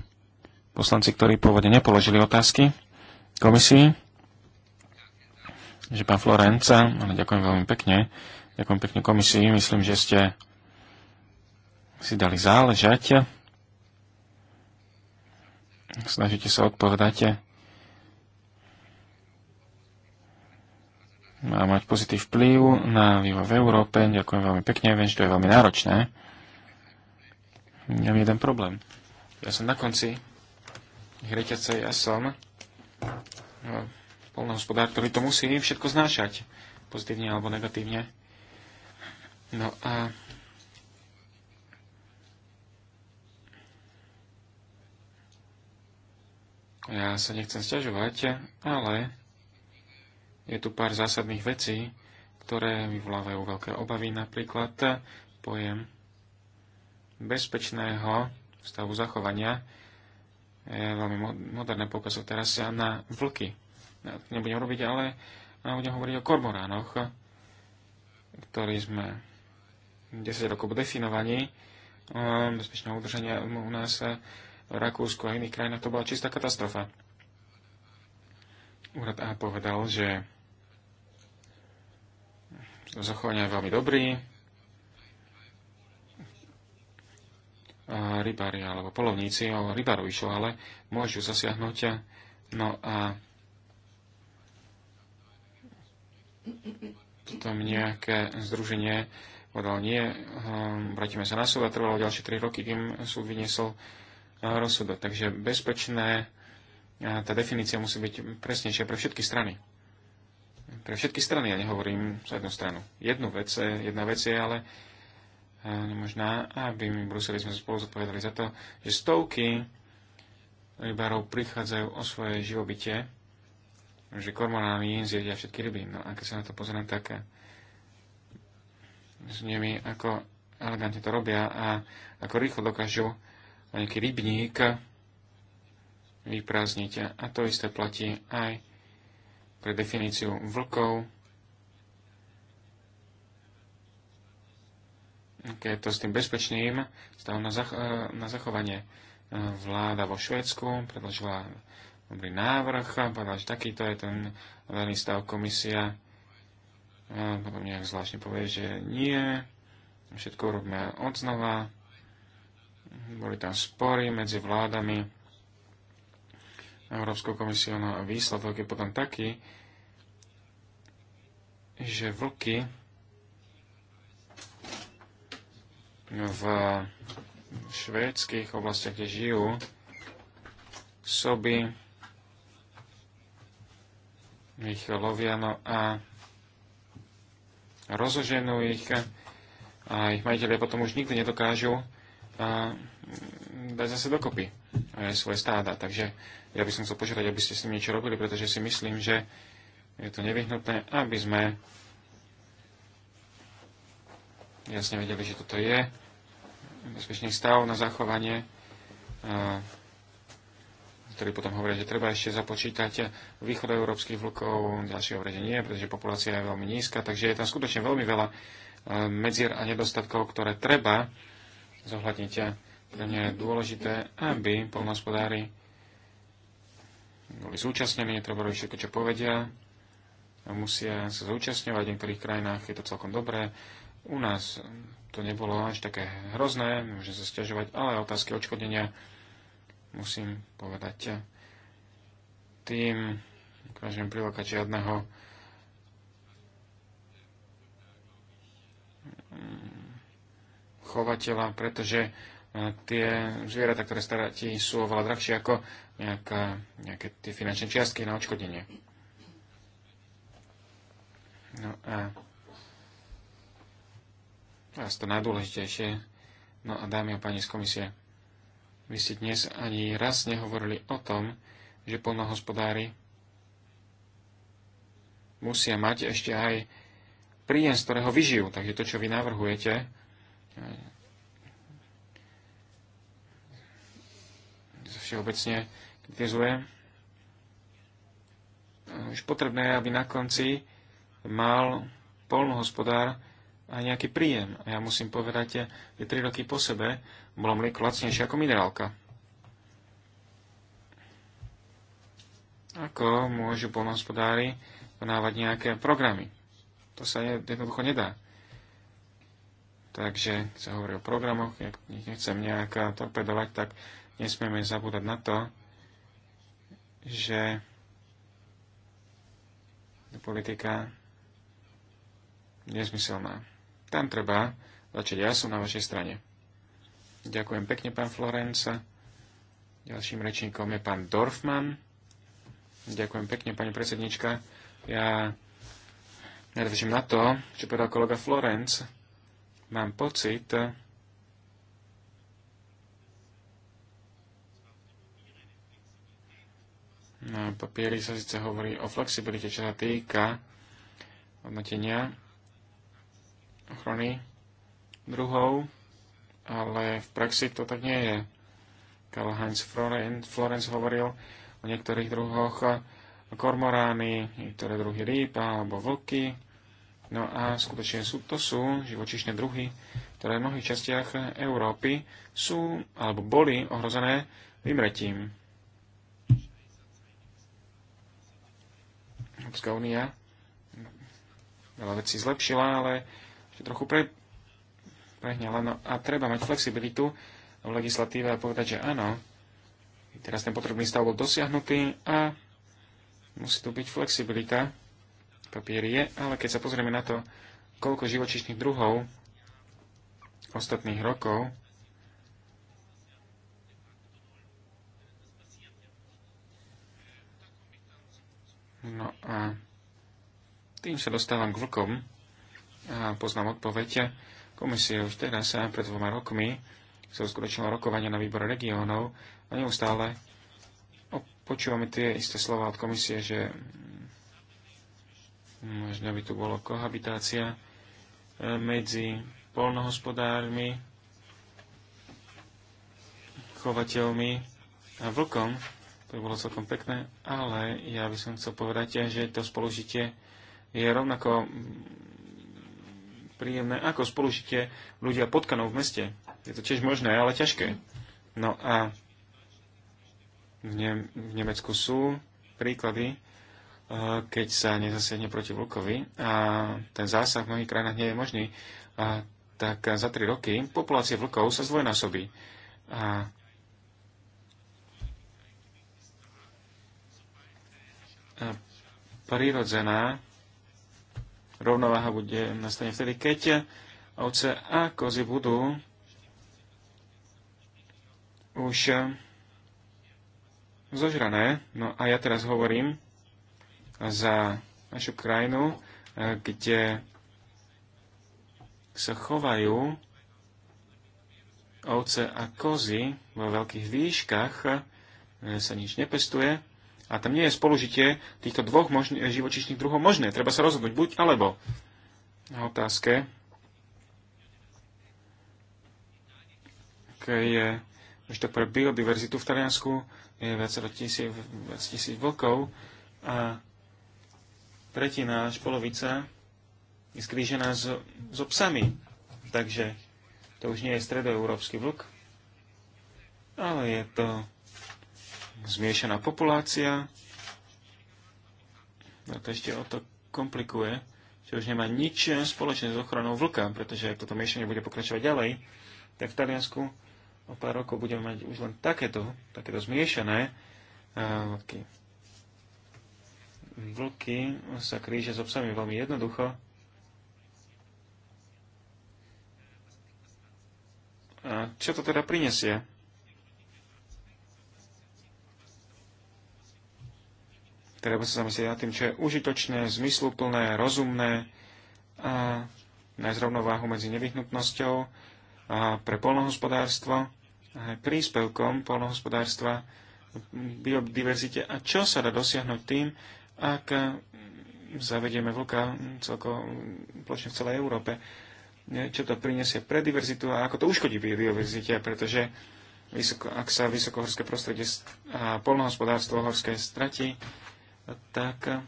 poslanci, ktorí pôvodne nepoložili otázky komisii. Že pán Florenca, ale ďakujem veľmi pekne, ďakujem pekne komisii, myslím, že ste si dali záležať snažíte sa odpovedať má mať pozitív vplyv na vývoj v Európe. Ďakujem veľmi pekne, viem, že to je veľmi náročné. Mám jeden problém. Ja som na konci reťace, ja som no, polnohospodár, ktorý to musí všetko znášať, pozitívne alebo negatívne. No a ja sa nechcem sťažovať, ale je tu pár zásadných vecí, ktoré vyvolávajú veľké obavy, napríklad pojem bezpečného stavu zachovania je veľmi moderné poukazov teraz na vlky. Nebudem robiť, ale budem hovoriť o kormoránoch, ktorí sme 10 rokov definovaní bezpečného udržania u nás v Rakúsku a iných krajinách. To bola čistá katastrofa. Úrad A povedal, že zachovania je veľmi dobrý. rybári alebo polovníci, o rybárov išlo, ale môžu zasiahnuť. No a potom nejaké združenie povedal nie, ehm, vrátime sa na súd a trvalo ďalšie 3 roky, kým súd vyniesol rozsudok. Takže bezpečné, tá definícia musí byť presnejšia pre všetky strany pre všetky strany, ja nehovorím za jednu stranu. Jednu vec, eh, jedna vec je ale eh, nemožná, aby my Bruseli sme spolu zodpovedali za to, že stovky rybárov prichádzajú o svoje živobytie, že kormorány zjedia všetky ryby. No a keď sa na to pozerám, tak eh, s nimi ako elegantne to robia a ako rýchlo dokážu nejaký rybník vyprázdniť. A to isté platí aj pre definíciu vlkov, keď je to s tým bezpečným stav na, zach- na zachovanie. Vláda vo Švédsku predložila dobrý návrh, povedala, že takýto je ten daný stav komisia. Potom nejak zvláštne povie, že nie, všetko robíme odznova. Boli tam spory medzi vládami Európskou komisiou. No a výsledok je potom taký, že vlky v švédskych oblastiach, kde žijú, soby ich lovia no a rozoženú ich a ich majiteľe potom už nikdy nedokážu a, dať zase dokopy e, svoje stáda. Takže ja by som chcel požiadať, aby ste s tým niečo robili, pretože si myslím, že je to nevyhnutné, aby sme jasne vedeli, že toto je bezpečný stav na zachovanie, ktorý potom hovoria, že treba ešte započítať európskych vlkov, ďalšie hovoria, že nie, pretože populácia je veľmi nízka, takže je tam skutočne veľmi veľa medzier a nedostatkov, ktoré treba zohľadniť. Pre mňa je dôležité, aby polnohospodári boli zúčastnení, to boli všetko, čo povedia. Musia sa zúčastňovať, v niektorých krajinách je to celkom dobré. U nás to nebolo až také hrozné, môžem sa stiažovať, ale otázky odškodenia musím povedať tým, ukážem prilokať žiadneho mm, chovateľa, pretože E, tie zvieratá, ktoré staráte, sú oveľa drahšie ako nejaká, nejaké tie finančné čiastky na odškodenie. No a teraz to najdôležitejšie. No a dámy a páni z komisie, vy ste dnes ani raz nehovorili o tom, že polnohospodári musia mať ešte aj príjem, z ktorého vyžijú. Takže to, čo vy navrhujete, všeobecne kritizuje. Už potrebné je, aby na konci mal polnohospodár aj nejaký príjem. A ja musím povedať, že tri roky po sebe bolo mlieko lacnejšie ako minerálka. Ako môžu polnohospodári vnávať nejaké programy? To sa jednoducho nedá. Takže sa hovorí o programoch, ja nechcem nejaká torpedovať, tak nesmieme zabúdať na to, že politika nezmyselná. Tam treba začať. Ja som na vašej strane. Ďakujem pekne, pán Florenca. Ďalším rečníkom je pán Dorfman. Ďakujem pekne, pani predsednička. Ja nadvržím na to, čo povedal kolega Florenc. Mám pocit, Na papieri sa síce hovorí o flexibilite, čo sa týka odnotenia ochrany druhov, ale v praxi to tak nie je. Karl Heinz Florence hovoril o niektorých druhoch kormorány, niektoré druhy rýb alebo vlky. No a skutočne sú, to sú živočíšne druhy, ktoré v mnohých častiach Európy sú alebo boli ohrozené vymretím. Európska únia veľa vecí zlepšila, ale ešte trochu pre, prehňala. No a treba mať flexibilitu v legislatíve a povedať, že áno, teraz ten potrebný stav bol dosiahnutý a musí tu byť flexibilita. Papier je, ale keď sa pozrieme na to, koľko živočíšnych druhov ostatných rokov No a tým sa dostávam k vlkom a poznám odpoveď. Komisia už teraz sa pred dvoma rokmi sa uskutočnilo rokovanie na výbore regiónov a neustále počúvame tie isté slova od komisie, že možno by tu bolo kohabitácia e, medzi polnohospodármi, chovateľmi a vlkom to bolo celkom pekné, ale ja by som chcel povedať, že to spolužitie je rovnako príjemné ako spolužitie ľudia potkanov v meste. Je to tiež možné, ale ťažké. No a v, ne- v Nemecku sú príklady, eh, keď sa nezasiedne proti vlkovi a ten zásah v mnohých krajinách nie je možný, a eh, tak za tri roky populácia vlkov sa zdvojnásobí. A prirodzená rovnováha bude nastane vtedy, keď ovce a kozy budú už zožrané. No a ja teraz hovorím za našu krajinu, kde sa chovajú ovce a kozy vo veľkých výškach, e, sa nič nepestuje. A tam nie je spolužitie týchto dvoch možn- živočišných druhov možné. Treba sa rozhodnúť buď alebo. Na otázke, aké je už to pre biodiverzitu v Taliansku je viacero tisíc, tisíc vlkov a tretina až polovica je skrížená so, so psami. Takže to už nie je stredoeurópsky vlk, ale je to zmiešaná populácia. No to ešte o to komplikuje, že už nemá nič spoločné s ochranou vlka, pretože ak toto miešanie bude pokračovať ďalej, tak v Taliansku o pár rokov budeme mať už len takéto, takéto zmiešané eh, vlky. Vlky sa krížia s obsami veľmi jednoducho. A čo to teda prinesie? Treba sa zamyslieť nad tým, čo je užitočné, zmysluplné, rozumné a nájsť rovnováhu medzi nevyhnutnosťou a pre polnohospodárstvo, a príspevkom polnohospodárstva, biodiverzite a čo sa dá dosiahnuť tým, ak zavedieme vlka celko, plošne v celej Európe. Čo to prinesie pre diverzitu a ako to uškodí biodiverzite, pretože vysoko, ak sa vysokohorské prostredie a polnohospodárstvo horské stratí, tak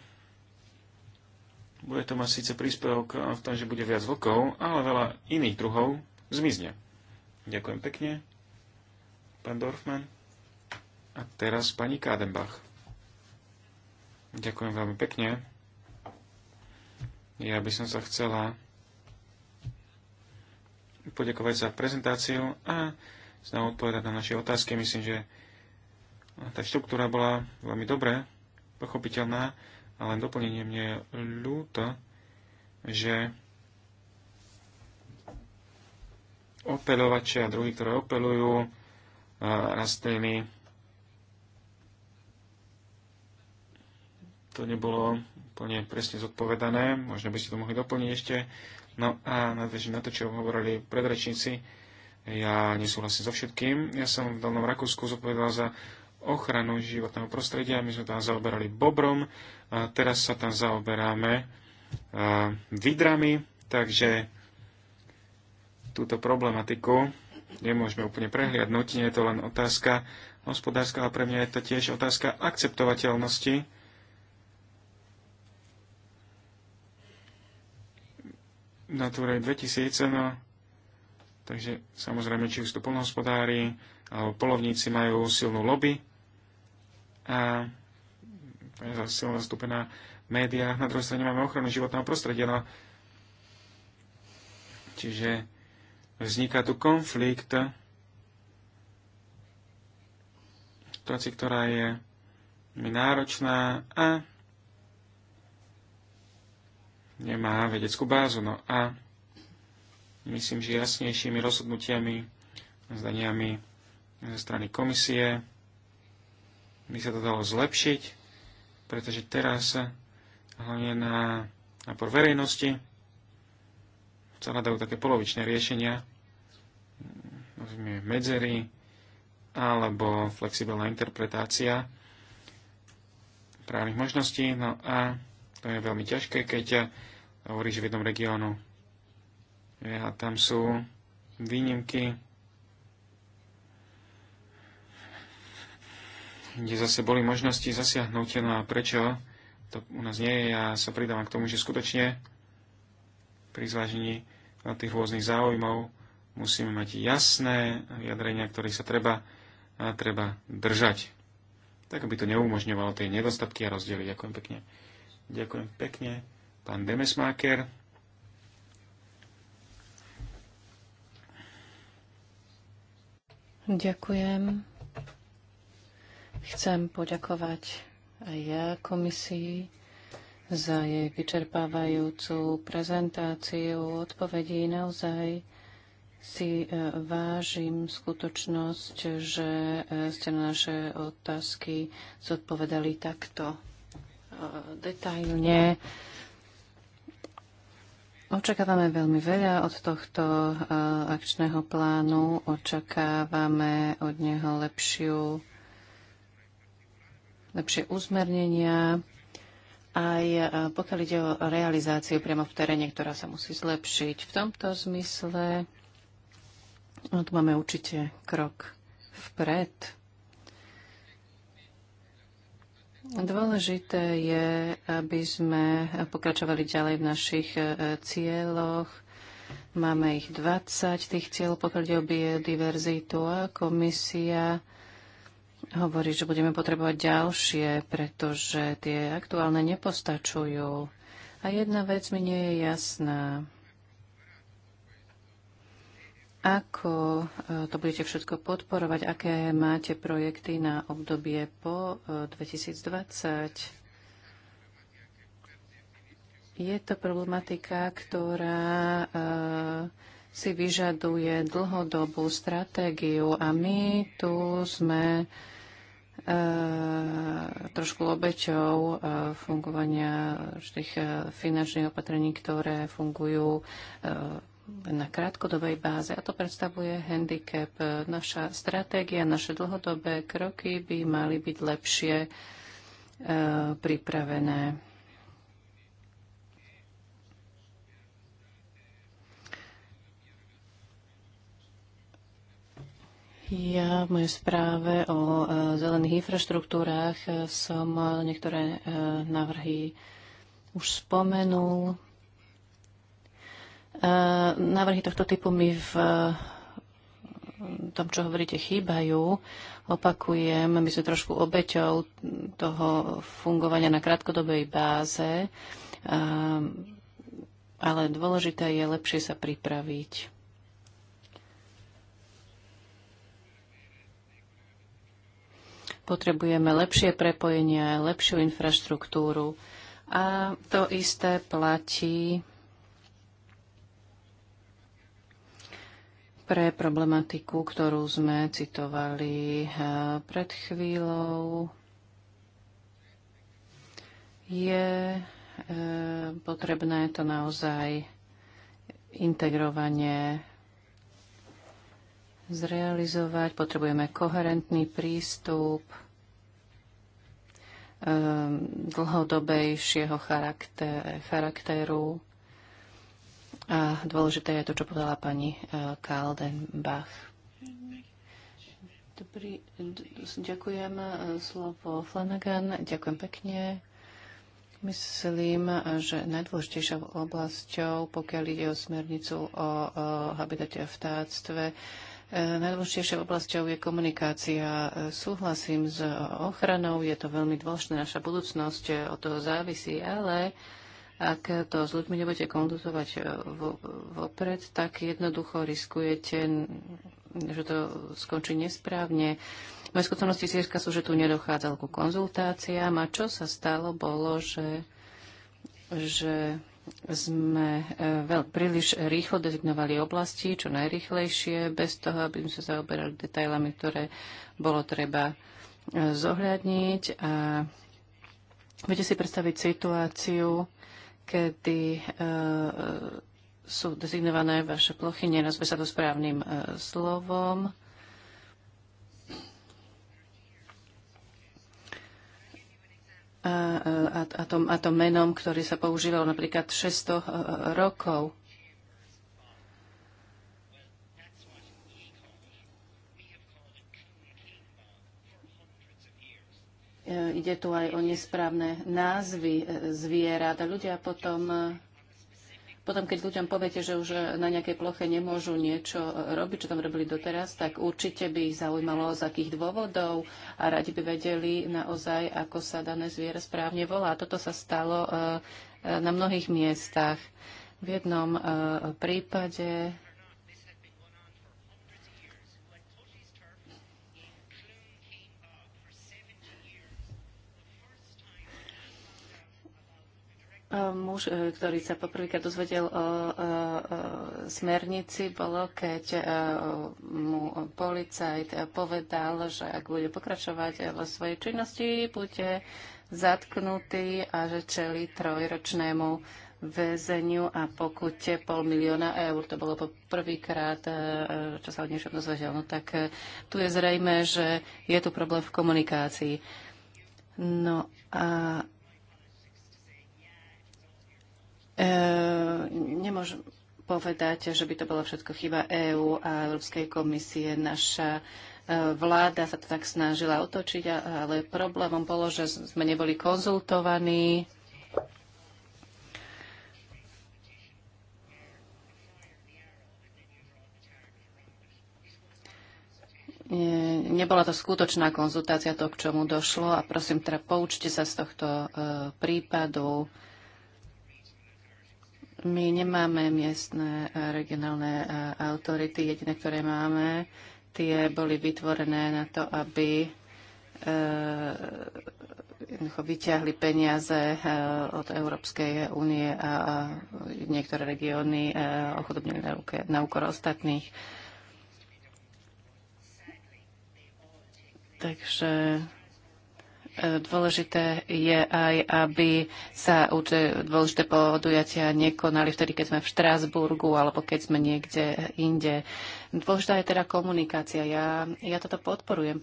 bude to mať síce príspevok v tom, že bude viac vlkov, ale veľa iných druhov zmizne. Ďakujem pekne, pán Dorfman. A teraz pani Kádenbach. Ďakujem veľmi pekne. Ja by som sa chcela poďakovať za prezentáciu a znovu odpovedať na naše otázky. Myslím, že tá štruktúra bola veľmi dobrá pochopiteľná, ale doplnenie mne je ľúto, že opelovače a druhy, ktoré opelujú e, rastliny, to nebolo úplne presne zodpovedané, možno by ste to mohli doplniť ešte. No a na to, čo hovorili predrečníci, ja nesúhlasím so všetkým. Ja som v Dolnom Rakúsku zodpovedal za ochranu životného prostredia. My sme tam zaoberali bobrom, a teraz sa tam zaoberáme vidrami, takže túto problematiku nemôžeme úplne prehliadnúť. Nie je to len otázka hospodárska, ale pre mňa je to tiež otázka akceptovateľnosti. Natúre 2000, no, takže samozrejme, či už tu polnohospodári alebo polovníci majú silnú lobby, a je silno zastúpená v médiách, na druhej strane máme ochranu životného prostredia. No. Čiže vzniká tu konflikt, situácii, ktorá je mi náročná a nemá vedeckú bázu. No a myslím, že jasnejšími rozhodnutiami, zdaniami ze strany komisie by sa to dalo zlepšiť, pretože teraz hlavne na por verejnosti sa hľadajú také polovičné riešenia, medzery alebo flexibilná interpretácia právnych možností. No a to je veľmi ťažké, keď hovoríš v jednom regiónu a tam sú výnimky, kde zase boli možnosti zasiahnuť. No a prečo to u nás nie je, ja sa pridávam k tomu, že skutočne pri zvážení tých rôznych záujmov musíme mať jasné vyjadrenia, ktoré sa treba, treba držať. Tak, aby to neumožňovalo tie nedostatky a rozdiely. Ďakujem pekne. Ďakujem pekne. Pán Demesmáker. Ďakujem. Chcem poďakovať aj ja komisii za jej vyčerpávajúcu prezentáciu odpovedí. Naozaj si e, vážim skutočnosť, že e, ste na naše otázky zodpovedali takto e, detailne. Očakávame veľmi veľa od tohto akčného plánu. Očakávame od neho lepšiu lepšie uzmernenia, aj e, pokiaľ ide o realizáciu priamo v teréne, ktorá sa musí zlepšiť. V tomto zmysle no, tu máme určite krok vpred. Dôležité je, aby sme pokračovali ďalej v našich e, cieľoch. Máme ich 20, tých cieľov, pokiaľ ide o biodiverzitu a komisia hovorí, že budeme potrebovať ďalšie, pretože tie aktuálne nepostačujú. A jedna vec mi nie je jasná. Ako e, to budete všetko podporovať? Aké máte projekty na obdobie po 2020? E, je to problematika, ktorá e, si vyžaduje dlhodobú stratégiu a my tu sme e, trošku obeťou e, fungovania tých e, finančných opatrení, ktoré fungujú e, na krátkodobej báze a to predstavuje handicap. Naša stratégia, naše dlhodobé kroky by mali byť lepšie e, pripravené. Ja v mojej správe o e, zelených infraštruktúrách e, som e, niektoré návrhy už spomenul. Návrhy tohto typu mi v tom, čo hovoríte, chýbajú. Opakujem, my sme trošku obeťou toho fungovania na krátkodobej báze, ale dôležité je lepšie sa pripraviť. Potrebujeme lepšie prepojenie, lepšiu infraštruktúru. A to isté platí pre problematiku, ktorú sme citovali eh, pred chvíľou. Je eh, potrebné to naozaj integrovanie zrealizovať. Potrebujeme koherentný prístup ehm, dlhodobejšieho charakteru. A dôležité je to, čo povedala pani e, Kaldenbach. Dobrý, ďakujem e, slovo Flanagan, ďakujem pekne. Myslím, že najdôležitejšou oblasťou, pokiaľ ide o smernicu o, o habitate a vtáctve, Najdôležitejšou oblasťou je komunikácia. Súhlasím s ochranou, je to veľmi dôležité, naša budúcnosť od toho závisí, ale ak to s ľuďmi nebudete konzultovať vopred, tak jednoducho riskujete, že to skončí nesprávne. V skutočnosti Sierska sú, že tu nedochádzalo ku konzultáciám a čo sa stalo bolo, že, že sme e, veľ, príliš rýchlo dezignovali oblasti, čo najrychlejšie, bez toho, aby sme sa zaoberali detailami, ktoré bolo treba e, zohľadniť. A viete si predstaviť situáciu, kedy e, e, sú dezignované vaše plochy, nenazve sa to správnym e, slovom a, a, a, tom, a tom menom, ktorý sa používal napríklad 600 e, rokov. E, ide tu aj o nesprávne názvy e, zvierat a ľudia potom potom keď ľuďom poviete, že už na nejakej ploche nemôžu niečo robiť, čo tam robili doteraz, tak určite by ich zaujímalo, z akých dôvodov a radi by vedeli naozaj, ako sa dané zviera správne volá. Toto sa stalo eh, eh, na mnohých miestach. V jednom eh, prípade Muž, e, ktorý sa poprvýkrát dozvedel o, o, o smernici, bolo, keď e, mu policajt povedal, že ak bude pokračovať e, vo svojej činnosti, bude zatknutý a že čeli trojročnému väzeniu a pokute pol milióna eur. To bolo poprvýkrát, čo sa od niečom dozvedel. No tak tu je zrejme, že je tu problém v komunikácii. No a E, nemôžem povedať, že by to bolo všetko chyba EÚ a Európskej komisie. Naša e, vláda sa to tak snažila otočiť, ale problémom bolo, že sme neboli konzultovaní. E, nebola to skutočná konzultácia, to, k čomu došlo a prosím, teda poučte sa z tohto prípadu. My nemáme miestne eh, regionálne eh, autority. Jediné, ktoré máme, tie boli vytvorené na to, aby eh, vyťahli peniaze od Európskej únie a niektoré regióny ochudobnili na úkor ostatných. Takže Dôležité je aj, aby sa dôležité podujatia nekonali vtedy, keď sme v Štrásburgu alebo keď sme niekde inde. Dôležitá je teda komunikácia. Ja, ja toto podporujem.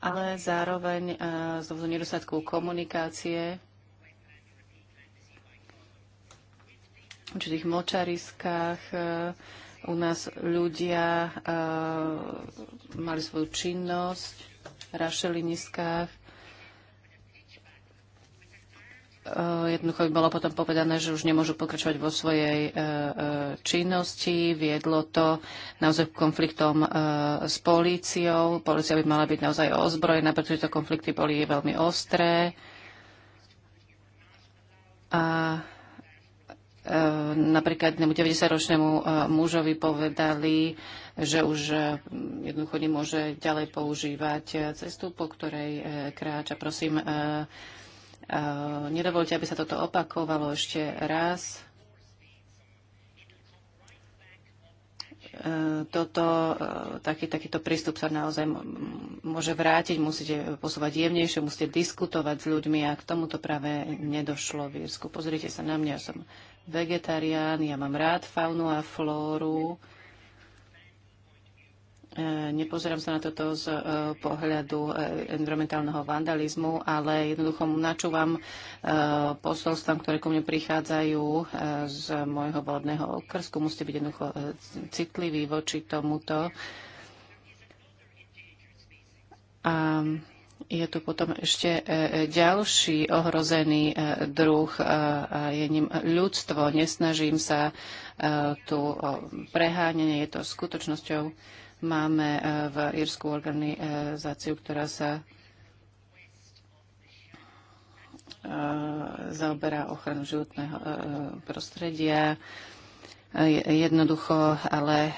Ale zároveň e, z dôvodu nedostatku komunikácie v určitých močariskách e, u nás ľudia e, mali svoju činnosť, rašeliniskách Eh, jednoducho by bolo potom povedané, že už nemôžu pokračovať vo svojej eh, eh, činnosti. Viedlo to naozaj konfliktom s políciou. Polícia by mala byť naozaj ozbrojená, pretože to konflikty boli veľmi ostré. A napríklad 90-ročnému mužovi povedali, že už jednoducho nemôže ďalej používať cestu, po ktorej kráča. Prosím, Eh, nedovolte, aby sa toto opakovalo ešte raz. Eh, toto, eh, taký, takýto prístup sa naozaj môže vrátiť, musíte posúvať jemnejšie, musíte diskutovať s ľuďmi a k tomuto práve nedošlo v Írsku. Pozrite sa na mňa, ja som vegetarián, ja mám rád faunu a flóru E, nepozerám sa na toto z e, pohľadu e, environmentálneho vandalizmu, ale jednoducho načúvam posolstvom, ktoré ku mne prichádzajú z môjho vodného okrsku. Musíte byť jednoducho citliví voči tomuto. A je tu potom ešte ďalší ohrozený druh, a je ním ľudstvo. Nesnažím sa tu o preháňanie, je to skutočnosťou Máme e, v Írsku organizáciu, ktorá sa e, zaoberá ochranu životného e, prostredia. Jednoducho, ale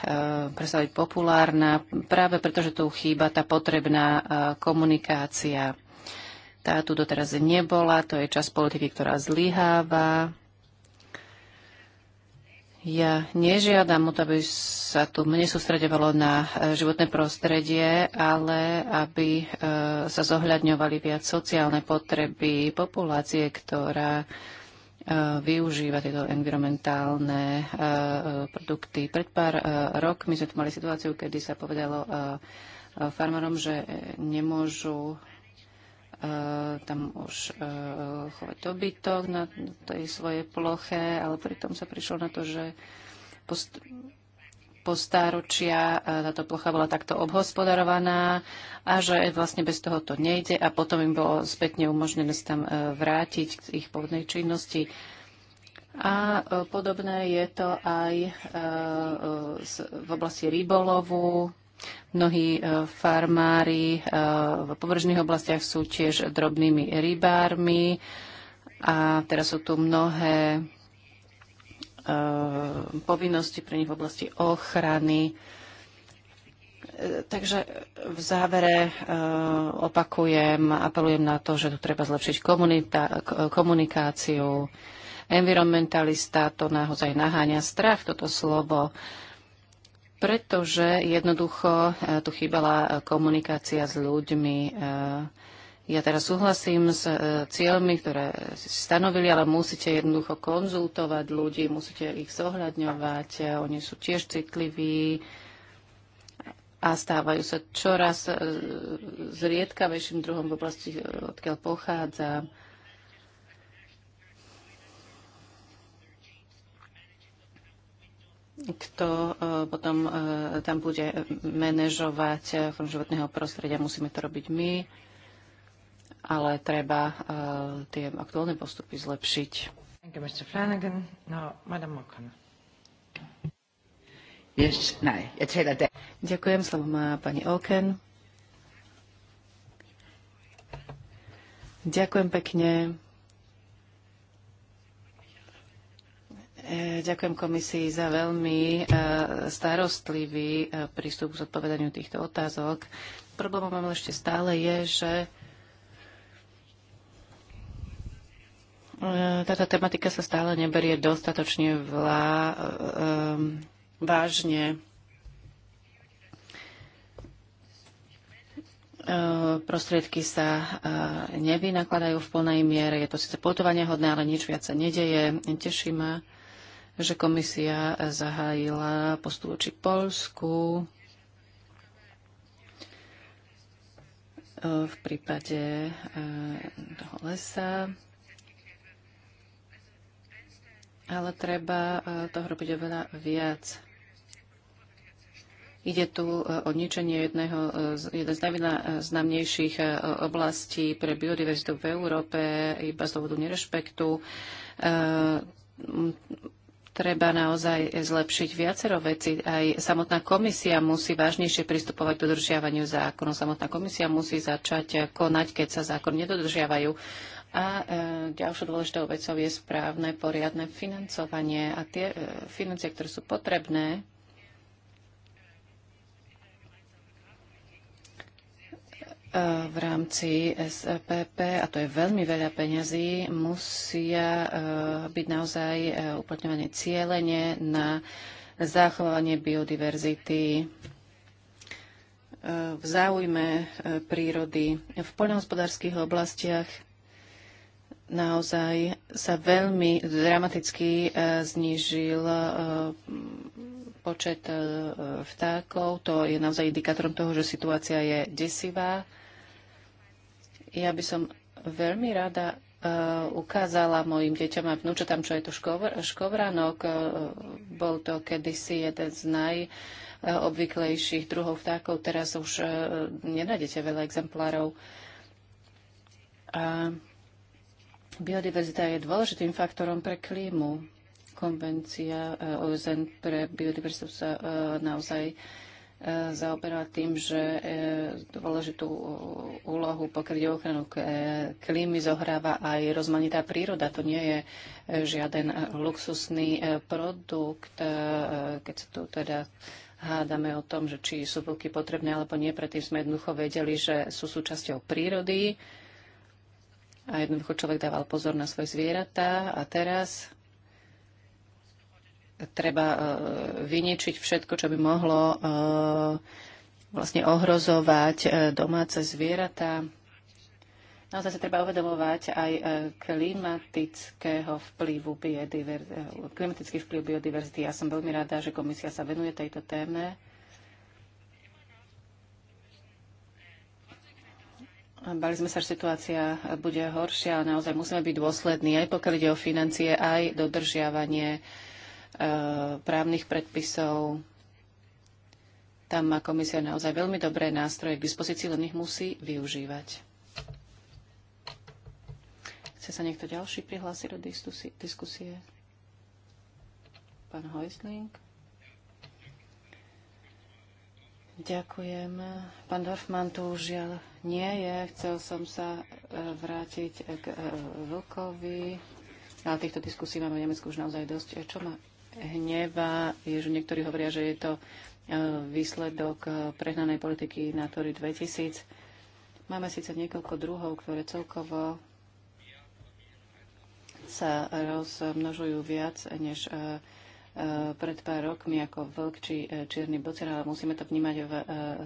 predsa byť populárna, práve preto, že tu chýba tá potrebná komunikácia. Tá tu doteraz nebola, to je čas politiky, ktorá zlyháva ja nežiadam o to, aby sa tu mne sústredovalo na e, životné prostredie, ale aby e, sa zohľadňovali viac sociálne potreby populácie, ktorá e, využíva tieto environmentálne produkty. Pred pár rokmi sme tu mali situáciu, kedy sa povedalo farmárom, že nemôžu Eh, tam už eh, chovať dobytok na tej svojej ploche, ale pritom sa prišlo na to, že post- po stáročia eh, táto plocha bola takto obhospodarovaná a že vlastne bez toho to nejde a potom im bolo spätne umožnené sa tam vrátiť k ich pôvodnej činnosti. A podobné je to aj v oblasti rybolovu, Mnohí e, farmári e, v pobrežných oblastiach sú tiež drobnými rybármi a teraz sú tu mnohé e, povinnosti pre nich v oblasti ochrany. Takže v závere opakujem, a apelujem na to, že tu treba zlepšiť komunikáciu. Environmentalista to naozaj naháňa strach, toto slovo pretože jednoducho e, tu chýbala e, komunikácia s ľuďmi. E, ja teraz súhlasím s cieľmi, ktoré si stanovili, ale musíte jednoducho konzultovať ľudí, musíte ich zohľadňovať, oni sú tiež citliví a stávajú sa čoraz zriedkavejším druhom v oblasti, odkiaľ pochádzam. kto e, potom e, tam bude manažovať e, fond životného prostredia. Musíme to robiť my, ale treba tie aktuálne postupy zlepšiť. Thank you, Mr. Flanagan. No, Madam Yes, no, Ďakujem, slovo má pani Oken. Ďakujem pekne. E, ďakujem komisii za veľmi e, starostlivý e, prístup k zodpovedaniu týchto otázok. Problémom mám ešte stále je, že táto tematika sa stále neberie dostatočne vlá, vážne. prostriedky sa nevynakladajú v plnej miere. Je to síce potovania hodné, ale nič viac sa nedeje. Teší ma, že komisia zahájila postup voči Polsku e, v prípade e, toho lesa. Ale treba e, toho robiť oveľa viac. Ide tu o ničenie jedného, jeden z najvýznamnejších oblastí pre biodiverzitu v Európe, iba z dôvodu nerešpektu treba naozaj zlepšiť viacero veci. Aj samotná komisia musí vážnejšie pristupovať k dodržiavaniu zákonu. Samotná komisia musí začať konať, keď sa zákon nedodržiavajú. A e, ďalšou dôležitou vecou je správne, poriadne financovanie a tie e, financie, ktoré sú potrebné E, v rámci SPP, a to je veľmi veľa peňazí, musia e, byť naozaj e, uplatňované cieľene na zachovanie biodiverzity v záujme prírody. V poľnohospodárských oblastiach naozaj sa veľmi dramaticky znížil počet e, vtákov, to je naozaj indikátorom toho, že situácia je desivá. Ja by som veľmi rada e, ukázala mojim deťom a vnúčatám, čo je to škovr, škovranok. E, bol to kedysi jeden z najobvyklejších druhov vtákov. Teraz už nenájdete veľa exemplárov. A biodiverzita je dôležitým faktorom pre klímu. Konvencia eh, OSN pre biodiverzitu sa eh, naozaj eh, zaoberá tým, že dôležitú úlohu pokryť ochranu klímy zohráva aj rozmanitá príroda. To nie je žiaden luxusný produkt, keď sa tu teda hádame o tom, že či sú vlky potrebné alebo nie. Predtým sme jednoducho vedeli, že sú súčasťou prírody a jednoducho človek dával pozor na svoje zvieratá a teraz treba e, vyničiť všetko, čo by mohlo e, vlastne ohrozovať e, domáce zvieratá. Naozaj sa treba uvedomovať aj klimatického vplyvu biodiverzity, klimatický vplyv biodiverzity. Ja som veľmi rada, že komisia sa venuje tejto téme. Bali sme sa, že situácia bude horšia, ale naozaj musíme byť dôslední, aj pokiaľ ide o financie, aj dodržiavanie Eh, právnych predpisov. Tam má komisia naozaj veľmi dobré nástroje k dispozícii, len ich musí využívať. Chce sa niekto ďalší prihlásiť do diskusie? Pán Hojsling? Ďakujem. Pán Dorfman tu žiaľ nie je. Chcel som sa eh, vrátiť k eh, Vlkovi. Ale týchto diskusí máme v Nemecku už naozaj dosť. Čo má hneva je, že niektorí hovoria, že je to e, výsledok e, prehnanej politiky Natúry 2000. Máme síce niekoľko druhov, ktoré celkovo sa rozmnožujú viac než e, pred pár rokmi ako vlk či čierny bocer, ale musíme to vnímať v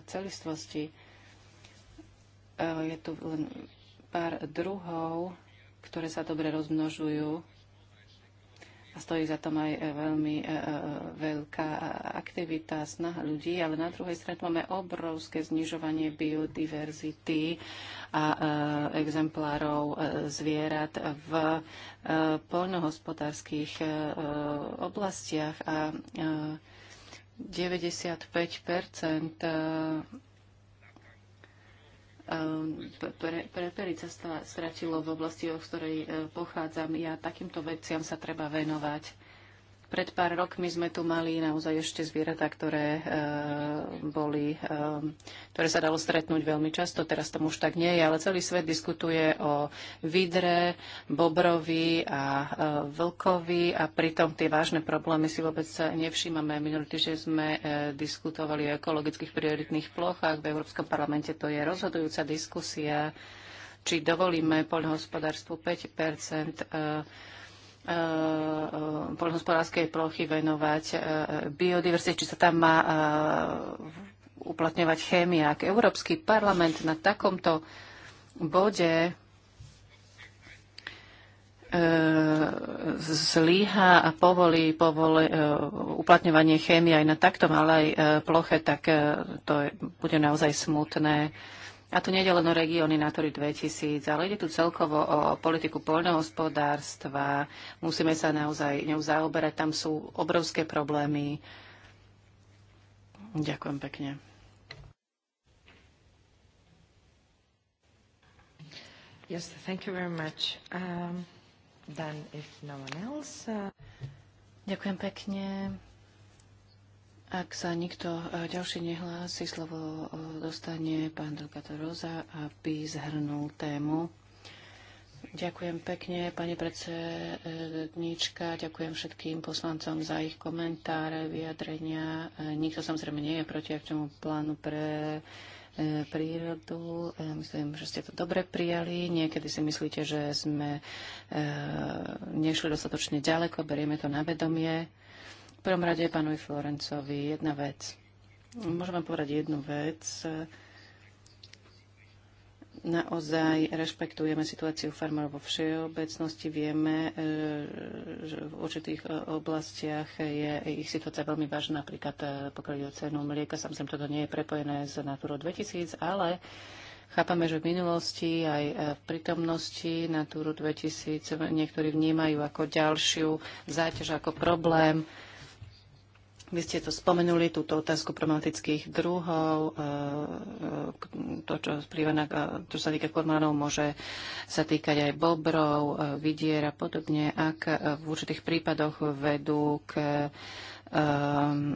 celistvosti. Je tu len pár druhov, ktoré sa dobre rozmnožujú a stojí za tom aj e, veľmi e, e, veľká aktivita, snaha ľudí, ale na druhej strane máme obrovské znižovanie biodiverzity a e, exemplárov e, zvierat v e, poľnohospodárských e, e oblastiach a e, 95 e, Ehm, pre, pre, sa stratilo v oblasti, o ktorej e, pochádzam. Ja takýmto veciam sa treba venovať. Pred pár rokmi sme tu mali naozaj ešte zvieratá, ktoré, e, boli, e, ktoré sa dalo stretnúť veľmi často. Teraz tam už tak nie je, ale celý svet diskutuje o vidre, bobrovi a e, vlkovi a pritom tie vážne problémy si vôbec nevšímame. Minulý týždeň sme e, diskutovali o ekologických prioritných plochách. V Európskom parlamente to je rozhodujúca diskusia či dovolíme poľnohospodárstvu 5 e, E, e, poľnohospodárskej plochy venovať e, biodiverzite, či sa tam má uplatňovať chémia. Ak Európsky parlament na takomto bode zlíha a povolí, povolí uplatňovanie chémie aj na takto malej ploche, tak to je, bude naozaj smutné a tu nejde len o regióny Natury 2000, ale ide tu celkovo o politiku poľnohospodárstva. Musíme sa naozaj ňou zaoberať. Tam sú obrovské problémy. Ďakujem pekne. Yes, thank you very much. Um, then if no one else, uh... Ďakujem pekne. Ak sa nikto e, ďalší nehlási, slovo e, dostane pán Delgato Roza, aby zhrnul tému. Ďakujem pekne, pani predsedníčka, ďakujem všetkým poslancom za ich komentáre, vyjadrenia. E, nikto samozrejme nie je proti akčnému plánu pre prírodu. Myslím, že ste to dobre prijali. Niekedy si myslíte, že sme nešli dostatočne ďaleko, berieme to na vedomie. V prvom rade pánovi Florencovi jedna vec. Môžem vám povedať jednu vec. Naozaj rešpektujeme situáciu farmárov vo všeobecnosti. Vieme, e, že v určitých e, oblastiach je ich situácia veľmi vážna, napríklad e, pokiaľ o cenu mlieka. Samozrejme, toto nie je prepojené s Naturou 2000, ale Chápame, že v minulosti aj v prítomnosti Natúru 2000 niektorí vnímajú ako ďalšiu záťaž, ako problém. Vy ste to spomenuli, túto otázku problematických druhov, e, e, to, čo, na, čo sa týka kormánov, môže sa týkať aj bobrov, e, vidier a podobne, ak v určitých prípadoch vedú k um,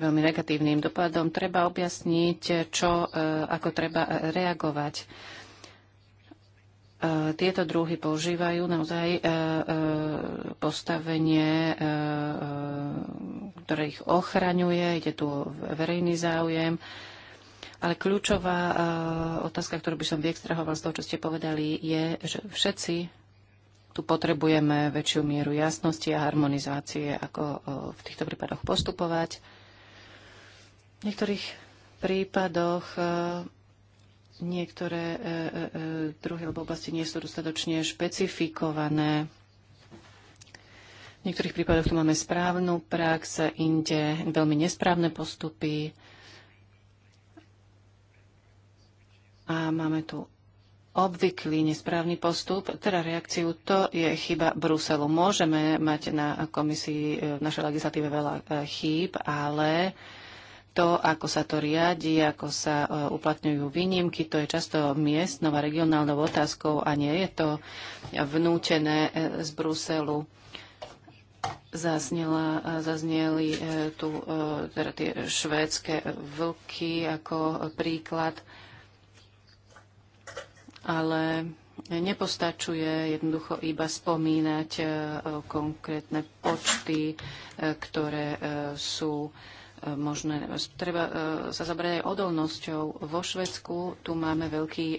veľmi negatívnym dopadom, treba objasniť, čo, ako treba reagovať E, tieto druhy používajú naozaj e, e, postavenie, ktoré ich ochraňuje, ide tu o verejný záujem. Ale kľúčová otázka, ktorú by som vyextrahoval z toho, čo ste povedali, je, že všetci tu potrebujeme väčšiu mieru jasnosti a harmonizácie, ako v týchto prípadoch postupovať. V niektorých prípadoch niektoré e, e, e, druhy alebo oblasti nie sú dostatočne špecifikované. V niektorých prípadoch tu máme správnu prax, inde veľmi nesprávne postupy. A máme tu obvyklý nesprávny postup, teda reakciu, to je chyba Bruselu. Môžeme mať na komisii v našej legislatíve veľa chýb, ale to, ako sa to riadi, ako sa e, uplatňujú výnimky, to je často miestnou a regionálnou otázkou a nie je to vnútené e, z Bruselu. Zaznela, e, zazneli tu teda tie švédske vlky ako príklad, ale nepostačuje jednoducho iba spomínať konkrétne počty, ktoré sú možné. Treba e, sa zabrať aj odolnosťou. Vo Švedsku tu máme veľký e,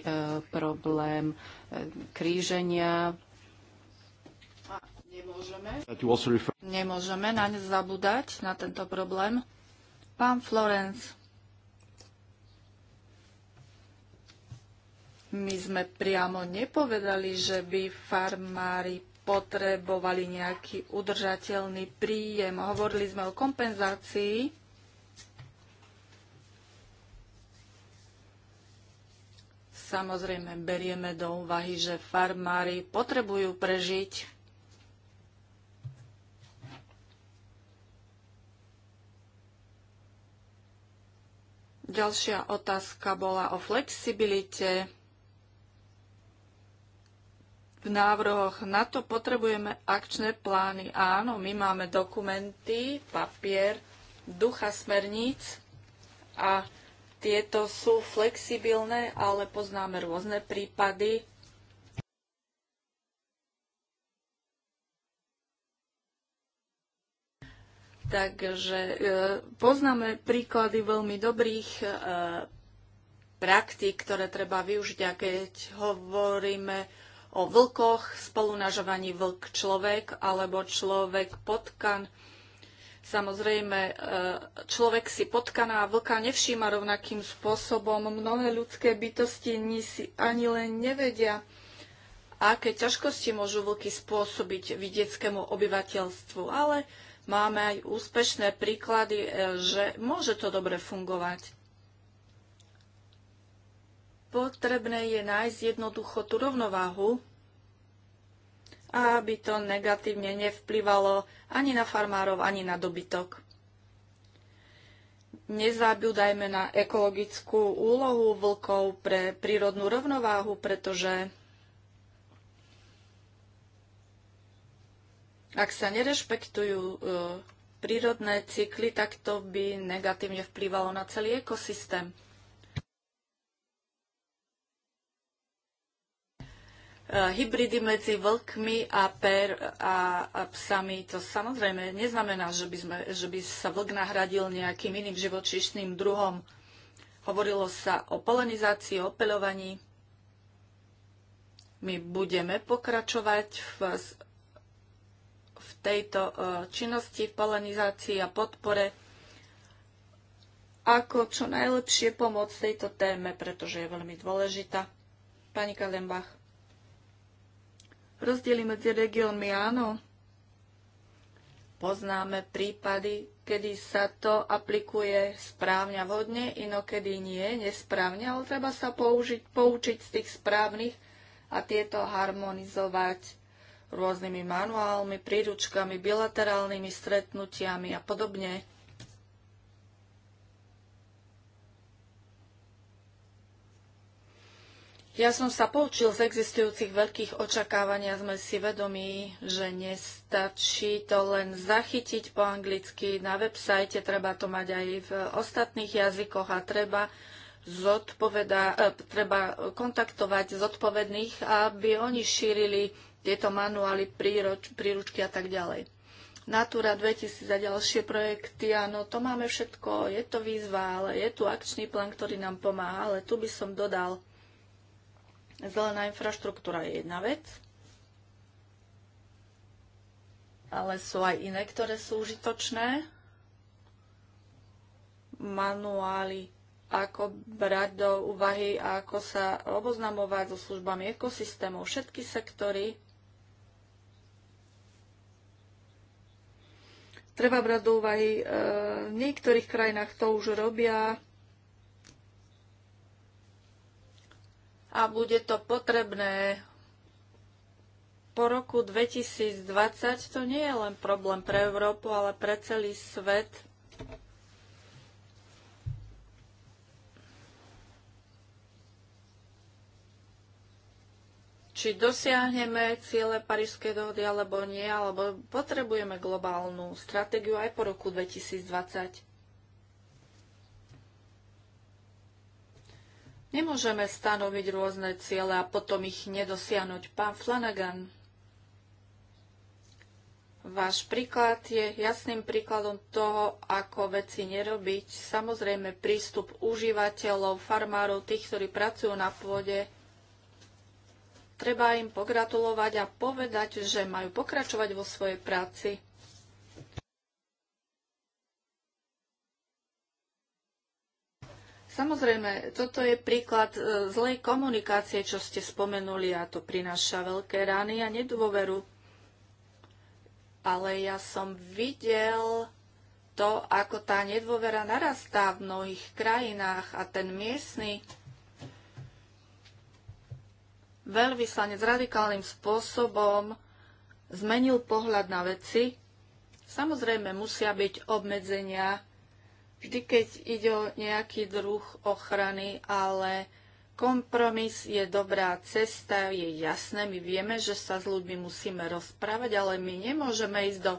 problém e, kríženia. nemôžeme, nemôžeme na ne zabúdať, na tento problém. Pán Florenc, my sme priamo nepovedali, že by farmári potrebovali nejaký udržateľný príjem. Hovorili sme o kompenzácii Samozrejme, berieme do úvahy, že farmári potrebujú prežiť. Ďalšia otázka bola o flexibilite v návrhoch. Na to potrebujeme akčné plány. Áno, my máme dokumenty, papier, ducha smerníc a tieto sú flexibilné, ale poznáme rôzne prípady, Takže e, poznáme príklady veľmi dobrých e, praktík, ktoré treba využiť. A keď hovoríme o vlkoch, spolunažovaní vlk človek alebo človek potkan, Samozrejme, e, človek si potkaná vlka nevšíma rovnakým spôsobom. Mnohé ľudské bytosti si ani len nevedia, aké ťažkosti môžu vlky spôsobiť vidieckému obyvateľstvu. Ale máme aj úspešné príklady, e, že môže to dobre fungovať. Potrebné je nájsť jednoducho tú rovnováhu aby to negatívne nevplyvalo ani na farmárov, ani na dobytok. Nezabúdajme na ekologickú úlohu vlkov pre prírodnú rovnováhu, pretože ak sa nerešpektujú e, prírodné cykly, tak to by negatívne vplývalo na celý ekosystém. E, hybridy medzi vlkmi a, per, a, a psami, to samozrejme neznamená, že by, sme, že by sa vlk nahradil nejakým iným živočíšnym druhom. Hovorilo sa o polenizácii, o pelovaní. My budeme pokračovať v, v tejto e, činnosti, v polenizácii a podpore ako čo najlepšie pomôcť tejto téme, pretože je veľmi dôležitá. Pani Kalembach. Rozdiely medzi regiónmi áno. Poznáme prípady, kedy sa to aplikuje správne a vhodne, inokedy nie, nesprávne, ale treba sa použiť, poučiť z tých správnych a tieto harmonizovať rôznymi manuálmi, príručkami, bilaterálnymi stretnutiami a podobne. Ja som sa poučil z existujúcich veľkých očakávania. Sme si vedomí, že nestačí to len zachytiť po anglicky na websajte, treba to mať aj v ostatných jazykoch a treba, zodpoveda, e, treba kontaktovať zodpovedných, aby oni šírili tieto manuály, príroč, príručky a tak ďalej. Natura 2000 a ďalšie projekty, áno, to máme všetko, je to výzva, ale je tu akčný plán, ktorý nám pomáha, ale tu by som dodal – Zelená infraštruktúra je jedna vec, ale sú aj iné, ktoré sú užitočné. Manuály, ako brať do úvahy a ako sa oboznamovať so službami ekosystémov, všetky sektory. Treba brať do úvahy, e, v niektorých krajinách to už robia, a bude to potrebné po roku 2020. To nie je len problém pre Európu, ale pre celý svet. či dosiahneme ciele Parížskej dohody alebo nie, alebo potrebujeme globálnu stratégiu aj po roku 2020. Nemôžeme stanoviť rôzne ciele a potom ich nedosiahnuť. Pán Flanagan, Váš príklad je jasným príkladom toho, ako veci nerobiť. Samozrejme, prístup užívateľov, farmárov, tých, ktorí pracujú na pôde, treba im pogratulovať a povedať, že majú pokračovať vo svojej práci. Samozrejme, toto je príklad e, zlej komunikácie, čo ste spomenuli a to prináša veľké rány a nedôveru. Ale ja som videl to, ako tá nedôvera narastá v mnohých krajinách a ten miestny veľvyslanec radikálnym spôsobom zmenil pohľad na veci. Samozrejme, musia byť obmedzenia vždy, keď ide o nejaký druh ochrany, ale kompromis je dobrá cesta, je jasné, my vieme, že sa s ľuďmi musíme rozprávať, ale my nemôžeme ísť do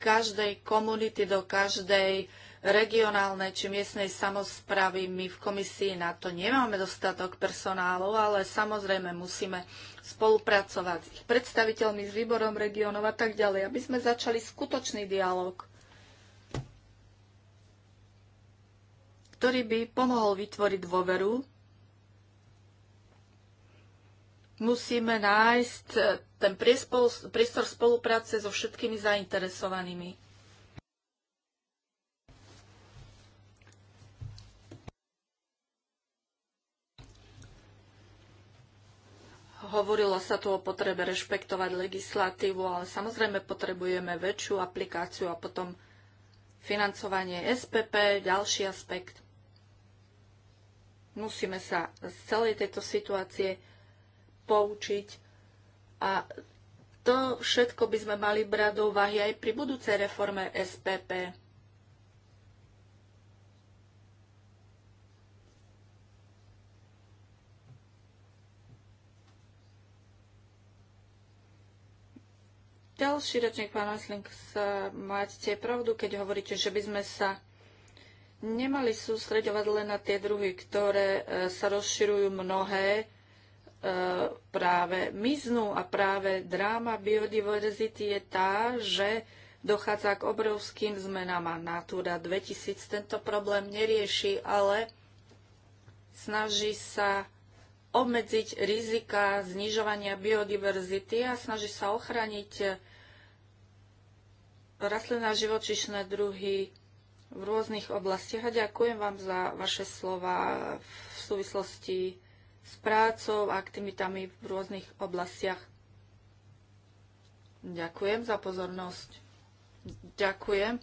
každej komunity, do každej regionálnej či miestnej samozprávy. My v komisii na to nemáme dostatok personálu, ale samozrejme musíme spolupracovať s ich predstaviteľmi, s výborom regionov a tak ďalej, aby sme začali skutočný dialog. ktorý by pomohol vytvoriť dôveru. Musíme nájsť eh, ten priestor spolupráce so všetkými zainteresovanými. hovorilo sa tu o potrebe rešpektovať legislatívu, ale samozrejme potrebujeme väčšiu aplikáciu a potom financovanie SPP, ďalší aspekt. Musíme sa z celej tejto situácie poučiť a to všetko by sme mali brať do úvahy aj pri budúcej reforme SPP. Ďalší rečník, pán Lesling, máte pravdu, keď hovoríte, že by sme sa nemali sústreďovať len na tie druhy, ktoré e, sa rozširujú mnohé, e, práve miznú a práve dráma biodiverzity je tá, že dochádza k obrovským zmenám a Natura 2000 tento problém nerieši, ale snaží sa obmedziť rizika znižovania biodiverzity a snaží sa ochrániť rastlinné živočišné druhy, v rôznych oblastiach. A ďakujem vám za vaše slova v súvislosti s prácou a aktivitami v rôznych oblastiach. Ďakujem za pozornosť. Ďakujem.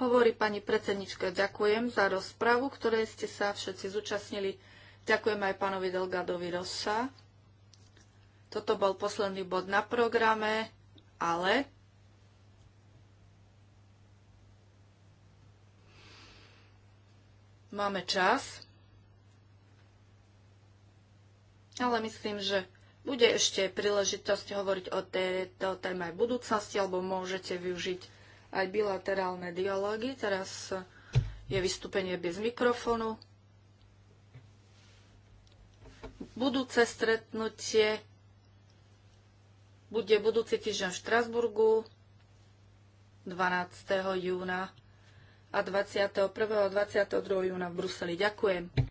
Hovorí pani predsednička, ďakujem za rozpravu, ktorej ste sa všetci zúčastnili. Ďakujem aj pánovi Delgadovi Rosa. Toto bol posledný bod na programe, ale Máme čas. Ale myslím, že bude ešte príležitosť hovoriť o tejto téme aj v budúcnosti, alebo môžete využiť aj bilaterálne dialógy. Teraz je vystúpenie bez mikrofónu. Budúce stretnutie bude budúci týždeň v Štrasburgu 12. júna a 21. a 22. júna v Bruseli. Ďakujem.